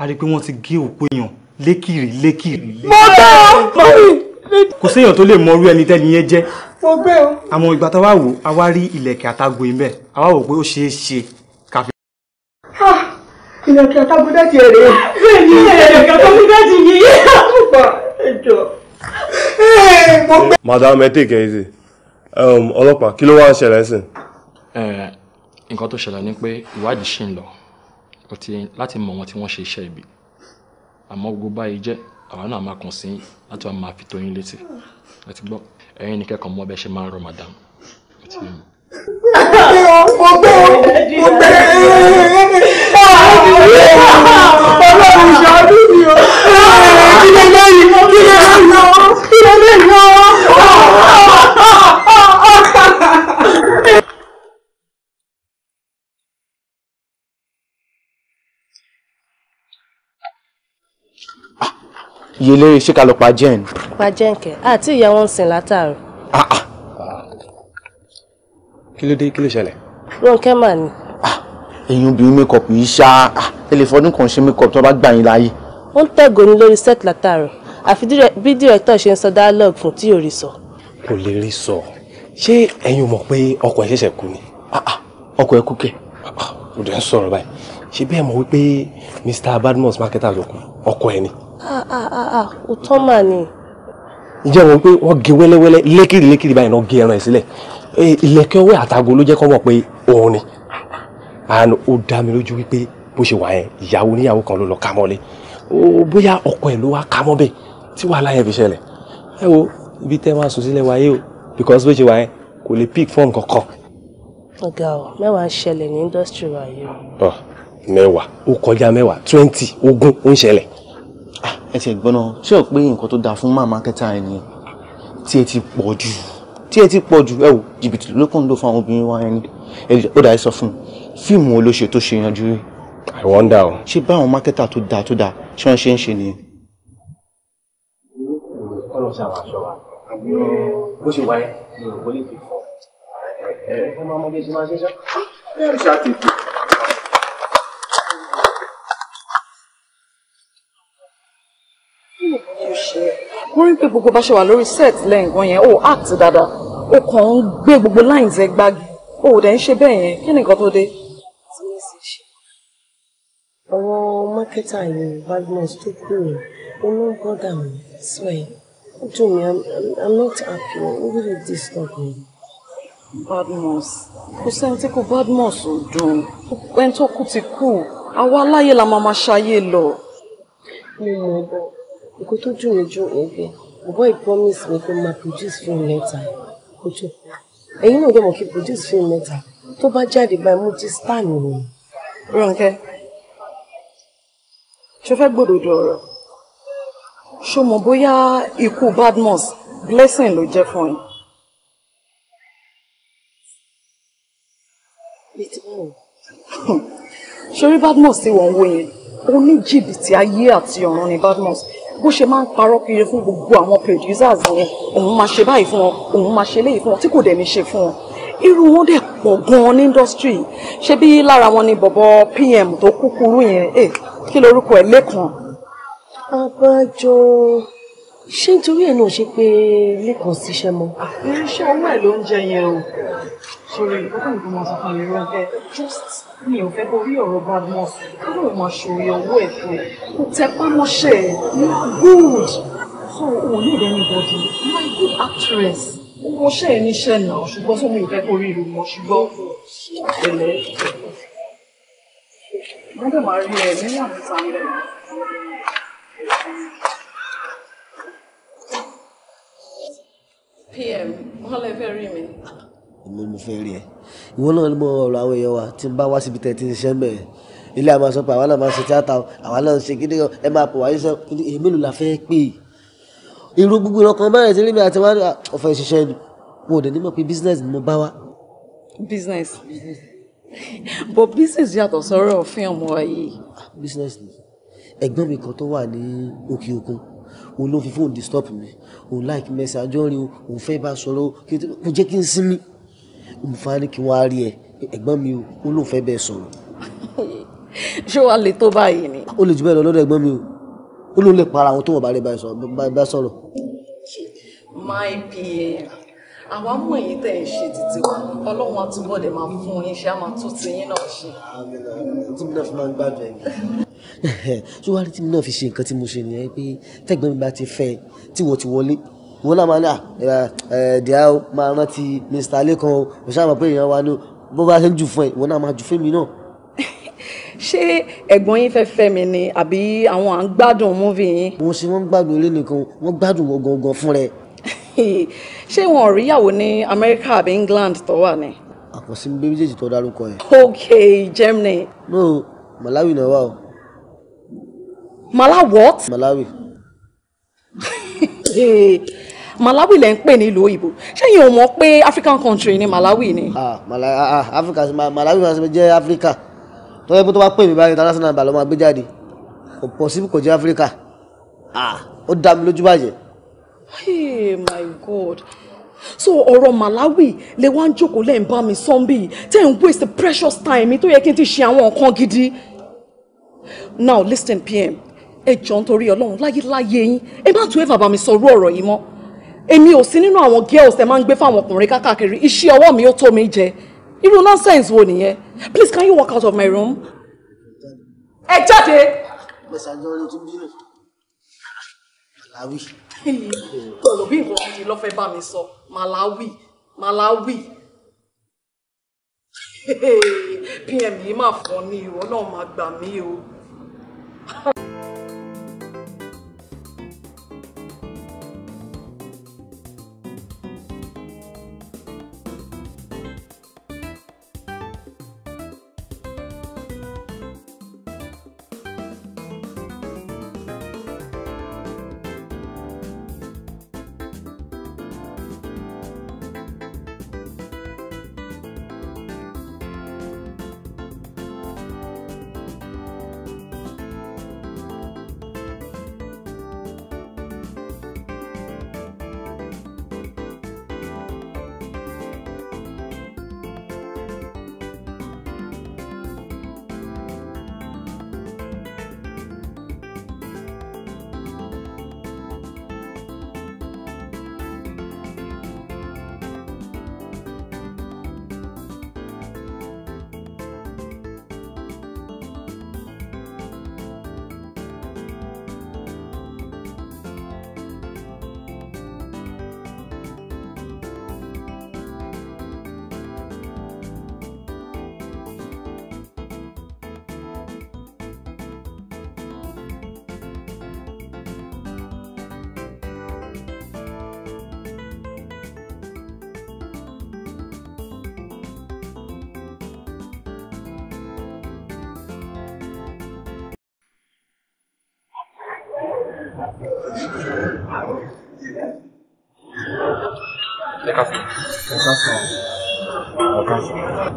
[SPEAKER 6] a rí i pé wọ́n ti gé òkú èèyàn lékìrì lékìrì. mo bẹ́ ọ mọ́mí. kò séèyàn tó lè mọrú ẹni tẹ́ni yẹn jẹ́. mo bẹ́ ọ. àmọ́ ìgbà tá a wá wò a wá rí ilẹ̀kẹ̀ àtàgò yìí bẹ́ẹ̀ a wá wò pé ó ṣeé ṣe káfí.
[SPEAKER 3] ilẹ̀kẹ̀ àtàgò dẹ́tì ẹ̀ rèé.
[SPEAKER 2] bẹ́ẹ̀ni ilẹ̀kẹ̀ àtàgò dẹ́tì yìí.
[SPEAKER 9] madam ẹ tèkẹ́ ẹ ṣe
[SPEAKER 10] ọlọ́pàá kí ló wá ń ṣẹlẹ̀ sí. nǹkan tó ṣẹlẹ̀ ni pé ìwádìí ṣì ń lọ láti mọ wọn tí wọ́n ṣe iṣẹ́ ibi àmọ́ gbogbo báyìí jẹ́ àwa náà máa kàn sí láti wá máa fi tó yín létí láti gbọ́ ẹ̀yin ní kẹ́kọ̀ọ́ mọ́ bẹ́ẹ̀ ṣe máa ń rọ madam.
[SPEAKER 2] mo gbé mo gbé ọlọ́run ṣàánú mi o kí lè lè lẹ́yìn kí lè lẹ́yìn o.
[SPEAKER 6] yẹlẹ ṣé ká lọ pa jẹ́ ni.
[SPEAKER 3] pa jẹ́ nkẹ́ àti ìyá wọn ń sìn látàárọ̀.
[SPEAKER 6] Ah, ah. kí ló dé kí ló ṣẹlẹ̀.
[SPEAKER 3] Rónkẹ́ mà ni.
[SPEAKER 6] èyí ah, obìnrin makeup yìí ṣá tẹlifọdún kan ṣe makeup tí wọ́n bá gbà yín láàyè.
[SPEAKER 3] ó ń tẹ̀gọ́ ni lórí set látàárọ̀ àfi bí director ṣe ń sọ dialogue fún tí ò rí sọ.
[SPEAKER 6] kò lè rí sọ ṣé ẹ̀yin ò mọ̀ pé ọkọ ẹ̀ ṣẹ̀ṣẹ̀ kú ni. ọkọ ẹ̀ kú kẹ̀. ó dẹ̀ ń sọ̀rọ̀ báyìí ṣé bẹ́ẹ̀ mọ̀ wípé Mr. Badmus marketer ló kù ọkọ ẹ ni.
[SPEAKER 3] Ah, ah, ah, òótọ́ mà ni.
[SPEAKER 6] ìjẹ́ wọn pé wọ́n gé wẹ́lẹ́wẹ́lẹ́ lékiri lékiri báyìí náà gé ẹran ẹ̀ sílẹ̀ ìlẹ̀kẹ̀ ọwọ́ àtago ló jẹ́ kọ́ mọ̀ pé òun ni and ó dá mi lójú wípé bó ṣe wà yẹn ìyàwó oníyàwó kan ló lọ ká mọ́lé bóyá ọkọ ẹ̀ ló wá ká mọ́ bẹ́ẹ̀ tí wàhálà yẹn fi ṣẹlẹ̀ ẹ wo ibi tẹ́ máa sùn sílẹ̀ wáyé o because bó ṣe wà yẹn kò lè pick form kankan.
[SPEAKER 3] ọ̀gá ọ̀ mẹ́wàá ṣẹlẹ̀ ní industry wa
[SPEAKER 2] yìí
[SPEAKER 6] o mẹ́wàá ó kọjá mẹ́wàá twenty ogún ó ń ṣẹlẹ̀. ẹ ti gbọ́n náà ṣé o pé nǹkan tó dáa fún màmá kẹta ẹ nìyẹn tí ẹ ti pọ̀ jù
[SPEAKER 4] tí ẹ ti pọ̀ jù ẹ wò jìbìtì ló kàn ń lò fún àwọn obìnrin wa ẹni ó dà ẹ sọ fún mi fíìmù olóṣè tó ṣe yanjú rẹ. I wonder o. ṣé báwọn mákẹ́tà tó dáa tó dáa ṣé wọ́n ṣe ń ṣe nìyẹn.
[SPEAKER 6] ọlọ́run ṣàwọn wa bó ṣe wáyé ni òun kò lè fi fọ́ ẹ̀ ẹ̀ fún ọmọdé ṣe máa ṣe ṣá.
[SPEAKER 2] ẹ ṣáà tètè.
[SPEAKER 3] wọ́n rí pé gbogbo bá ṣe wà lórí set lẹ́ǹkan yẹn ó act dáadáa ó kàn ń gbé gbogbo lines ẹ gbági ó dẹ̀ ń ṣe bẹ́ẹ̀ yẹn kí nìkan tó dé.
[SPEAKER 2] ọwọ́ mákẹ́tà ni badmus tó kù rẹ̀
[SPEAKER 3] inú bọ́dà mi swear ó dùn mí i'm not happy ó really disturb me. badmus kò sẹ́ni tí kò badmus ò dùn ẹni tó kú ti kú àwa aláyé la máa máa ṣayé lọ. mo mọ̀ bọ́ nǹkan tó jù mí jù mí pé bàbá yìí promise mi pé máa produce film mẹ́ta kó tó ẹ̀yin náà dẹ̀ mọ̀ kí produce film mẹ́ta tó bá jáde báyìí mo ti star mi nìyẹn. Rónkẹ́ ṣo fẹ́ gbòdòdò ọ̀rọ̀ ṣo mọ̀ bóyá ikú Badmus blessing ló jẹ́ fún yín. *laughs* ṣorí Badmus tí wọ́n ń wò yẹn oníjìbìtì ayé àti ọ̀run ni Badmus bó ṣe máa ń parọ́ kiri fún gbogbo àwọn producers yẹn òun máa ṣe báyìí fún wọn òun máa ṣe léyìí fún wọn tí kò dẹ̀ ní ṣe fún wọn irú wọn dẹ̀ pọ̀ gan-an ní industry ṣé bí lára wọn ni bọ̀bọ̀ pm tó kúkúrú yẹn eh, kí lorúkọ ẹ̀ lẹ́kàn. abájọ ṣé nítorí ẹ̀ náà ṣe pé lẹ́kàn síṣẹ́ mọ́. Ah, irinṣẹ́ owó ẹ̀ ló ń jẹ yẹn o ṣòro ìkókùn tó máa sọ fún mi rọ́ńkẹ́ just mi ò fẹ́ borí ọ̀rọ̀ badmus kí ló máa ṣòro owó ẹ̀ fún ẹ̀ kò tẹpá mọ́ṣẹ́ ẹ̀ good so òun ní ìdẹ́nibọ́dì a good actress mo ṣe é níṣẹ́ náà ṣùgbọ́n sómi ìfẹ́ kò rí ìlú mọ́ ṣùgbọ́n ẹ̀lẹ́. Mọ́tò máa rí ẹ̀ nínú àbúta ń pm wọ́n lè fẹ́ rí mi. èmi mo fẹ́ rí ẹ ìwọ náà ni mo ọ̀rọ̀ àwọn èèyàn wa tí n bá wá síbi tẹ̀ tí n ṣe mẹ́ẹ̀ ilé àmọ́ sọ pé àwa náà máa ń ṣe tíátà àwa náà ń ṣe kíndé ẹ máa pọ̀ wáyé sọ èmi ló la fẹ́ pè é irú gbogbo ọkàn mẹ́rin tí rí mi àti wọn ọ̀fẹ́ ah, ìṣiṣẹ́ ni mo ò dẹ̀ ní mọ̀ pé business ni mo bá wá. business *laughs* but business yàtọ̀ sọ́rọ̀ fíìmù wa yìí. Ah, business ni ẹ̀gbọ́n mi kan tó wà ní òkè òkun òun ló fi fóònù disturb mi òun like message àjọrin o òun fẹ́ bá sọ̀rọ̀ kò jẹ́ kí n sinmi òun fa ni kí wọ́n á rí ẹ ẹ̀gbọ́n mi o òun ló fẹ́ bẹ́ẹ̀ sọ̀rọ̀. ṣé wàá lè tó báyìí ni. ó lè jù bẹ́ẹ̀ lọ lọ́dọ̀ ẹ̀gbọ́n mi o ó ló lè para àwọn tó wọ́n bá rí bá sọ̀rọ̀. my pm àwa mú èyí tẹ̀ ń ṣe títí wa ọlọ́run àtúbọ̀dẹ̀ máa fún yín ṣe á náà ṣe. àmì náà tí mi náà fi máa ń gbádùn ẹ̀yìn ṣé wàá rí tí mi náà fi ṣe nǹkan tí mo ṣe nìyẹn pé tẹ́gbọ́n mi bá ti fẹ́ tí wọ́n ti wọlé wọn náà máa ní ẹ̀ẹ́dìá o máa rántí Mr. Lẹ́kan o mo ṣáà pé èèyàn wa ni bó bá ṣe ń jù fún ẹ ìwọ náà máa jù fún mi náà. ṣé ẹ̀gbọ́n yín fẹ́ẹ́ fẹ́ mi ni àbí àwọn à ń gbádùn múvi yín. wọ́n ṣe wọ́n gbádùn ilé nìkan wọ́n gbádùn wọn gangan fún rẹ. *laughs* ṣé wọn ò ríyàwó ní Amẹ́ríkà àbí England tó wà ní. àkọsí méjèèjì tó dárúkọ yẹn. ok Germany. no Malawi náà wà o. Mala what? Malawi. *laughs* Eh, Malawi lẹ ń pè ní ìlú òyìnbó ṣé yìí ò mọ̀ pé African country ni Malawi ni. ah Malawi ah, ah Africa Malawi máa jẹ́ Africa tó yẹ kó tó bá pè mí báyìí international bàlọ́ máa gbé jáde kò possible kò jẹ́ Africa ah ó dá mi lójú bàjẹ́. hey eh, my God so ọ̀rọ̀ Malawi lè wá ń jókòó lẹ́yìn bá mi sọ́ńbì tẹ́ ń waste precious time mi tó yẹ kí n ti ṣe àwọn nǹkan gidi now listen PM ẹ jọ nítorí ọlọ́run láyéláyé yín ẹ má tún ẹ̀fà bá mi sọ irú ọ̀rọ̀ yìí mọ́ èmi ò sí nínú àwọn girls ẹ máa ń gbé fáwọn ọkùnrin káàkiri iṣẹ́ ọwọ́ mi ó tó mi jẹ irú nonsense wo nìyẹn please can you walk out of my room. ẹ jáde. Malawi. ọ̀rọ̀ bí nǹkan ló fẹ́ bá mi sọ Malawi Malawi pm yìí máa fọ́ ni ìwọ náà máa gbà mí o.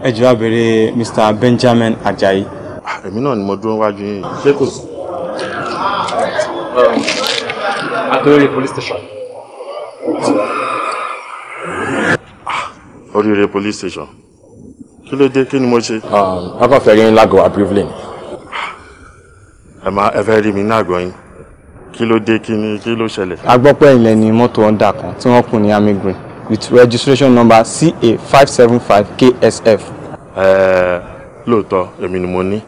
[SPEAKER 8] ẹ jọ àbẹ̀rẹ̀ Mr. Benjamin Ajayi. Ah, èmi náà ni mo dúró wájú yín ṣé kò sí. Um, Adore police station. Ah, Oríire police station. Kí ló dé kí ni mo ṣe? Um, a bá fẹ́ rí yín lágọ̀ọ́ àbúrò Evelyn. Ah, ẹ máa ẹ fẹ́ rí mi ní àgọ́ yín kí ló dé kí ni kí ló ṣẹlẹ̀. a gbọ́ pé ilẹ̀ ni mọ́tò honda kan tí wọ́n kùn ní army green with registration number ca five seven five ksf. ẹẹ lóòótọ́ èmi ni mo ní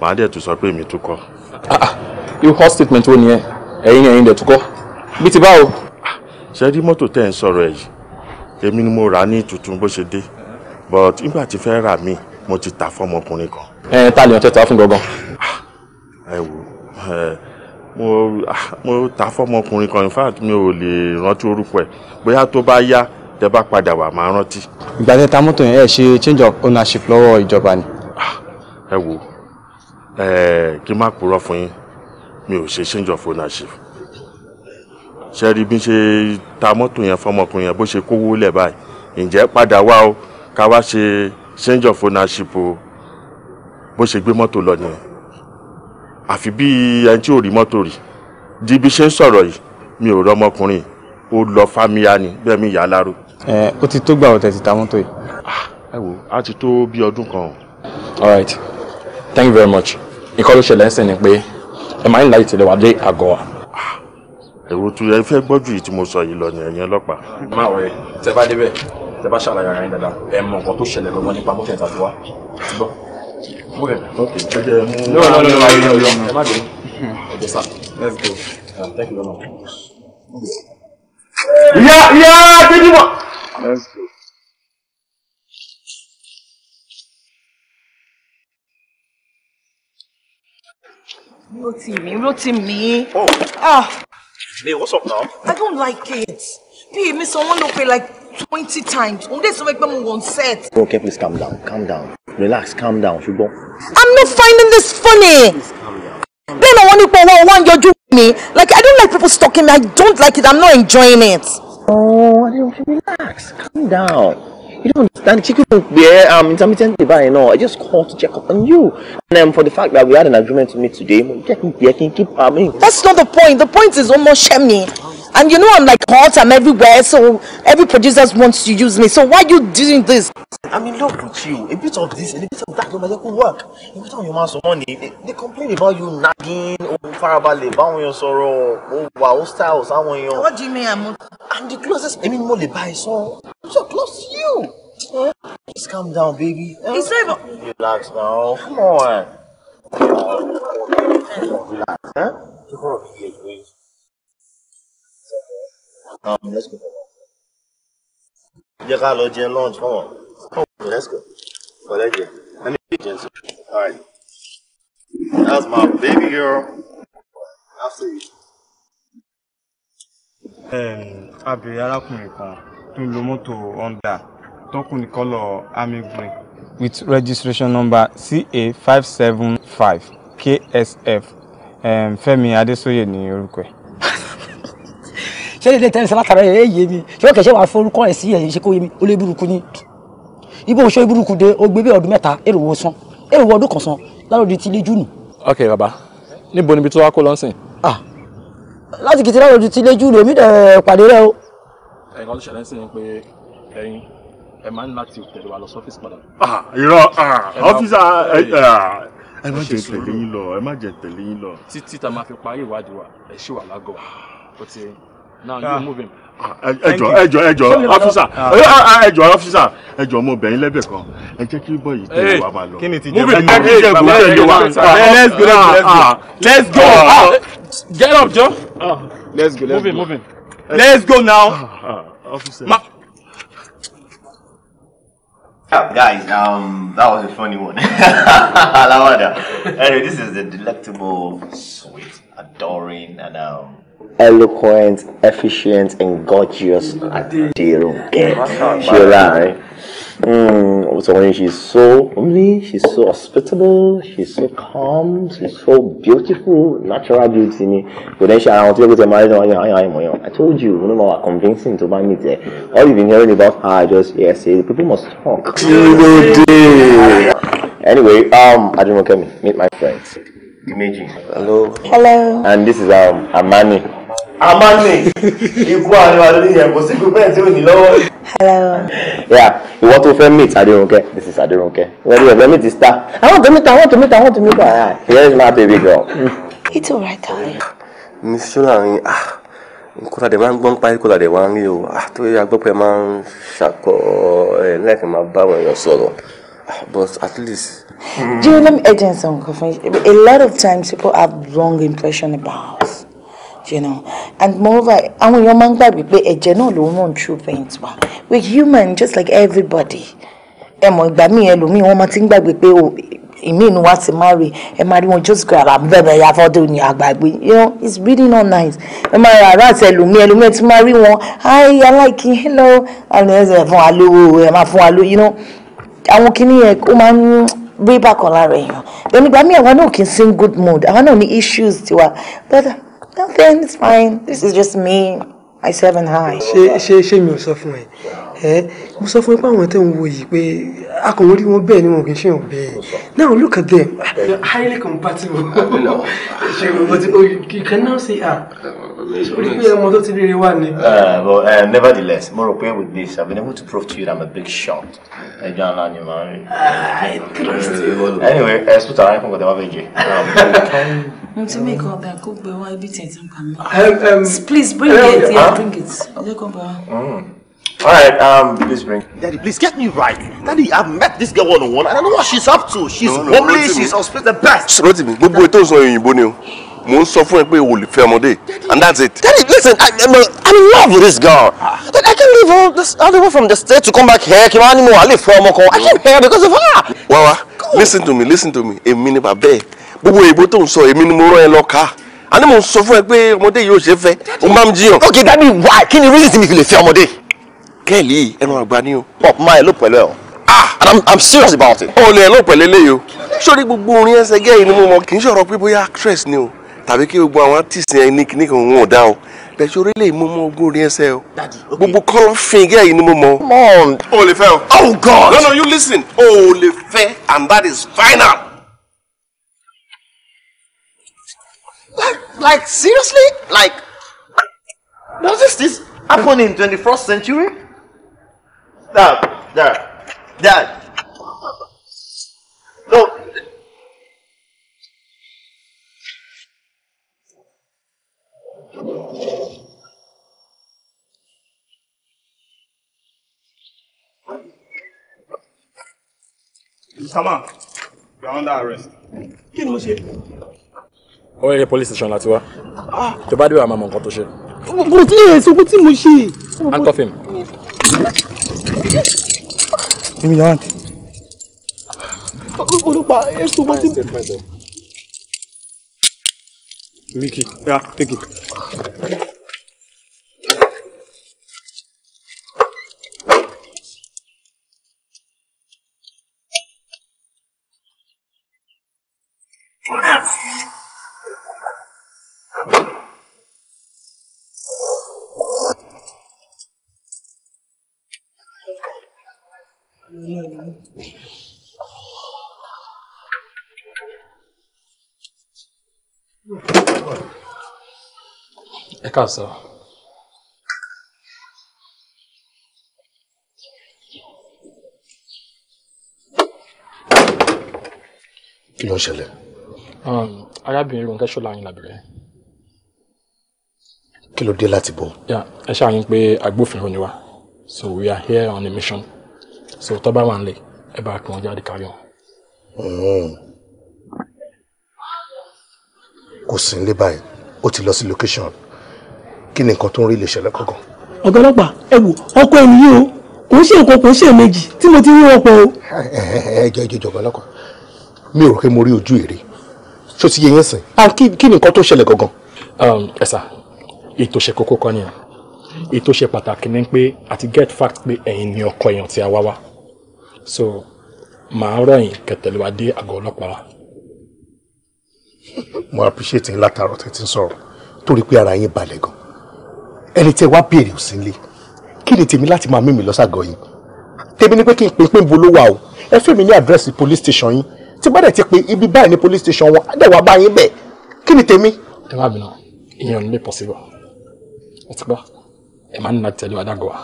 [SPEAKER 8] màá dẹ̀ tún sọ pé èmi tún kọ́. Ah, ah, irú hot statement wo nìyẹn ẹ̀yin ẹ̀yin dẹ̀ tún kọ́ bí ti báwo. Ah, ṣe rí mọ́tò tẹ́ ẹ̀ ń sọ̀rọ̀ ẹ̀ yìí èmi ni mo rà á ní tuntun bó ṣe dé but nígbà tí fẹ́ rà mí mo ti tà fọmọkùnrin kan.
[SPEAKER 2] ẹ ta lèèyàn tẹ ta fún gangan.
[SPEAKER 8] ẹ wo ẹ mo ah, mo ta fọmọkùnrin kan in fact mi ò lè rántí orúkọ ẹ̀ bóyá tó bá yá tẹ bá padà wà máa rántí. ìgbà tẹ ta mọ́tò yẹn ẹ ṣe change of ownership lọ́wọ́ ìjọba ni. Ah, ẹ wo kí n má purọ́ fún yín mi ò ṣe change of ownership ṣe rí bí n ṣe ta mọ́tò yẹn fọmọkùnrin yẹn bó ṣe kówó lẹ̀ báyìí ǹjẹ́ padà wá o ká wá ṣe change of ownership o bó ṣe gbé mọ́tò lọ nìyẹn àfi bí ẹni tí ò rí mọ́tò rí di bí ṣe ń sọ̀rọ̀ yìí mi ò rọmọkùnrin ó lọ fámíyá ni bẹ́ẹ̀ mi yà á láró.
[SPEAKER 6] ẹ ó ti tó gbà ọ̀tẹ̀ ti ta mọ́tò yìí. Ah, ẹ
[SPEAKER 8] wo a ti tó bí ọdún kan. all right thank you very much nǹkan ló ṣẹlẹ̀ ń sìn ni pé ẹ máa ń láyè tẹ̀lé wa dé àgọ́ wa. èrò tó yẹ fẹ́ gbọ́jú yìí tí mo sọ yìí lọ ni ẹ̀yin ọlọ́pàá.
[SPEAKER 10] má wọ̀rẹ́ tẹ bá débẹ̀ tẹ bá ṣàlàyé ara yín dáadáa ẹ mọ nǹkan tó ṣẹlẹ̀ Okay. Okay. jẹ mú. no no no no no no ẹ má dé. sir let's go
[SPEAKER 2] um, thank you very much. ìyá ìyá tẹ́júmọ̀. let's go.
[SPEAKER 3] Roti me, roti me. Oh. Ah. Hey, what's up now? I don't like it. Be me. Someone look like twenty times On this week, pé mo wọ̀n set.
[SPEAKER 7] Oh, okay please calm down calm down relax calm down ṣùgbọ́n.
[SPEAKER 3] i'm not finding this funny. bẹ́ẹ̀ ni wọ́n ní pé owó wọn yọjú mi like i don't like people stalking me i don't like it i'm not enjoying it. oh
[SPEAKER 7] relax calm down. You don't understand. Chicken beer, um, intermittent divine, no. I just called to check up on you. And um, for the fact that we had an agreement to meet today, chicken beer can keep, I mean. That's not the point. The
[SPEAKER 3] point is almost shame me. And you know I'm like hot, I'm everywhere, so every producer wants to use me. So why are you doing this?
[SPEAKER 7] I'm in love with you. A bit of this, a bit of that, no matter could work. A bit of your man's money. They, they complain about you nagging, oh, far about èèyàn sọ̀rọ̀, oh, wow, oh, styles, àwọn èèyàn. What do
[SPEAKER 3] you mean I'm... I'm the closest, I mean, mo lè bá ẹ
[SPEAKER 2] I'm so close to you. Yeah.
[SPEAKER 3] Just calm down, baby.
[SPEAKER 7] Eh? It's not even... Relax now,
[SPEAKER 2] come on. relax, huh? Eh? Come Um, let's go.
[SPEAKER 7] Jẹ́ ká lọ jẹ lunch, come on.
[SPEAKER 2] Come on, let's go. Kọ̀lẹ́ jẹ. Let me be
[SPEAKER 7] gentle. All right. That's my baby girl.
[SPEAKER 9] see. you.
[SPEAKER 8] Abèrè arákùnrin kan tó ń lo mọ́tò Honda tó kù ní kọ́lọ̀ army green.
[SPEAKER 6] With registration number CA five seven five KSF um, Fẹ́mi Adésóyè ní orúkọ ẹ̀
[SPEAKER 3] ṣé lè tẹ́lẹ̀ sí látara ẹ̀ yé mi ṣé wọ́n kẹ̀ ṣe wà forúkọ ẹ̀ sí ẹ̀yìn ṣe kó yé mi ó lé burúkú ni ibo ṣó burúkú de ó gbé bí ọdún mẹ́ta èrò wo san èrò wo ọdún kan san láròdì ti lé júnù.
[SPEAKER 10] ok baba níbo níbi tó wá kó lọ́sìn. ah
[SPEAKER 3] láti kìtì láròdì ti lé júnù èmi dẹ̀ pàdé rẹ o.
[SPEAKER 10] ẹ̀yin kan tó ṣẹlẹ̀ sí ni pé ẹ̀yin ẹ máa ń láti tẹ̀lé wa lọ sọ́fíìsì padà. irọ́ ọ́fíìsà
[SPEAKER 8] ẹ má jẹ́ tẹ̀lé yín lọ ẹ má jẹ́ tẹ̀lé yín lọ.
[SPEAKER 10] títí tá a máa fi parí ìwádìí wa ẹ ṣì wà
[SPEAKER 2] lágọ̀ọ́ ó ti Now ah. move him. ẹjọ ẹjọ ẹjọ ọfíìsà ẹjọ ọfíìsà
[SPEAKER 8] ẹjọ ọmọ obìnrin lẹbẹ kan ẹ jẹ kí bọyì tẹ wa máa lọ move it ẹ
[SPEAKER 10] kí jẹ ìbò tẹlẹ wa let's go let's ah, go ah, get up jọ
[SPEAKER 7] let's go let's go
[SPEAKER 8] eh. let's go now. Ma
[SPEAKER 7] Guys, um, that was a funny one. *laughs* anyway, this is the delectable, sweet, adoring, and um, eloquent, efficient, and gorgeous at Sheila, mm, so when she's so homely, she's so hospitable, she's so calm, she's so beautiful, natural beauty. But then she around to get married. I told you, you know, I'm convincing to buy me there. All you've been hearing about her, just yes, yeah, people must talk. anyway, um, I don't know, meet my friends. Dimeji. Hello. Hello. And this is um, Amani. Amani. Ikú àríwá lórí kò sí pípẹ́ tí ò ní lọ́wọ́. Hello. Yeah, ìwọ tó fẹ́ meet Adérónkẹ́. This is Adérónkẹ́. Where do you fẹ́ meet the star?
[SPEAKER 3] I want to meet her, I want to meet her, I want to meet her. Ah,
[SPEAKER 7] here is my baby girl.
[SPEAKER 3] It's alright, darling.
[SPEAKER 7] Miss
[SPEAKER 9] Shola, ah kódà dẹ̀ máa ń gbọ́n parí kódà dẹ̀ wá ń rí o ah, tó yẹ agbọ́pẹ́ máa ń ṣàkọ ẹ̀ eh, lẹ́ẹ̀kan máa bá àwọn èèyàn sọ̀rọ̀ ah, but at least
[SPEAKER 3] Hmm. Do you know, agents on A lot of times people have wrong impression about us, you know. And moreover, I'm a máa guy. We play ẹ̀jẹ̀ náà ló ràn true pains wa. We're human just like everybody. Ẹ mọ̀ ìgbà míì ẹlòmíì wọ́n máa ti ń gbàgbé pé oh, ìmí inú wa ti marry ẹ máa rí wọn just grab am bẹ́ẹ̀ bẹ́ẹ̀ yàfọ́dọ̀ ni àgbàgbé you know it's really not nice ẹ máa ra ara àti ẹlòmíì ẹlòmíì Marry one. Hi, wọn hi aláìkí hello ẹ fún wa lówó ẹ máa fún wa you know I'm kìnìyẹn ó máa ń rí bákan lára èèyàn then ìgbà míì àwa náà kì í sí good mood àwa náà ní issues tiwa but nothing it's fine this is just me myself and I. ṣé ṣé ṣé mi ò sọ fún ẹ ẹ mo sọ fún ẹ pé àwọn tẹ̀ ń wo yìí pé akọ̀wé rí wọn bẹ́ẹ̀ ni wọn kì í ṣe hàn bẹ́ẹ̀ now look at them
[SPEAKER 6] highly compatible *laughs* ṣe o but oh, you can now see her.
[SPEAKER 7] Ah. Maybe I'm
[SPEAKER 6] not really one. But
[SPEAKER 7] uh, nevertheless, more okay with this. I've been able to prove to you that I'm a big shot. I don't know you, man. I trust you. Uh, anyway, I put a rifle with the average.
[SPEAKER 3] I'm to make all that cook, but why be taking um, um, Please bring um, it. Yeah, huh? bring it. Mm.
[SPEAKER 7] All right, um, please bring. Daddy, please get me right. Daddy, I've met this girl one on one. I don't know what she's up to. She's no, no, homely. She's hospital the
[SPEAKER 9] best. Rotimi, gbogbo ètò ìsọ òyìnbó ni o. Mo ń sọ fún ẹ pé o lè fẹ́ ọmọdé.
[SPEAKER 7] And that's it. That listen, I, I'm, uh, I'm in love with this girl. Ah. I can leave all, this, all the way from the state to come back here. Kí wá ní mo wà lè fẹ́ I came here because of her.
[SPEAKER 9] Wawa, God. listen to me, listen to me. A ni bàbá ẹ̀. Gbogbo èbó tó ń sọ, èmi ni mo rán ẹ lọ ká. A ní mo sọ fún ẹ pé ọmọdé yìí ò ṣe fẹ́. Ó máa ń jiyàn. Okay, daddy, why? Kí ni reason tí mi fi lè fẹ́ ọmọdé? Kẹ́ẹ̀lì ẹran àgbà ni o. Pop máa ẹ ló pẹ̀lú ẹ̀ o. Ah, and I'm, I'm serious about it. Ó lè ẹ ló pẹ̀lú eléyìí o. Sórí gbogbo orin ẹsẹ̀ gẹ́yìn ni mo mọ̀ kì í ṣọ̀rọ̀ pé bóyá actress ni o tàbí kí gbogbo àwọn artiste yẹn ní kíní kan wọn ò dá o lẹ́sọ̀ orí lè mú mọ́ ogún orí ẹsẹ̀ o gbogbo kọ́lọ́fín gẹ́gẹ́ yìí ni mo mọ. mọ́ọ̀n o lè fẹ́ o. oh god no no you listen o oh, lè fẹ́ and that is final.
[SPEAKER 7] like like seriously like does this this happen in twenty first century. dad dad dad no
[SPEAKER 8] Mr. you are under
[SPEAKER 6] arrest. Kí ni mo ṣe?
[SPEAKER 10] Oye police station láti wá. Ah. Tó bá dé wà máa mọ nǹkan tó ṣe.
[SPEAKER 6] Mo ti yẹ sọ́kú tí mo ṣe. Handcuff him. Give me your Èmi yàrá ntì.
[SPEAKER 4] Olùpà ẹ̀sùn
[SPEAKER 2] mo ti. Mickey, yeah, take it. Ẹ
[SPEAKER 10] káàsán. Kí ló ń ṣẹlẹ̀? Ah, arábìnrin Rónkẹ́ Ṣọlá yín lábẹ́rẹ́. kí ló dé láti bọ̀. ẹ ṣàyìn pé agbófinró ni wá so we are here on a mission so tó bá wà nílẹ̀ ẹ bá kí wọ́n jáde kárí wọn. Hmm.
[SPEAKER 4] kò sí nílé báyìí ó ti lọ sí location kí ni nǹkan tó ń rí lè ṣẹlẹ̀ kankan. ọ̀gá ọlọ́pàá ẹ wò ọkọ ẹ̀yìn yìí o kò ń
[SPEAKER 6] ṣe nǹkan kò ń ṣe méjì tí mo ti rí wọn pọ̀ o.
[SPEAKER 4] *laughs* ẹ jẹ́ ìjọba ọlọ́pàá mi ò rò pé mo rí ojú èrè ṣó ti yẹ yín sìn ah, kí ni nǹkan tó ṣẹlẹ̀ gangan. ẹ um, sà
[SPEAKER 10] ètò ṣe kókó kan nìyẹn ètò ṣe pàtàkì ni pé àti get fact pé ẹ̀yin ni ọkọ èèyàn tí wá wá so màá rọ̀ yín kẹtẹ̀lé wa dé àgọ́ ọlọ́pàá wa.
[SPEAKER 4] mo appreciate yín látàárọ̀ tẹ́ ti ń sọ̀rọ̀ torí pé ara yín balẹ̀ gan ẹni tẹ́ wá béèrè ò sí nílé kí ni tèmi láti máa mímì lọ́sàgọ́ yìí tèmi ni pé kí n pè é pé ń bo ló ẹ fẹ́ mi ní àdírẹ́sì police station yín tí bá dẹ̀ ti pé ibi báyìí ní police station wọn á dẹ̀ wá báyìí bẹ́ẹ̀ kí ni tèmi. ẹ má bínú ìyẹn ò ní lè
[SPEAKER 10] possible ẹ ti gbọ́ ẹ máa ń na tẹ̀lé wa dágọ̀ wa.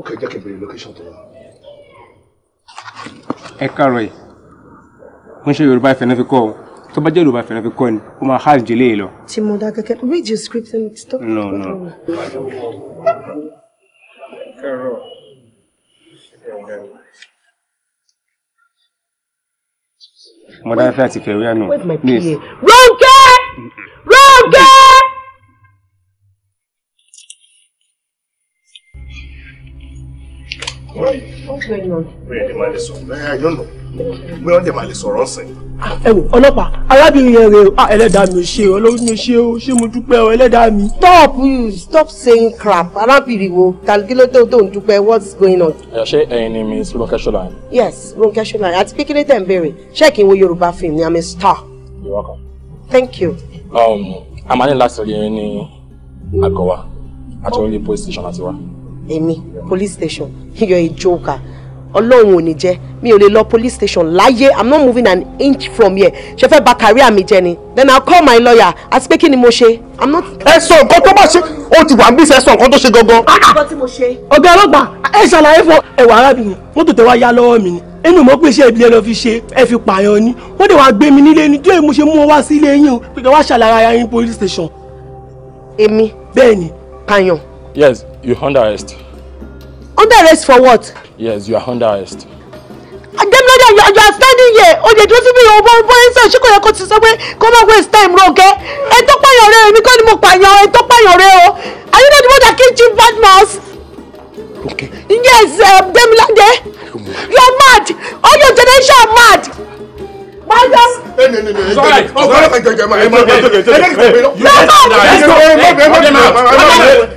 [SPEAKER 4] ok jẹ́ kí n bèrè location tó wà.
[SPEAKER 6] ẹ káàárọ̀ yìí wọ́n ṣe yorùbá ìfẹ́ náà fi kọ́ ọ tó bá jẹ́ yorùbá ìfẹ́ náà fi kọ́ ọ ni ó máa hajj jẹ́ léyìí lọ. ti
[SPEAKER 3] mo da kẹkẹ read your script and stop. no no. ẹ
[SPEAKER 2] káàárọ̀.
[SPEAKER 6] mọ̀dáfẹ́ àti fẹ̀wé àná. where's my pa
[SPEAKER 2] ronke lọ yìí. mi ò lè
[SPEAKER 4] máa lè sọ̀rọ̀ ẹ̀ ẹ̀jọ̀ nù mi ò lè máa lè sọ̀rọ̀ ọ̀sẹ̀.
[SPEAKER 6] ẹ wò ọlọ́pàá arábìnrin yẹn rè é ah, ẹlẹ́dàá mi ò ṣe o olórí mi ò ṣe
[SPEAKER 3] o ṣé mo dúpẹ́ o ẹlẹ́dàá mi. stop you hmm, stop saying crap arábìnrin wo kí ló tó tó ń dúpẹ́ what's going on.
[SPEAKER 10] ẹ ṣe ẹyin ni miss Ronke Shola.
[SPEAKER 3] yes Ronke Shola àti kékeré tẹ̀ ń béèrè ṣẹ́ẹ̀kì wo Yorùbá film ni i'm a star. you're welcome. thank you.
[SPEAKER 10] Um, a máa ní láti rí ní àgọ́ wa àti orí police station àti wa
[SPEAKER 3] èmi police station you're a joker ọlọ́run ò ní jẹ́ mi ò lè lọ police station láyé i'm not moving an inch from here ṣe fẹ́ bà career mi jẹ́ ni then i'll call my lawyer àti pé kí ni mo
[SPEAKER 6] ṣe i'm not. ẹ sọ nǹkan tó bá ṣe ó ti wà ń bí ṣe sọ nǹkan tó ṣe gangan. Ah! nǹkan tí mo ṣe. ọ̀gá ọlọ́pàá ẹ ṣàlàyé fún ẹ̀wà arábìnrin mọ́tò tẹ wá yá lọ́wọ́ mi ni inú mọ́ pé iṣẹ́ ìbílẹ̀ lọ fi ṣe ẹ fi pààyàn ni wọ́n dẹ̀ wá gbé mi nílé ni díẹ̀ mo ṣe mú wọn wá sí ilé yín o pé kí wọ́n ṣàlàyé police station. èmi. bẹ́ẹ̀ ni.
[SPEAKER 10] yes You under arrest. Under arrest for what? Yes, you are under arrest.
[SPEAKER 3] Ademola, you, you are standing here. Oh, they dúró síbi ìyàwó bọ́ọ̀ bọ́ọ̀ ṣe ṣé kò yẹ kó ti sọ pé waste time rọ gẹ́. Ẹ tó pààyàn rẹ̀ èmi kọ́ ni mo pààyàn ẹ tó pààyàn rẹ̀ o. Are you not the one that killed Chief Badmus? Okay. Yes, um, Demilade. You are mad. All your generation are mad. Maya.
[SPEAKER 4] No, no, no.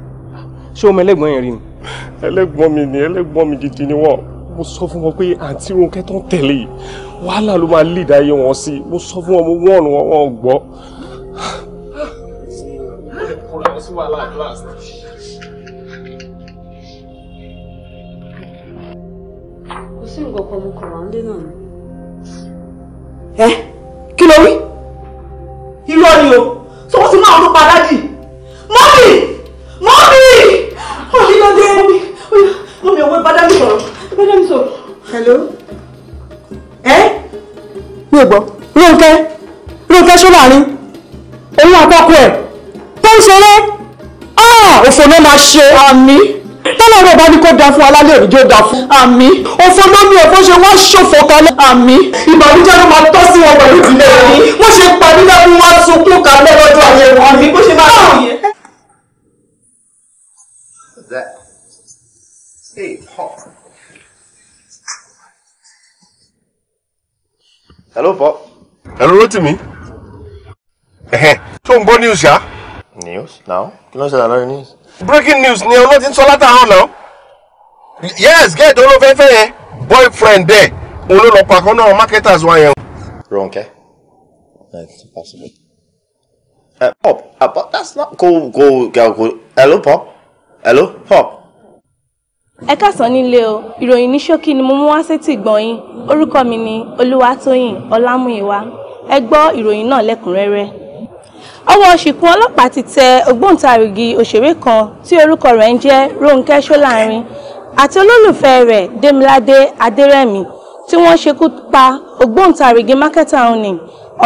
[SPEAKER 6] ṣé o mọ ẹlẹ́gbọ́n yẹn rí ni. ẹlẹ́gbọ́n mi ni ẹlẹ́gbọ́n mi gidi ni wọ́n mo sọ fún wọn pé àǹtí Rónkẹ́ tó ń tẹ̀lé wàhálà ló máa lè dáyé wọn sí mo sọ fún wọn mo wọ́n wọn wọn gbọ́. kò
[SPEAKER 2] sí nǹkan kan mo kàn wá ń dé náà ni. ẹ kí ló wí irọ́ ni o sọ wọ́n ti máa ń lópa
[SPEAKER 1] dájì mọ́mì mọ́mì ló dé? mi òwe bá dání sọ̀rọ̀. Bá dání sọ̀rọ̀. Hello. Ẹ́
[SPEAKER 3] mi ò gbọ́. Rónkẹ́ Rónkẹ́ ṣọ́lá ni òun àtọ́kù ẹ̀ tó ń ṣeré ah, òfò ló máa ṣe àmì tọ́lọ́rọ̀ bá ní kó da fún alálẹ̀ òní jó da fún àmì òfò ló ní òfò ṣe wọ́n ṣòfò kalẹ̀ àmì ìbànújẹ́ ló máa tọ́ sí wọn pẹ̀lú ìdílé wọn ṣe pàdé lẹ́kùn wọn sunkún kalẹ̀ lọ́jọ́ ayé wọn àmì bó ṣe máa ah!
[SPEAKER 2] 对泡。
[SPEAKER 9] ẹ ló fọ. ẹ ló Rótìmí tó ń gbọ́ news yá.
[SPEAKER 7] news now kí ló ń ṣẹlẹ̀ lórí news.
[SPEAKER 9] breaking news Neil ọlọ́tí ń sọ látàárọ̀ náà. yes Get tó ló fẹ́ fẹ́ yẹn boyfriend dẹ̀ òun ló lọ pàkọ́ náà marketers wa
[SPEAKER 7] yẹn. Ronke that's impossible. Uh, pop uh, pop that's not go go go hello pop hello pop
[SPEAKER 3] ẹ káàsán nílé o ìròyìn ní ṣókí ni mo mú wá sétí gbọ̀nyìn orúkọ mi ni olúwatóyìn ọlámúyíwá ẹ gbọ́ ìròyìn náà lẹ́kùnrẹ́rẹ́ ọwọ́ ṣìkún ọlọ́pàá ti tẹ ògbóǹtarìgì òṣèré kan tí orúkọ rẹ̀ ń jẹ́ Rónkẹ́ Ṣólárin àti olólùfẹ́ rẹ̀ Démiládé Adérẹ̀mí tí wọ́n ṣekú pa ògbóǹtarìgì mákẹ́tà òní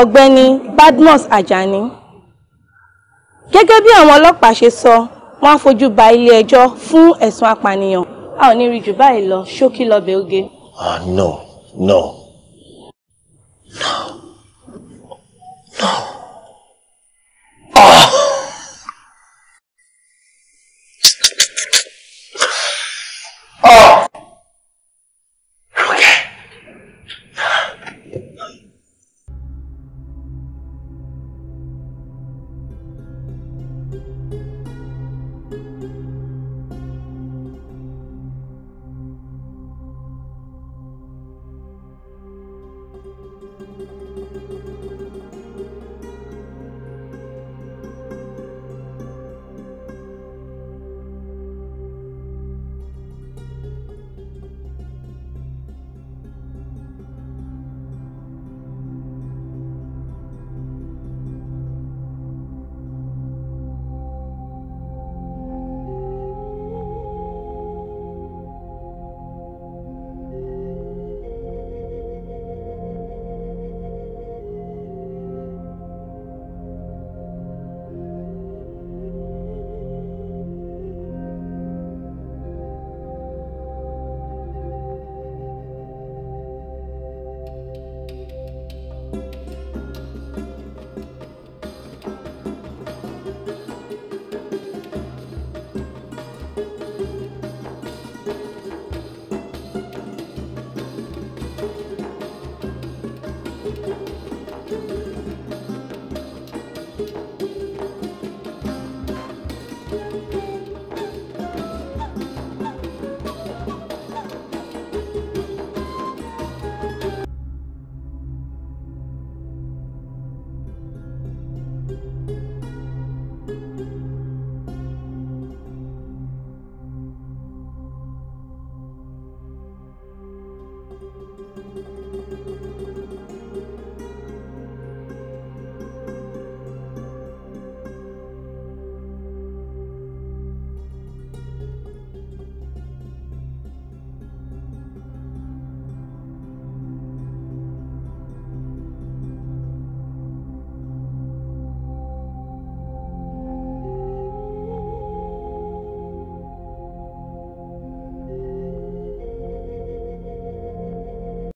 [SPEAKER 3] ọ̀gbẹ́ni Badmus Ajani gẹ́gẹ́ bí àwọn ọlọ́pàá ṣe sọ wọ́n á fojú ba ilé ẹjọ́ fún ẹ̀sùn apànìyàn a ò ní rí jù báyìí lọ ṣókí lọ́bẹ̀ oge.
[SPEAKER 7] ah no no no no.
[SPEAKER 2] Oh.